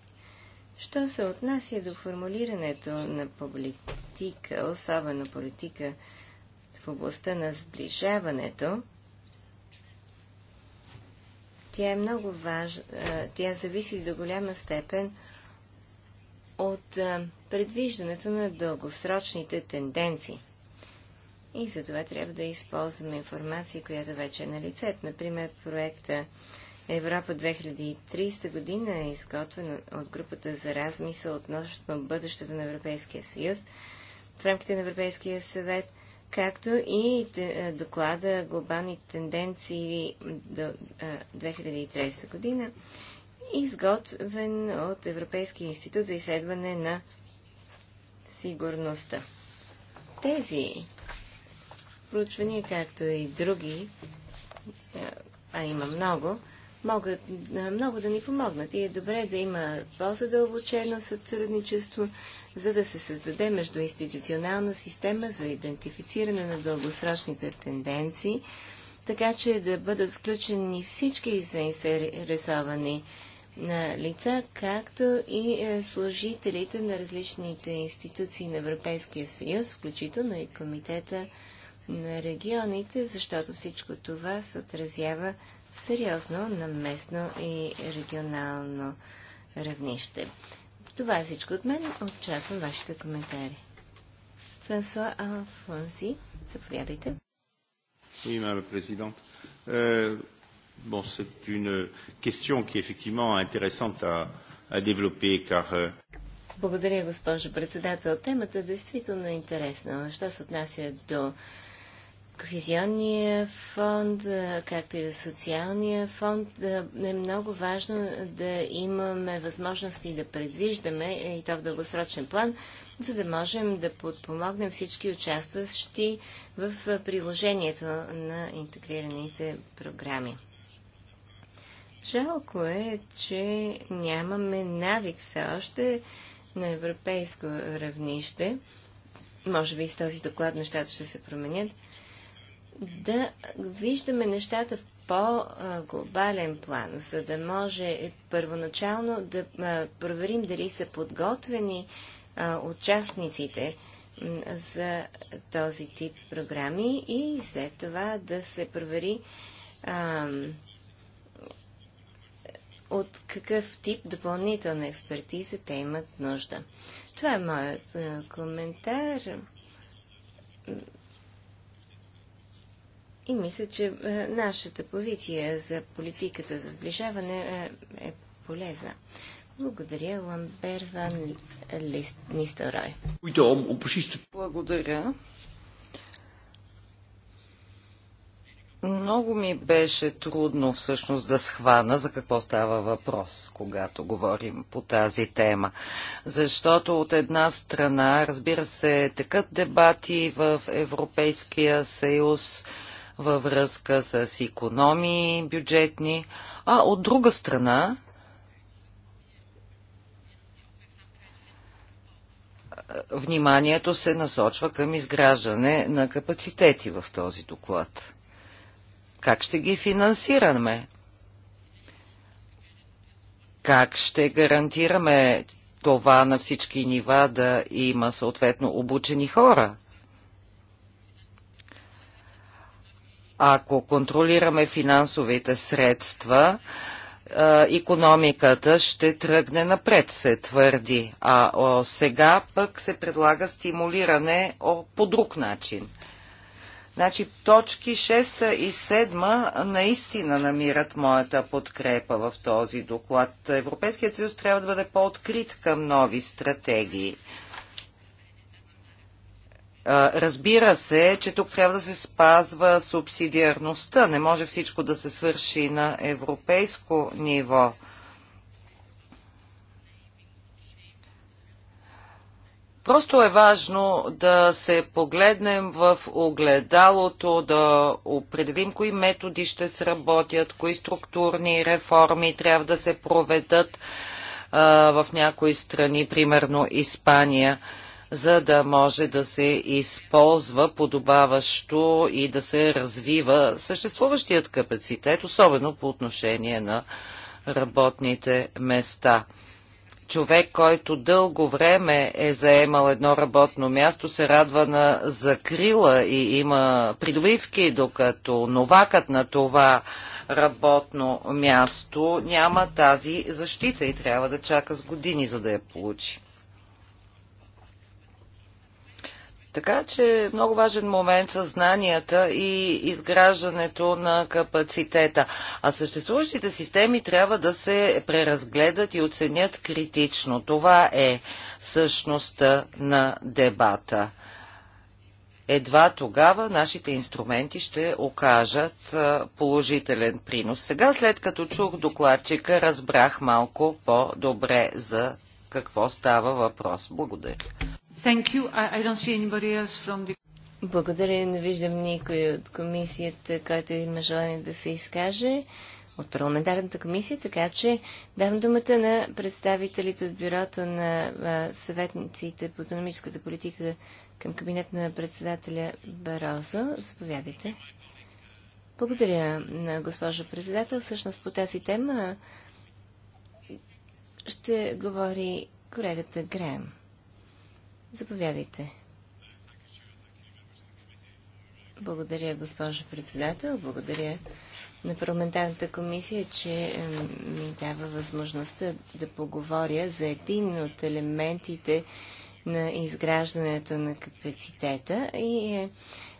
Що се отнася до формулирането на политика, особено политика в областта на сближаването, тя е много важна, тя зависи до голяма степен от предвиждането на дългосрочните тенденции – и за това трябва да използваме информация, която вече е на лице. Например, проекта Европа 2030 година е изготвен от групата за размисъл относно бъдещето на Европейския съюз в рамките на Европейския съвет, както и доклада Глобални тенденции до 2030 година, изготвен от Европейския институт за изследване на сигурността. Тези проучвания, както и други, а има много, могат много да ни помогнат. И е добре да има по-задълбочено сътрудничество, за да се създаде междуинституционална система за идентифициране на дългосрочните тенденции, така че да бъдат включени всички заинтересовани на лица, както и е, служителите на различните институции на Европейския съюз, включително и Комитета на регионите, защото всичко това се отразява сериозно на местно и регионално равнище. Това е всичко от мен. Очаквам вашите коментари. Франсуа Алфонси, заповядайте. Oui, Madame la Présidente. Euh, bon, c'est une question qui est effectivement intéressante à, à développer car. Euh... Благодаря, госпожо председател. Темата е действително е интересна. Що се отнася до Кохезионния фонд, както и социалния фонд, е много важно да имаме възможности да предвиждаме, е, и то в дългосрочен план, за да можем да подпомогнем всички участващи в приложението на интегрираните програми. Жалко е, че нямаме навик все още на европейско равнище. Може би с този доклад нещата ще се променят – да виждаме нещата в по-глобален план, за да може първоначално да проверим дали са подготвени участниците за този тип програми и след това да се провери от какъв тип допълнителна експертиза те имат нужда. Това е моят коментар. И мисля, че е, нашата позиция за политиката за сближаване е, е полезна. Благодаря, Ламбер Ван Нистерой. Благодаря. Много ми беше трудно всъщност да схвана за какво става въпрос, когато говорим по тази тема. Защото от една страна, разбира се, такът дебати в Европейския съюз, във връзка с економии бюджетни, а от друга страна вниманието се насочва към изграждане на капацитети в този доклад. Как ще ги финансираме? Как ще гарантираме това на всички нива да има съответно обучени хора? Ако контролираме финансовите средства, економиката ще тръгне напред, се твърди. А сега пък се предлага стимулиране по друг начин. Значи точки 6 и 7 наистина намират моята подкрепа в този доклад. Европейският съюз трябва да бъде по-открит към нови стратегии. Разбира се, че тук трябва да се спазва субсидиарността. Не може всичко да се свърши на европейско ниво. Просто е важно да се погледнем в огледалото, да определим кои методи ще сработят, кои структурни реформи трябва да се проведат а, в някои страни, примерно Испания за да може да се използва подобаващо и да се развива съществуващият капацитет, особено по отношение на работните места. Човек, който дълго време е заемал едно работно място, се радва на закрила и има придобивки, докато новакът на това работно място няма тази защита и трябва да чака с години, за да я получи. Така че много важен момент са знанията и изграждането на капацитета. А съществуващите системи трябва да се преразгледат и оценят критично. Това е същността на дебата. Едва тогава нашите инструменти ще окажат положителен принос. Сега, след като чух докладчика, разбрах малко по-добре за какво става въпрос. Благодаря. The... Благодаря. Не виждам никой от комисията, който има желание да се изкаже от парламентарната комисия, така че давам думата на представителите от бюрото на съветниците по економическата политика към кабинет на председателя Барозо. Заповядайте. Благодаря на госпожа председател. Всъщност по тази тема ще говори колегата Грем. Заповядайте. Благодаря, госпожо председател. Благодаря на парламентарната комисия, че ми дава възможността да поговоря за един от елементите на изграждането на капацитета и е,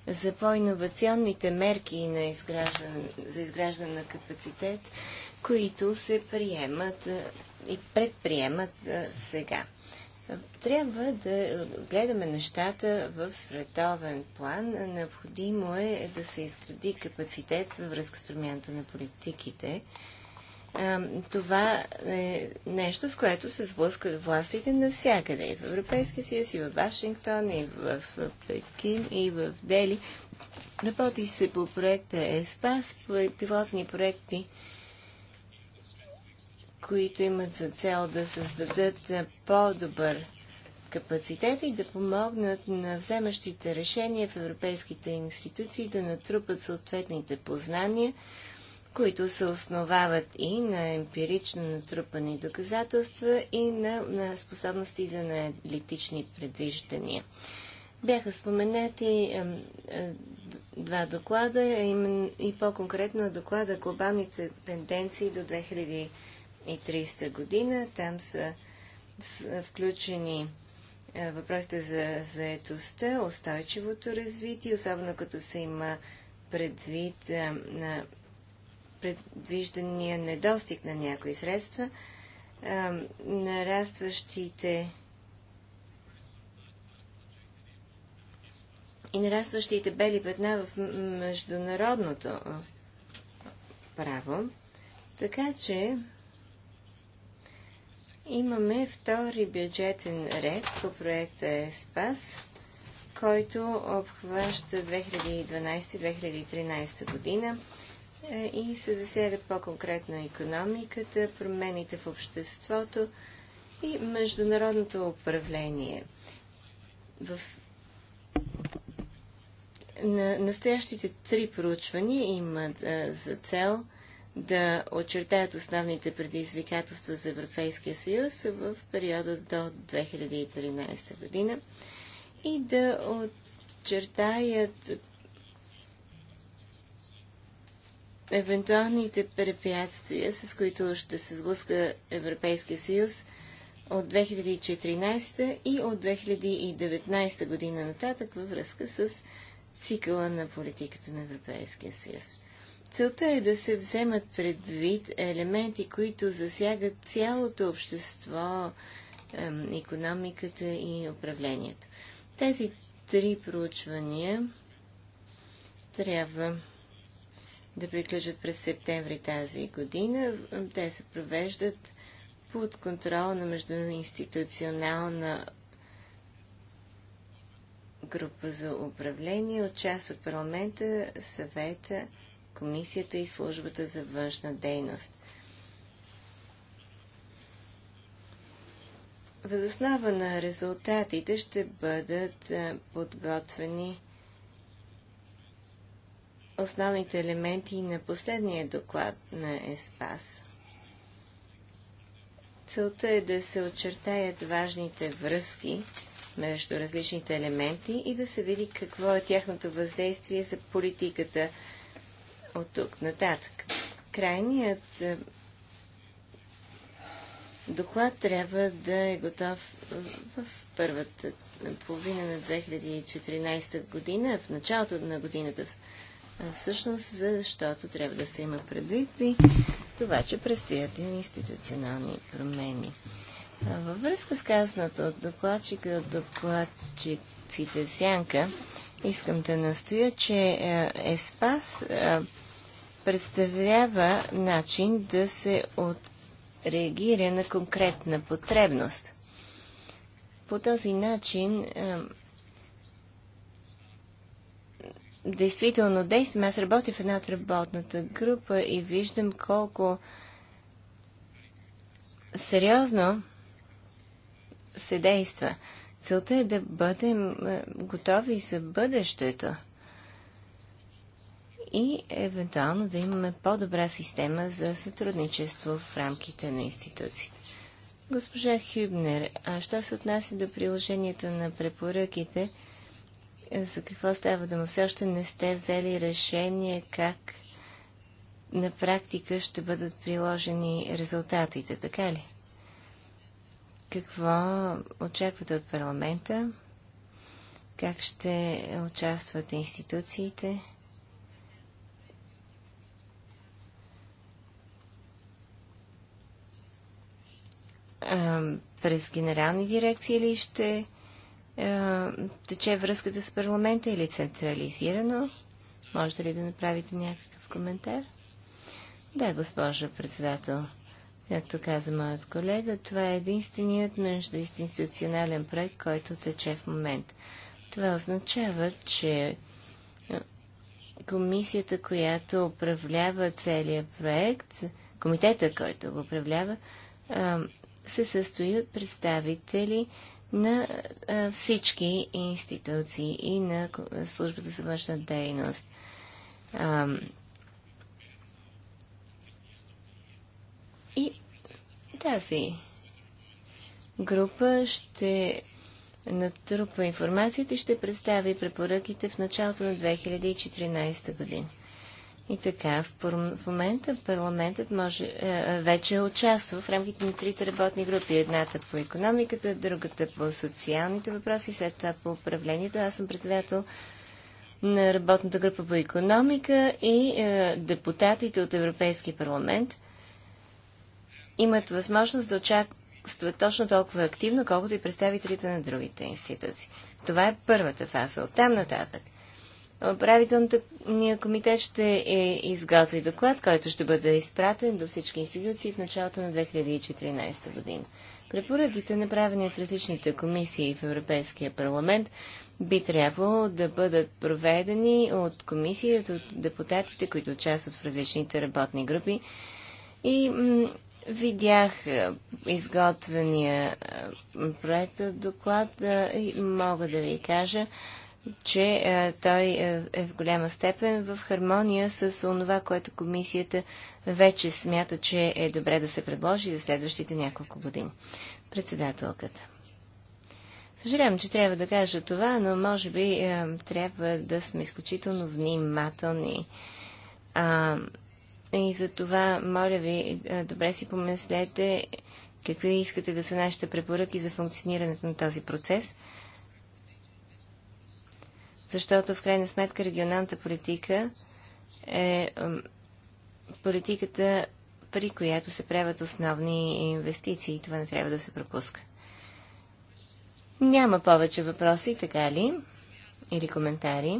за по-инновационните мерки на изграждан, за изграждане на капацитет, които се приемат е, и предприемат е, сега. Трябва да гледаме нещата в световен план. Необходимо е да се изгради капацитет във връзка с промяната на политиките. Това е нещо, с което се сблъскват властите навсякъде. И в Европейския съюз, и в Вашингтон, и в Пекин, и в Дели. Работи се по проекта ЕСПАС, пилотни проекти които имат за цел да създадат е, по-добър капацитет и да помогнат на вземащите решения в европейските институции да натрупат съответните познания, които се основават и на емпирично натрупани доказателства и на, на способности за аналитични предвиждания. Бяха споменати е, е, два доклада и по-конкретно доклада Глобалните тенденции до 2000 2030 година. Там са, са включени е, въпросите за заетостта, устойчивото развитие, особено като се има предвид е, на предвиждания недостиг на някои средства, е, нарастващите и нарастващите бели петна в международното право. Така че Имаме втори бюджетен ред по проекта ЕСПАС, който обхваща 2012-2013 година е, и се засягат по-конкретно економиката, промените в обществото и международното управление. В настоящите три проучвания имат е, за цел да очертаят основните предизвикателства за Европейския съюз в периода до 2013 година и да очертаят евентуалните препятствия, с които ще се сблъска Европейския съюз от 2014 и от 2019 година нататък във връзка с цикъла на политиката на Европейския съюз. Целта е да се вземат предвид елементи, които засягат цялото общество, економиката и управлението. Тези три проучвания трябва да приключат през септември тази година. Те се провеждат под контрол на междуинституционална група за управление. От част от парламента, съвета, комисията и службата за външна дейност. Възоснова на резултатите ще бъдат подготвени основните елементи на последния доклад на ЕСПАС. Целта е да се очертаят важните връзки между различните елементи и да се види какво е тяхното въздействие за политиката от тук нататък. Крайният е, доклад трябва да е готов е, в първата половина на 2014 година, в началото на годината е, всъщност, защото трябва да се има предвид и това, че предстоят институционални промени. Във връзка с казаното от докладчика от докладчиците в Сянка, искам да настоя, че ЕСПАС представлява начин да се отреагира на конкретна потребност. По този начин действително действам. Аз работя в една работната група и виждам колко сериозно се действа. Целта е да бъдем готови за бъдещето и евентуално да имаме по-добра система за сътрудничество в рамките на институциите. Госпожа Хюбнер, а що се отнася до приложението на препоръките, за какво става дума? Все още не сте взели решение как на практика ще бъдат приложени резултатите, така ли? Какво очаквате от парламента? Как ще участват институциите? през генерални дирекции или ще а, тече връзката с парламента или централизирано? Можете ли да направите някакъв коментар? Да, госпожа председател. Както каза моят колега, това е единственият междуинституционален проект, който тече в момента. Това означава, че комисията, която управлява целият проект, комитета, който го управлява, се състои от представители на всички институции и на службата за външна дейност. И тази група ще натрупва информацията и ще представи препоръките в началото на 2014 година. И така, в, в момента парламентът може, е, е, вече участва в рамките на трите работни групи. Едната по економиката, другата по социалните въпроси, след това по управлението. Аз съм председател на работната група по економика и е, депутатите от Европейски парламент имат възможност да участват точно толкова активно, колкото и представителите на другите институции. Това е първата фаза. Оттам нататък Правителната комитет ще е изготви доклад, който ще бъде изпратен до всички институции в началото на 2014 година. Препоръките, направени от различните комисии в Европейския парламент, би трябвало да бъдат проведени от комисията, от депутатите, които участват в различните работни групи. И видях е, изготвения е, проект от доклад е, и мога да ви кажа, че а, е, той е, е в голяма степен в хармония с онова, което комисията вече смята, че е добре да се предложи за следващите няколко години. Председателката. Съжалявам, че трябва да кажа това, но може би а, е, трябва да сме изключително внимателни. А, и за това, моля ви, добре си помислете какви искате да са нашите препоръки за функционирането на този процес – защото в крайна сметка регионалната политика е политиката, при която се правят основни инвестиции. Това не трябва да се пропуска. Няма повече въпроси, така ли? Или коментари?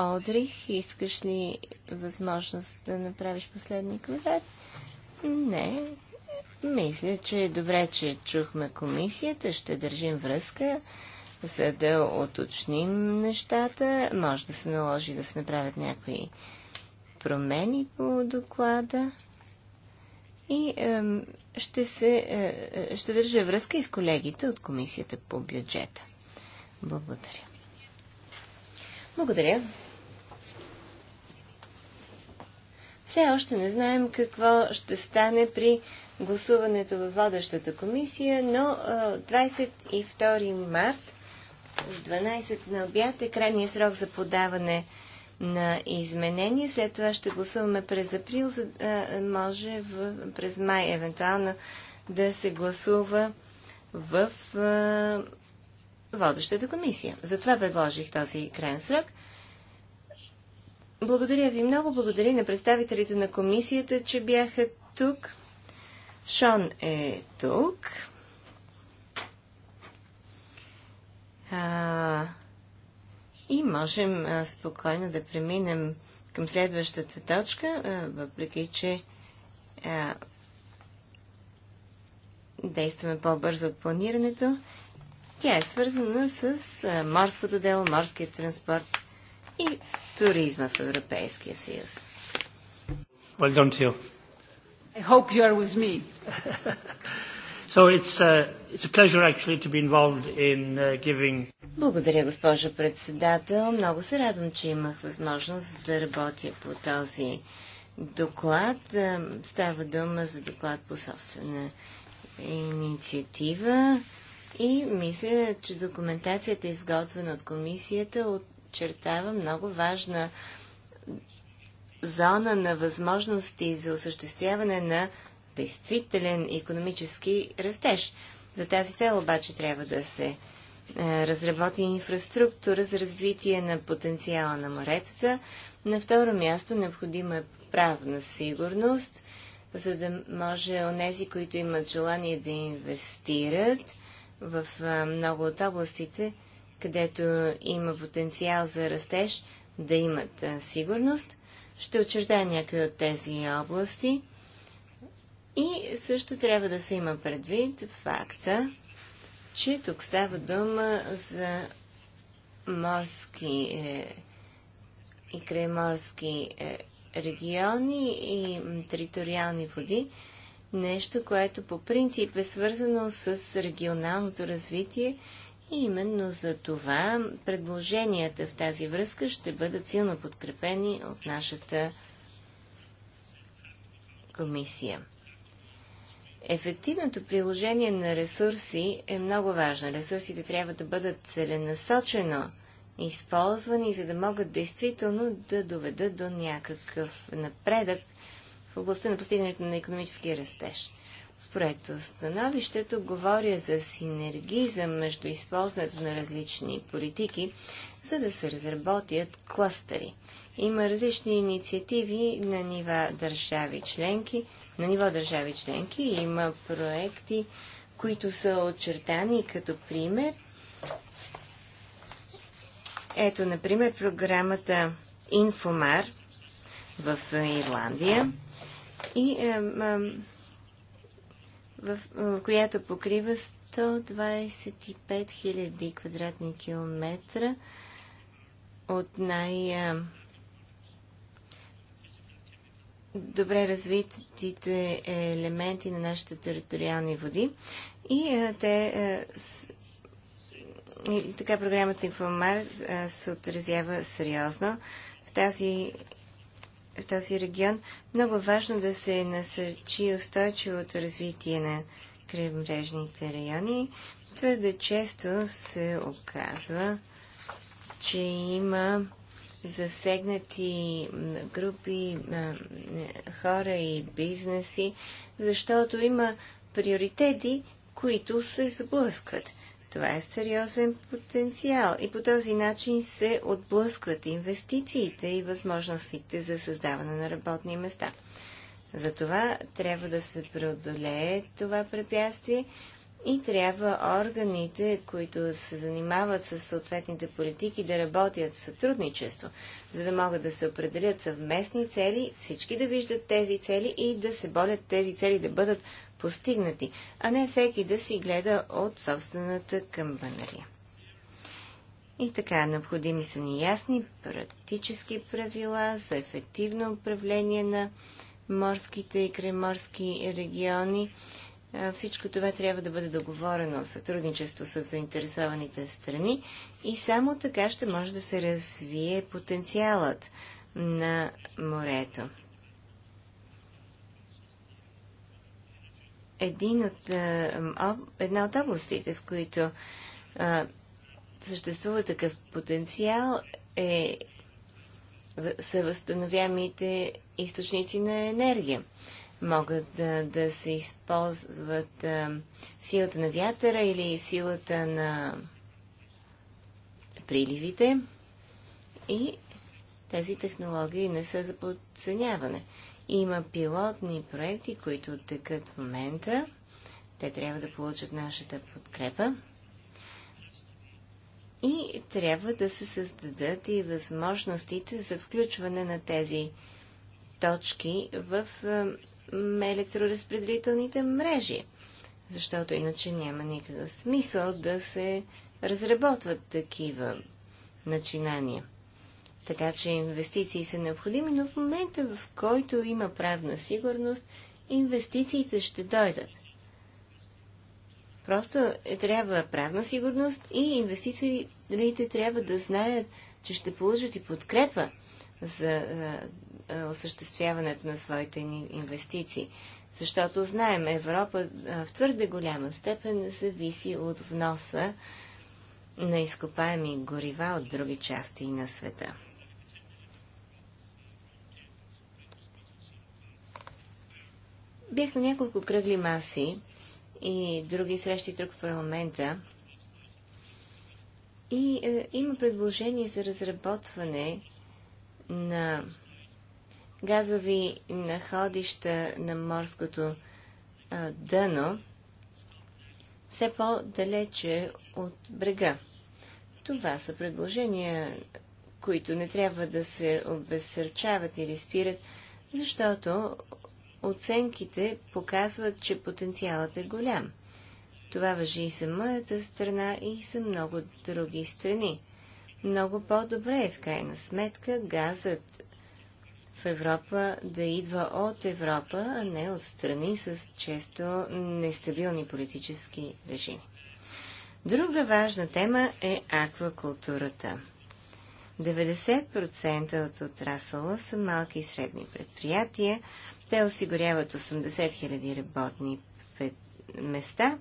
Олдрих, искаш ли възможност да направиш последни коментар? Не. Мисля, че е добре, че чухме комисията. Ще държим връзка за да оточним нещата. Може да се наложи да се направят някои промени по доклада. И е, ще, се, е, е, ще държа връзка и с колегите от Комисията по бюджета. Благодаря. Благодаря. Все още не знаем какво ще стане при гласуването във водещата комисия, но 22 е, март в 12 на обяд е крайния срок за подаване на изменения. След това ще гласуваме през април, за да е, може в, през май евентуално да се гласува в а, е, водещата комисия. Затова предложих този крайен срок. Благодаря ви много. Благодаря на представителите на комисията, че бяха тук. Шон е тук. А, и можем а, спокойно да преминем към следващата точка, а, въпреки че а, действаме по-бързо от планирането. Тя е свързана с а, морското дело, морския транспорт и туризма в Европейския съюз. Well done to you. I hope you are with me. [laughs] So it's, a, uh, it's a pleasure actually to be involved in uh, giving. Благодаря, госпожо председател. Много се радвам, че имах възможност да работя по този доклад. Е, става дума за доклад по собствена инициатива и мисля, че документацията, изготвена от комисията, отчертава много важна зона на възможности за осъществяване на действителен економически растеж. За тази цел обаче трябва да се е, разработи инфраструктура за развитие на потенциала на моретата. На второ място необходима е правна сигурност, за да може онези, които имат желание да инвестират в е, много от областите, където има потенциал за растеж, да имат е, сигурност. Ще очертая някои от тези области. И също трябва да се има предвид факта, че тук става дума за морски е, и крайморски е, региони и териториални води, нещо, което по принцип е свързано с регионалното развитие и именно за това предложенията в тази връзка ще бъдат силно подкрепени от нашата комисия. Ефективното приложение на ресурси е много важно. Ресурсите трябва да бъдат целенасочено използвани, за да могат действително да доведат до някакъв напредък в областта на постигането на економическия растеж. В проекта становището говоря за синергизъм между използването на различни политики, за да се разработят кластери. Има различни инициативи на нива държави членки – на ниво държави членки. Има проекти, които са очертани като пример. Ето, например, програмата Инфомар в Ирландия и е, е, в, в която покрива 125 000 квадратни километра от най- е, добре развитите елементи на нашите териториални води и те и така програмата Инфомар се отразява сериозно в тази в този регион. Много важно да се насърчи устойчивото развитие на крайбрежните райони. Твърде често се оказва, че има засегнати групи хора и бизнеси, защото има приоритети, които се сблъскват. Това е сериозен потенциал и по този начин се отблъскват инвестициите и възможностите за създаване на работни места. Затова трябва да се преодолее това препятствие, и трябва органите, които се занимават с съответните политики, да работят в сътрудничество, за да могат да се определят съвместни цели, всички да виждат тези цели и да се борят тези цели да бъдат постигнати, а не всеки да си гледа от собствената камбанария. И така, необходими са ни ясни практически правила за ефективно управление на морските и креморски региони, е, всичко това трябва да бъде договорено в сътрудничество с заинтересованите страни и само така ще може да се развие потенциалът на морето. Един от, е, една от областите, в които а, е, съществува такъв потенциал, е, са възстановяемите източници на енергия могат да, да се използват а, силата на вятъра или силата на приливите и тези технологии не са за подценяване. Има пилотни проекти, които текат в момента. Те трябва да получат нашата подкрепа. И трябва да се създадат и възможностите за включване на тези точки в електроразпределителните мрежи, защото иначе няма никакъв смисъл да се разработват такива начинания. Така че инвестиции са необходими, но в момента, в който има правна сигурност, инвестициите ще дойдат. Просто е, трябва правна сигурност и инвеститорите трябва да знаят, че ще получат и подкрепа за е, осъществяването на своите ни инвестиции. Защото знаем, Европа е, в твърде голяма степен зависи от вноса на изкопаеми горива от други части на света. Бях на няколко кръгли маси и други срещи тук в парламента. И е, има предложение за разработване на газови находища на морското дъно все по-далече от брега. Това са предложения, които не трябва да се обезсърчават или спират, защото оценките показват, че потенциалът е голям. Това въжи и за моята страна и за много други страни. Много по-добре е в крайна сметка газът в Европа да идва от Европа, а не от страни с често нестабилни политически режими. Друга важна тема е аквакултурата. 90% от отрасъла са малки и средни предприятия. Те осигуряват 80 000 работни места,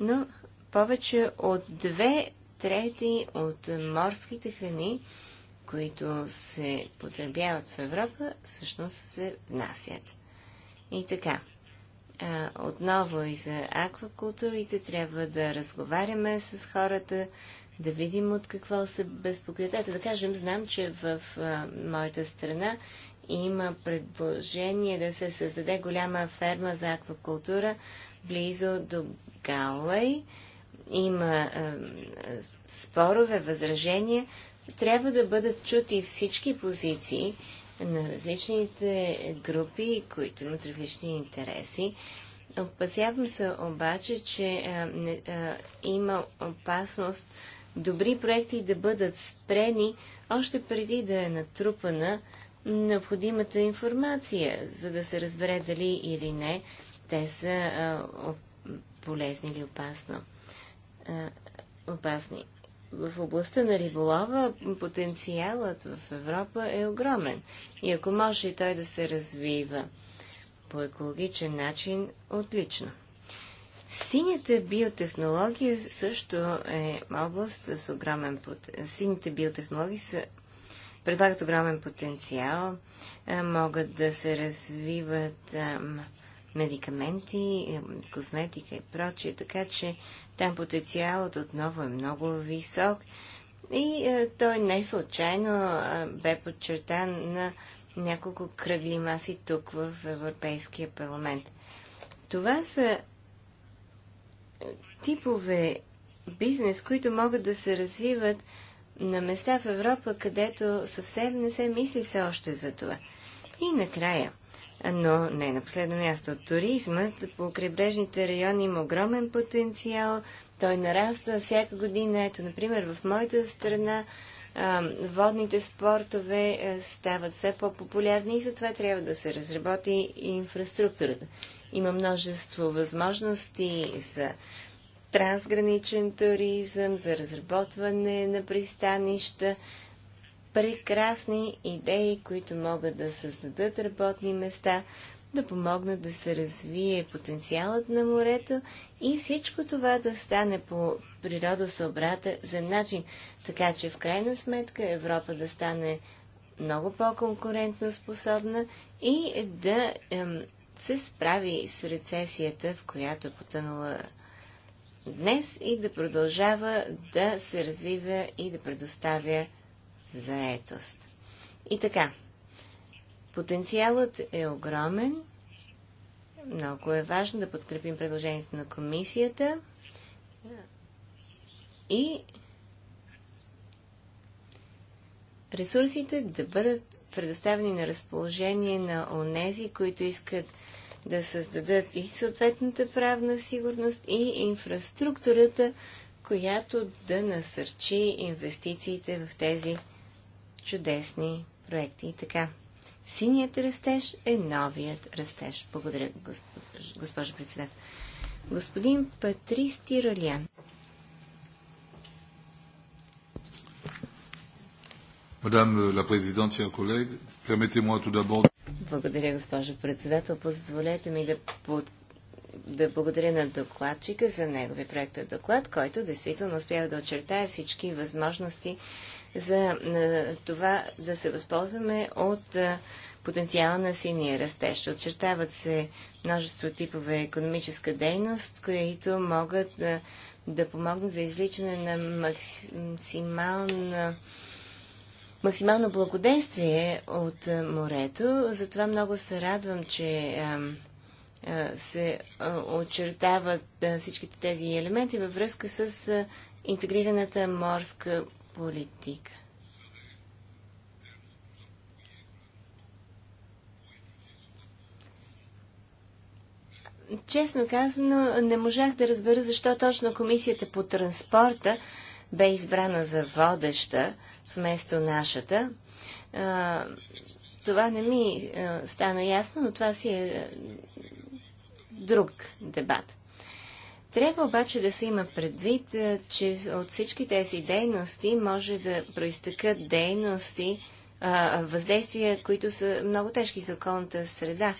но повече от две трети от морските храни които се потребяват в Европа, всъщност се внасят. И така, а, отново и за аквакултурите трябва да разговаряме с хората, да видим от какво се безпокоят. Ето да кажем, знам, че в а, моята страна има предложение да се създаде голяма ферма за аквакултура близо до Галуей. Има а, спорове, възражения, трябва да бъдат чути всички позиции на различните групи, които имат различни интереси. Опасявам се обаче, че а, не, а, има опасност добри проекти да бъдат спрени още преди да е натрупана необходимата информация, за да се разбере дали или не те са а, полезни или опасно, а, опасни в областта на риболова потенциалът в Европа е огромен. И ако може и той да се развива по екологичен начин, отлично. Синята биотехнология също е област с огромен потенциал. Сините биотехнологии са, предлагат огромен потенциал, е, могат да се развиват медикаменти, косметика и прочие, така че там потенциалът отново е много висок и а, е, той не случайно а, е, бе подчертан на няколко кръгли маси тук в Европейския парламент. Това са е, типове бизнес, които могат да се развиват на места в Европа, където съвсем не се мисли все още за това. И накрая, но не на последно място. Туризмът по крайбрежните райони има огромен потенциал. Той нараства всяка година. Ето, например, в моята страна водните спортове стават все по-популярни и затова трябва да се разработи инфраструктурата. Има множество възможности за трансграничен туризъм, за разработване на пристанища, прекрасни идеи, които могат да създадат работни места, да помогнат да се развие потенциалът на морето и всичко това да стане по за начин, така че в крайна сметка Европа да стане много по-конкурентно способна и да ем, се справи с рецесията, в която е потънала днес и да продължава да се развива и да предоставя заетост. И така, потенциалът е огромен. Много е важно да подкрепим предложението на комисията и ресурсите да бъдат предоставени на разположение на онези, които искат да създадат и съответната правна сигурност и инфраструктурата, която да насърчи инвестициите в тези чудесни проекти и така. Синият растеж е новият растеж. Благодаря, госпожо, госпожа председател. Господин Патрис Тиролян. Мадам ла президент, chers collègues, permettez-moi tout d'abord... Благодаря, госпожо председател. Позволете ми да, под... да благодаря на докладчика за неговия проекта доклад, който действително успява да очертае всички възможности за това да се възползваме от потенциала на синия растеж. Очертават се множество типове економическа дейност, които могат да, да помогнат за извличане на максимална максимално благоденствие от морето. Затова много се радвам, че се очертават всичките тези елементи във връзка с интегрираната морска политика. Честно казано, не можах да разбера защо точно комисията по транспорта бе избрана за водеща вместо нашата. това не ми стана ясно, но това си е друг дебат. Трябва обаче да се има предвид, че от всички тези дейности може да проистъкат дейности, въздействия, които са много тежки за околната среда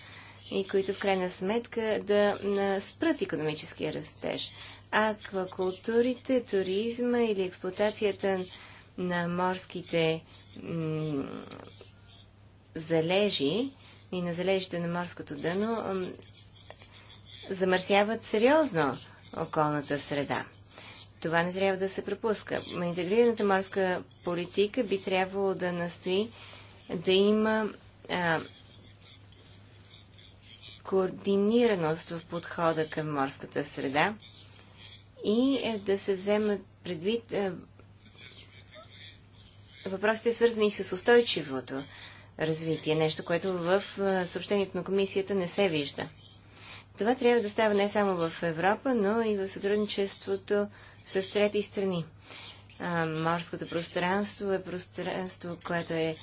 и които в крайна сметка да спрат економическия растеж. Аквакултурите, туризма или експлуатацията на морските залежи и на залежите на морското дъно замърсяват сериозно околната среда. Това не трябва да се пропуска. Интегрираната морска политика би трябвало да настои да има а, координираност в подхода към морската среда и а, е, да се вземе предвид а, въпросите свързани с устойчивото развитие, нещо, което в съобщението на комисията не се вижда. Това трябва да става не само в Европа, но и в сътрудничеството с трети страни. А, морското пространство е пространство, което е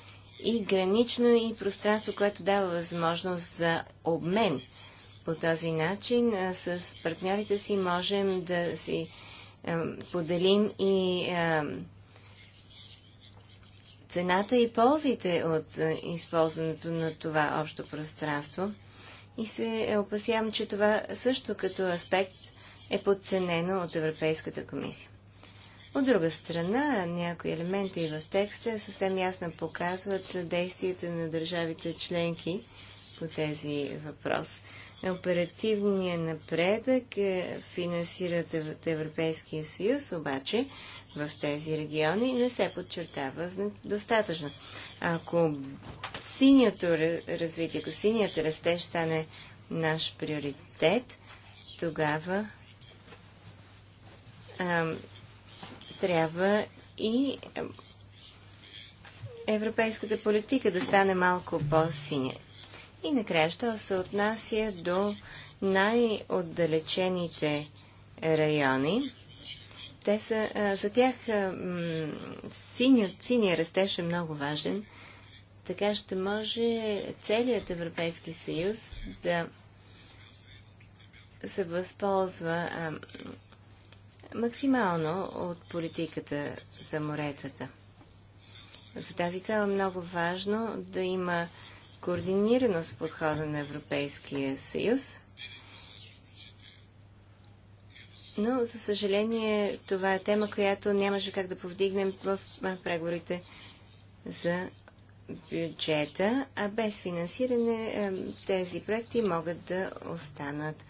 и гранично, и пространство, което дава възможност за обмен. По този начин а, с партньорите си можем да си а, поделим и цената и ползите от използването на това общо пространство – и се е, опасявам, че това също като аспект е подценено от Европейската комисия. От друга страна, някои елементи в текста съвсем ясно показват действията на държавите членки по тези въпрос. Оперативният напредък е, финансират от Европейския съюз, обаче в тези региони не се подчертава достатъчно. Ако синьото развитие, ако синият растеж стане наш приоритет, тогава а, трябва и европейската политика да стане малко по-синя. И накрая, що се отнася до най-отдалечените райони, те са, а, за тях синия синия растеж е много важен – така ще може целият Европейски съюз да се възползва а, максимално от политиката за моретата. За тази цел е много важно да има координираност в подхода на Европейския съюз. Но, за съжаление, това е тема, която нямаше как да повдигнем в преговорите за бюджета, а без финансиране е, тези проекти могат да останат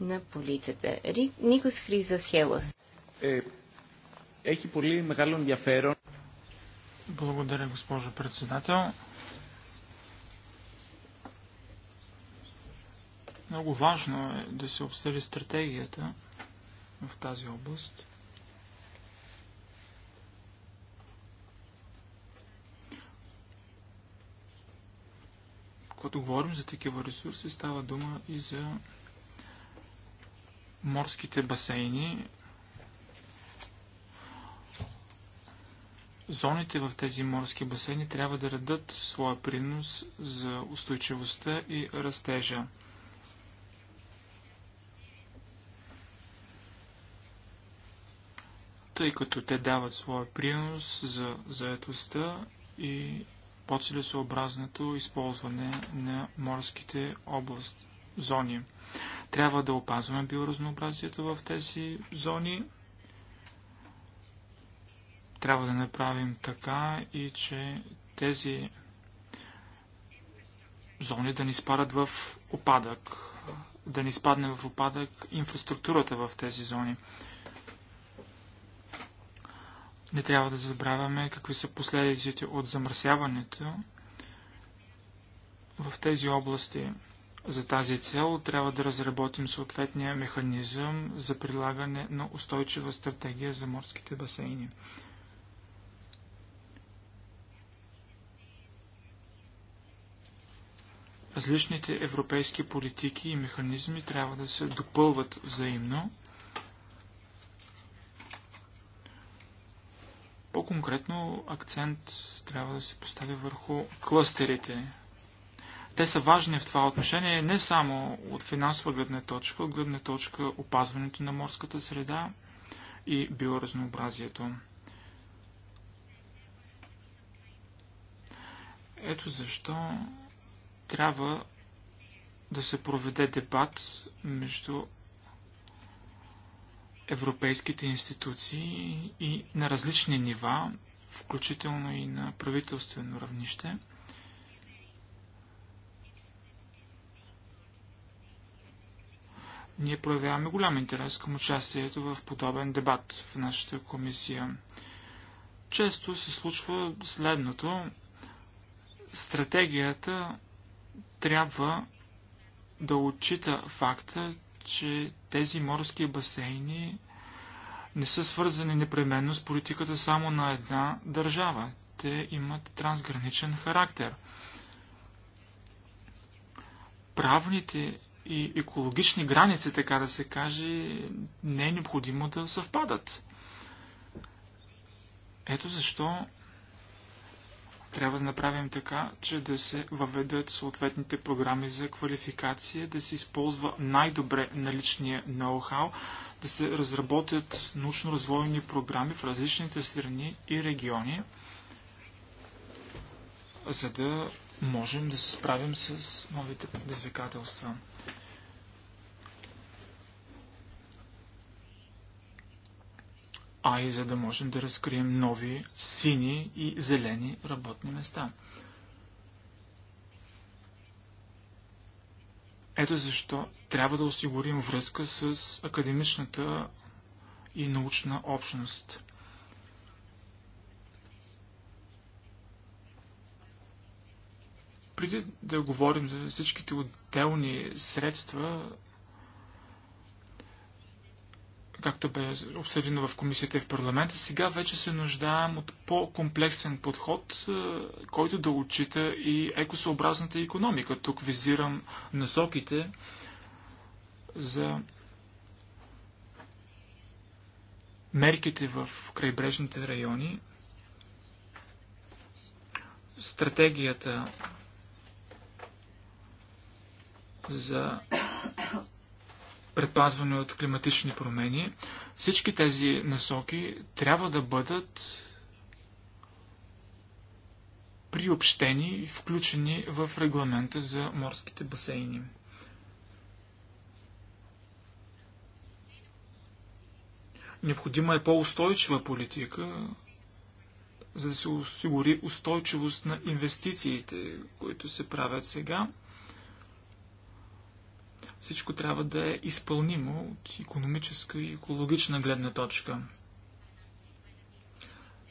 на полицата. Никос Хризохелос. Έχει πολύ μεγάλο ενδιαφέρον. Благодаря, госпожо председател. Много важно е да се обсъди стратегията в тази област. Когато говорим за такива ресурси, става дума и за морските басейни, Зоните в тези морски басейни трябва да радат своя принос за устойчивостта и растежа. Тъй като те дават своя принос за заетостта и по-целесообразното използване на морските области, зони. Трябва да опазваме биоразнообразието в тези зони. Трябва да направим така и че тези зони да ни спадат в опадък, да ни спадне в опадък инфраструктурата в тези зони. Не трябва да забравяме какви са последиците от замърсяването в тези области. За тази цел трябва да разработим съответния механизъм за прилагане на устойчива стратегия за морските басейни. Различните европейски политики и механизми трябва да се допълват взаимно. По-конкретно акцент трябва да се постави върху клъстерите. Те са важни в това отношение не само от финансова гледна точка, от гледна точка опазването на морската среда и биоразнообразието. Ето защо трябва да се проведе дебат между европейските институции и на различни нива, включително и на правителствено равнище. Ние проявяваме голям интерес към участието в подобен дебат в нашата комисия. Често се случва следното. Стратегията трябва да отчита факта, че тези морски басейни не са свързани непременно с политиката само на една държава. Те имат трансграничен характер. Правните и екологични граници, така да се каже, не е необходимо да съвпадат. Ето защо трябва да направим така, че да се въведат съответните програми за квалификация, да се използва най-добре наличния ноу-хау, да се разработят научно-развойни програми в различните страни и региони, за да можем да се справим с новите предизвикателства. а и за да можем да разкрием нови сини и зелени работни места. Ето защо трябва да осигурим връзка с академичната и научна общност. Преди да говорим за всичките отделни средства, както бе обсъдено в комисията и в парламента, сега вече се нуждаем от по-комплексен подход, е, който да отчита и екосъобразната економика. Тук визирам насоките за мерките в крайбрежните райони, стратегията за предпазване от климатични промени, всички тези насоки трябва да бъдат приобщени и включени в регламента за морските басейни. Необходима е по-устойчива политика, за да се осигури устойчивост на инвестициите, които се правят сега всичко трябва да е изпълнимо от економическа и екологична гледна точка.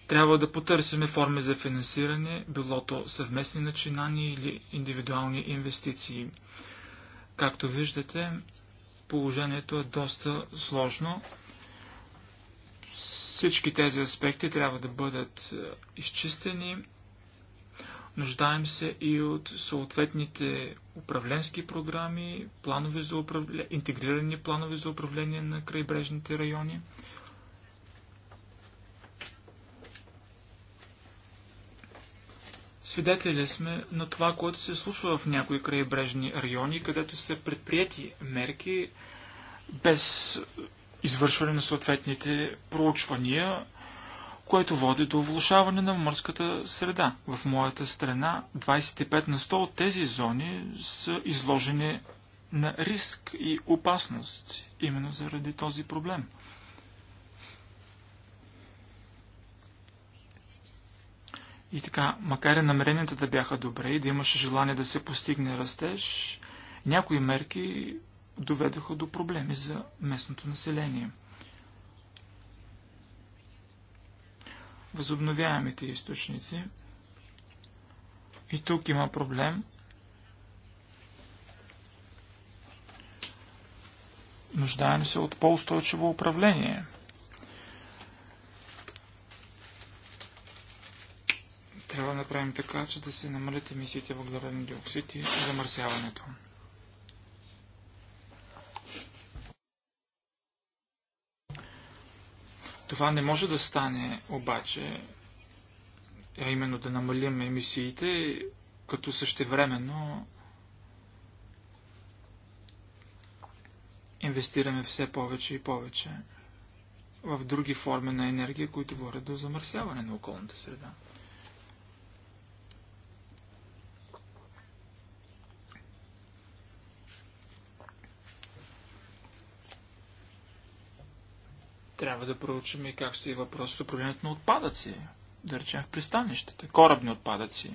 Трябва да потърсиме форми за финансиране, билото съвместни начинания или индивидуални инвестиции. Както виждате, положението е доста сложно. Всички тези аспекти трябва да бъдат е, изчистени Нуждаем се и от съответните управленски програми, планове за управление, интегрирани планове за управление на крайбрежните райони. Свидетели сме на това, което се случва в някои крайбрежни райони, където са предприяти мерки без извършване на съответните проучвания което води до влушаване на морската среда. В моята страна 25 на 100 от тези зони са изложени на риск и опасност, именно заради този проблем. И така, макар и намеренията да бяха добре и да имаше желание да се постигне растеж, някои мерки доведоха до проблеми за местното население – възобновяемите източници. И тук има проблем. Нуждаем се от по-устойчиво управление. Трябва да направим така, че да се намалят емисиите въглероден диоксид и замърсяването. Това не може да стане обаче, а именно да намалим емисиите, като същевременно инвестираме все повече и повече в други форми на енергия, които водят до замърсяване на околната среда. Трябва да проучим и как стои въпрос с управлението на отпадъци, да речем в пристанищата, корабни отпадъци.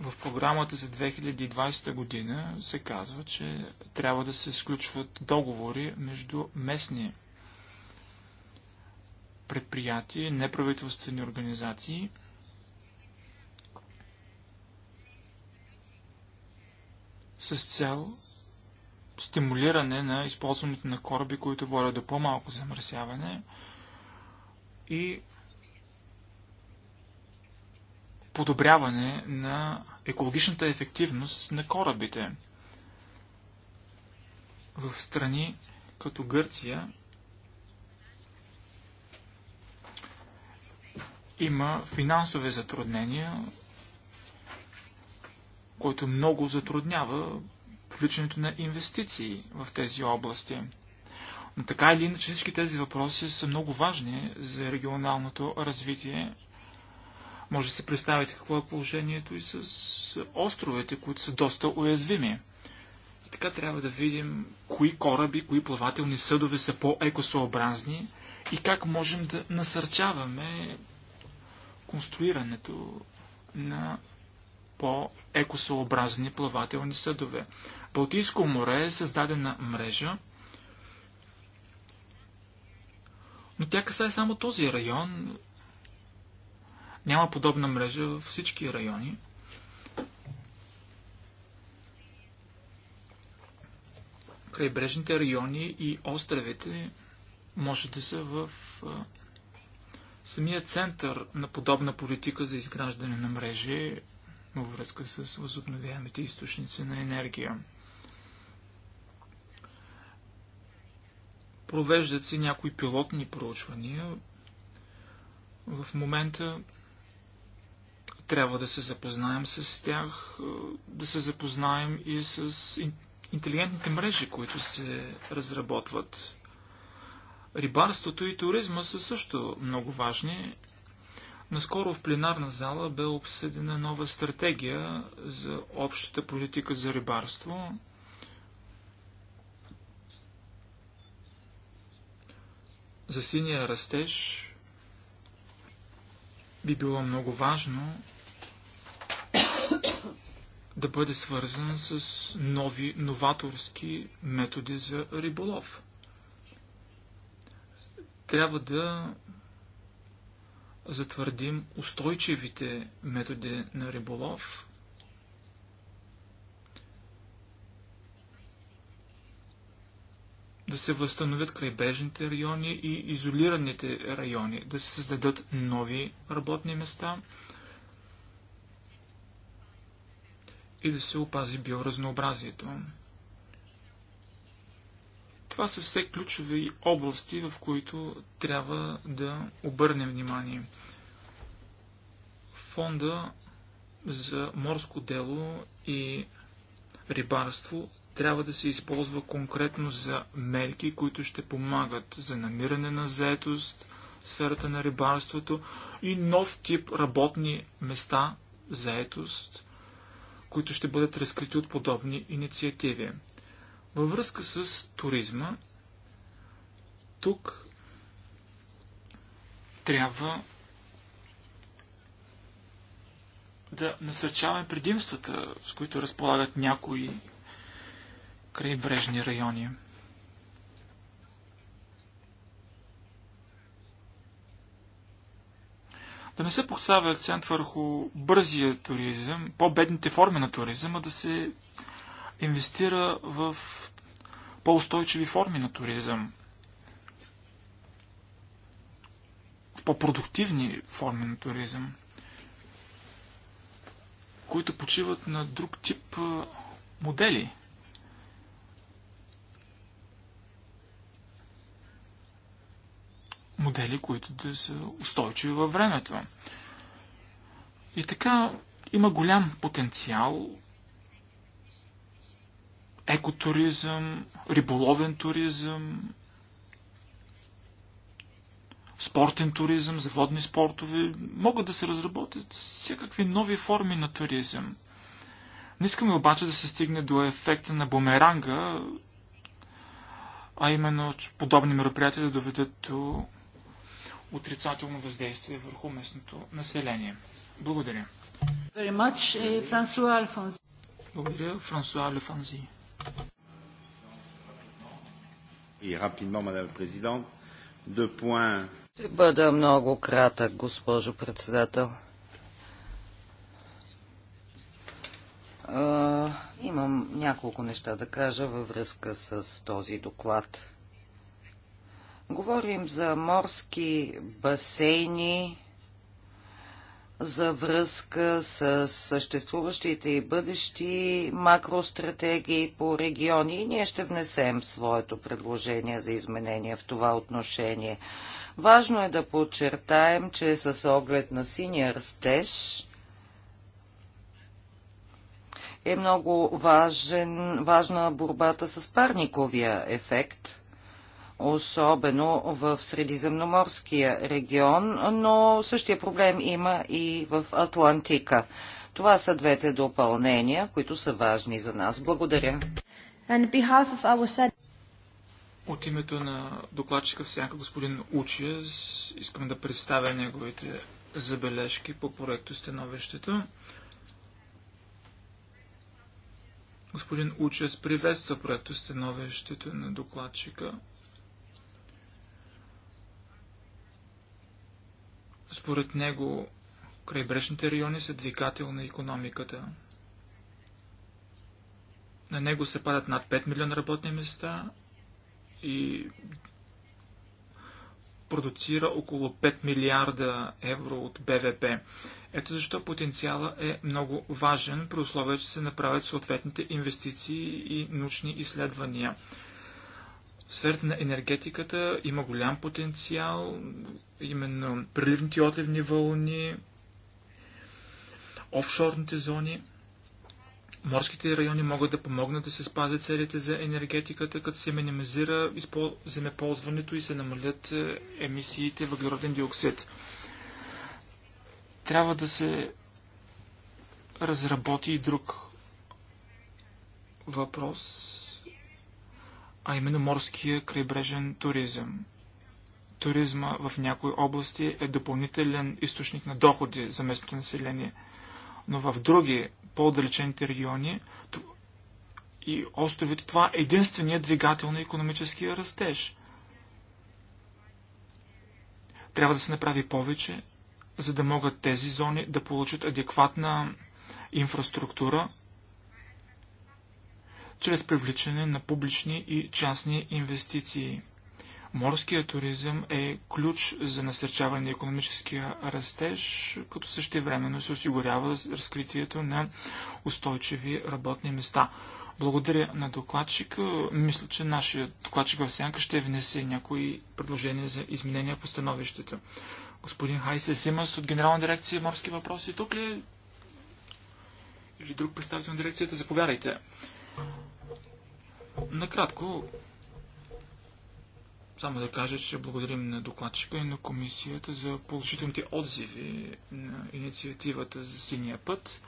В програмата за 2020 година се казва, че трябва да се сключват договори между местни предприятия, неправителствени организации с цел стимулиране на използването на кораби, които водят до по-малко замърсяване и подобряване на екологичната ефективност на корабите. В страни като Гърция има финансови затруднения, които много затруднява привличането на инвестиции в тези области. Но така или иначе всички тези въпроси са много важни за регионалното развитие. Може да се представите какво е положението и с островете, които са доста уязвими. И така трябва да видим кои кораби, кои плавателни съдове са по-екосообразни и как можем да насърчаваме конструирането на по екосообразни плавателни съдове. Балтийско море е създадена мрежа, но тя касае само този район. Няма подобна мрежа във всички райони. Крайбрежните райони и островите може да са в самия център на подобна политика за изграждане на мрежи във връзка с възобновяемите източници на енергия. Провеждат се някои пилотни проучвания. В момента трябва да се запознаем с тях, да се запознаем и с интелигентните мрежи, които се разработват. Рибарството и туризма са също много важни. Наскоро в пленарна зала бе обсъдена нова стратегия за общата политика за рибарство. за синия растеж би било много важно да бъде свързан с нови, новаторски методи за риболов. Трябва да затвърдим устойчивите методи на риболов, да се възстановят крайбежните райони и изолираните райони, да се създадат нови работни места и да се опази биоразнообразието. Това са все ключови области, в които трябва да обърнем внимание. Фонда за морско дело и рибарство трябва да се използва конкретно за мерки, които ще помагат за намиране на заетост в сферата на рибарството и нов тип работни места, заетост, които ще бъдат разкрити от подобни инициативи. Във връзка с туризма, тук трябва да насърчаваме предимствата, с които разполагат някои крайбрежни райони. Да не се поставя акцент върху бързия туризъм, по-бедните форми на туризъм, а да се инвестира в по-устойчиви форми на туризъм, в по-продуктивни форми на туризъм, които почиват на друг тип модели. модели, които да са устойчиви във времето. И така има голям потенциал екотуризъм, риболовен туризъм, спортен туризъм, заводни спортове. Могат да се разработят всякакви нови форми на туризъм. Не искаме обаче да се стигне до ефекта на бумеранга, а именно подобни мероприятия да доведат до отрицателно въздействие върху местното население. Благодаря. Eh, Благодаря, Франсуа Лефанзи. Ще бъда много кратък, госпожо председател. имам няколко неща да кажа във връзка с този доклад. Говорим за морски басейни, за връзка с съществуващите и бъдещи макростратегии по региони и ние ще внесем своето предложение за изменение в това отношение. Важно е да подчертаем, че с оглед на синия растеж е много важен, важна борбата с парниковия ефект – особено в Средиземноморския регион, но същия проблем има и в Атлантика. Това са двете допълнения, които са важни за нас. Благодаря. От името на докладчика сянка господин Учия искам да представя неговите забележки по проекто становището. Господин Учес приветства проекто становището на докладчика. Според него, крайбрежните райони са двигател на економиката. На него се падат над 5 милиона работни места и продуцира около 5 милиарда евро от БВП. Ето защо потенциала е много важен, при условие, че се направят съответните инвестиции и научни изследвания. В сферата на енергетиката има голям потенциал, именно приливните и отливни вълни, офшорните зони. Морските райони могат да помогнат да се спазят целите за енергетиката, като се минимизира земеползването и се намалят е, емисиите въглероден диоксид. Трябва да се разработи и друг въпрос а именно морския крайбрежен туризъм. Туризма в някои области е допълнителен източник на доходи за местното население, но в други, по-отдалечените региони и островите, това е единственият двигател на економическия растеж. Трябва да се направи повече, за да могат тези зони да получат адекватна инфраструктура, чрез привличане на публични и частни инвестиции. Морският туризъм е ключ за насърчаване на економическия растеж, като същевременно се осигурява разкритието на устойчиви работни места. Благодаря на докладчика. Мисля, че нашия докладчик в сянка ще внесе някои предложения за изменения по становището. Господин Хайсе Симас от Генерална дирекция Морски въпроси. Тук ли е? Или друг представител на дирекцията? Заповядайте. Накратко, само да кажа, че благодарим на докладчика и на комисията за положителните отзиви на инициативата за синия път.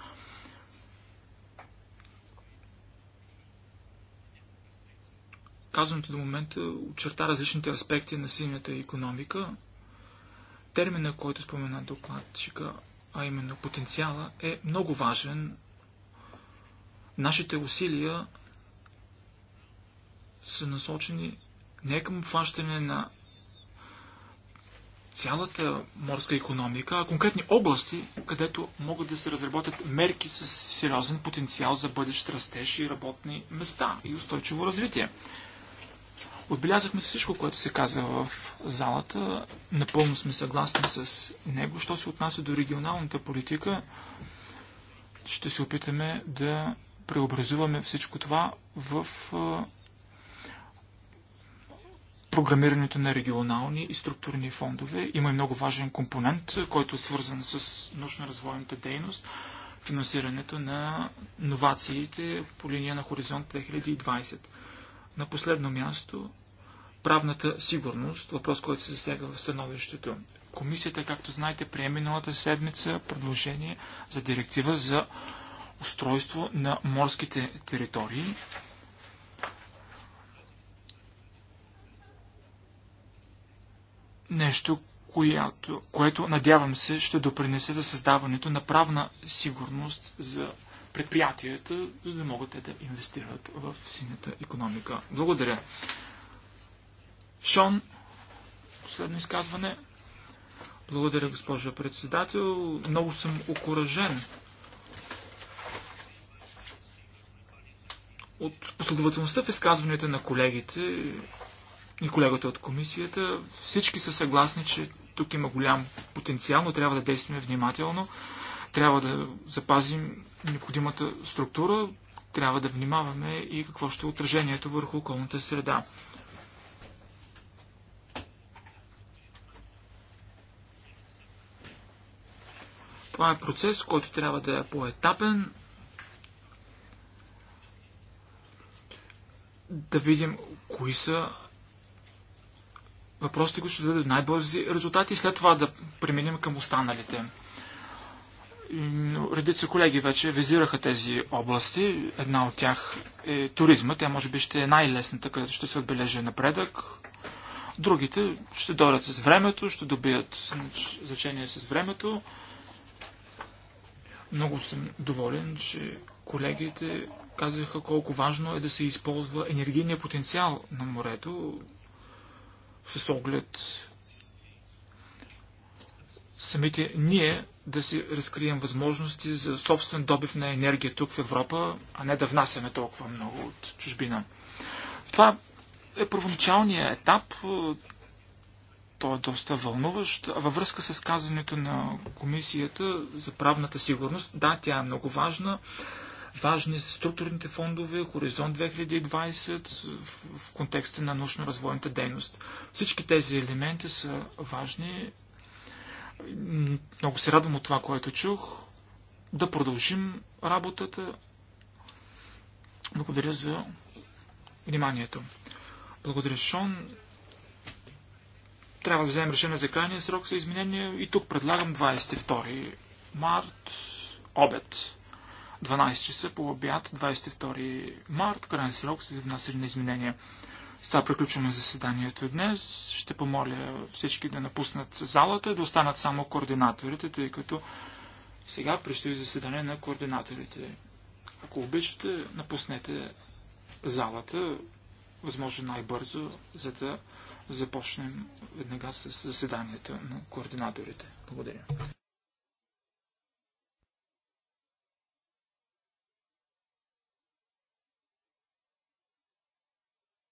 Казаното до момента очерта различните аспекти на синята економика. Термина, който спомена докладчика, а именно потенциала, е много важен Нашите усилия са насочени не към обхващане на цялата морска економика, а конкретни области, където могат да се разработят мерки с сериозен потенциал за бъдещ растеж и работни места и устойчиво развитие. Отбелязахме всичко, което се каза в залата. Напълно сме съгласни с него. Що се отнася до регионалната политика, ще се опитаме да преобразуваме всичко това в програмирането на регионални и структурни фондове. Има и много важен компонент, който е свързан с научно-развойната дейност, финансирането на новациите по линия на Хоризонт 2020. На последно място, правната сигурност, въпрос, който се засяга в становището. Комисията, както знаете, приеме миналата седмица предложение за директива за устройство на морските територии. Нещо, което, което надявам се ще допринесе за създаването на правна сигурност за предприятията, за да могат те да инвестират в синята економика. Благодаря. Шон, последно изказване. Благодаря, госпожо председател. Много съм окоръжен От последователността в изказванията на колегите и колегата от комисията, всички са съгласни, че тук има голям потенциал, но трябва да действаме внимателно, трябва да запазим необходимата структура, трябва да внимаваме и какво ще е отражението върху околната среда. Това е процес, който трябва да е поетапен, да видим кои са въпросите, които ще дадат най-бързи резултати и след това да преминем към останалите. Редица колеги вече визираха тези области. Една от тях е туризма. Тя може би ще е най-лесната, където ще се отбележи напредък. Другите ще дойдат с времето, ще добият значение с времето. Много съм доволен, че колегите казаха колко важно е да се използва енергийния потенциал на морето с оглед самите ние да си разкрием възможности за собствен добив на енергия тук в Европа, а не да внасяме толкова много от чужбина. Това е първоначалният етап. Той е доста вълнуващ. Във връзка с казването на комисията за правната сигурност, да, тя е много важна. Важни са структурните фондове, Хоризонт 2020 в контекста на научно-развойната дейност. Всички тези елементи са важни. Много се радвам от това, което чух. Да продължим работата. Благодаря за вниманието. Благодаря, Шон. Трябва да вземем решение за крайния срок за изменения и тук предлагам 22 март обед. 12 часа по обяд, 22 март, крайен срок за внасяне на изменения. С това приключваме заседанието днес. Ще помоля всички да напуснат залата и да останат само координаторите, тъй като сега предстои заседание на координаторите. Ако обичате, напуснете залата, възможно най-бързо, за да започнем веднага с заседанието на координаторите. Благодаря.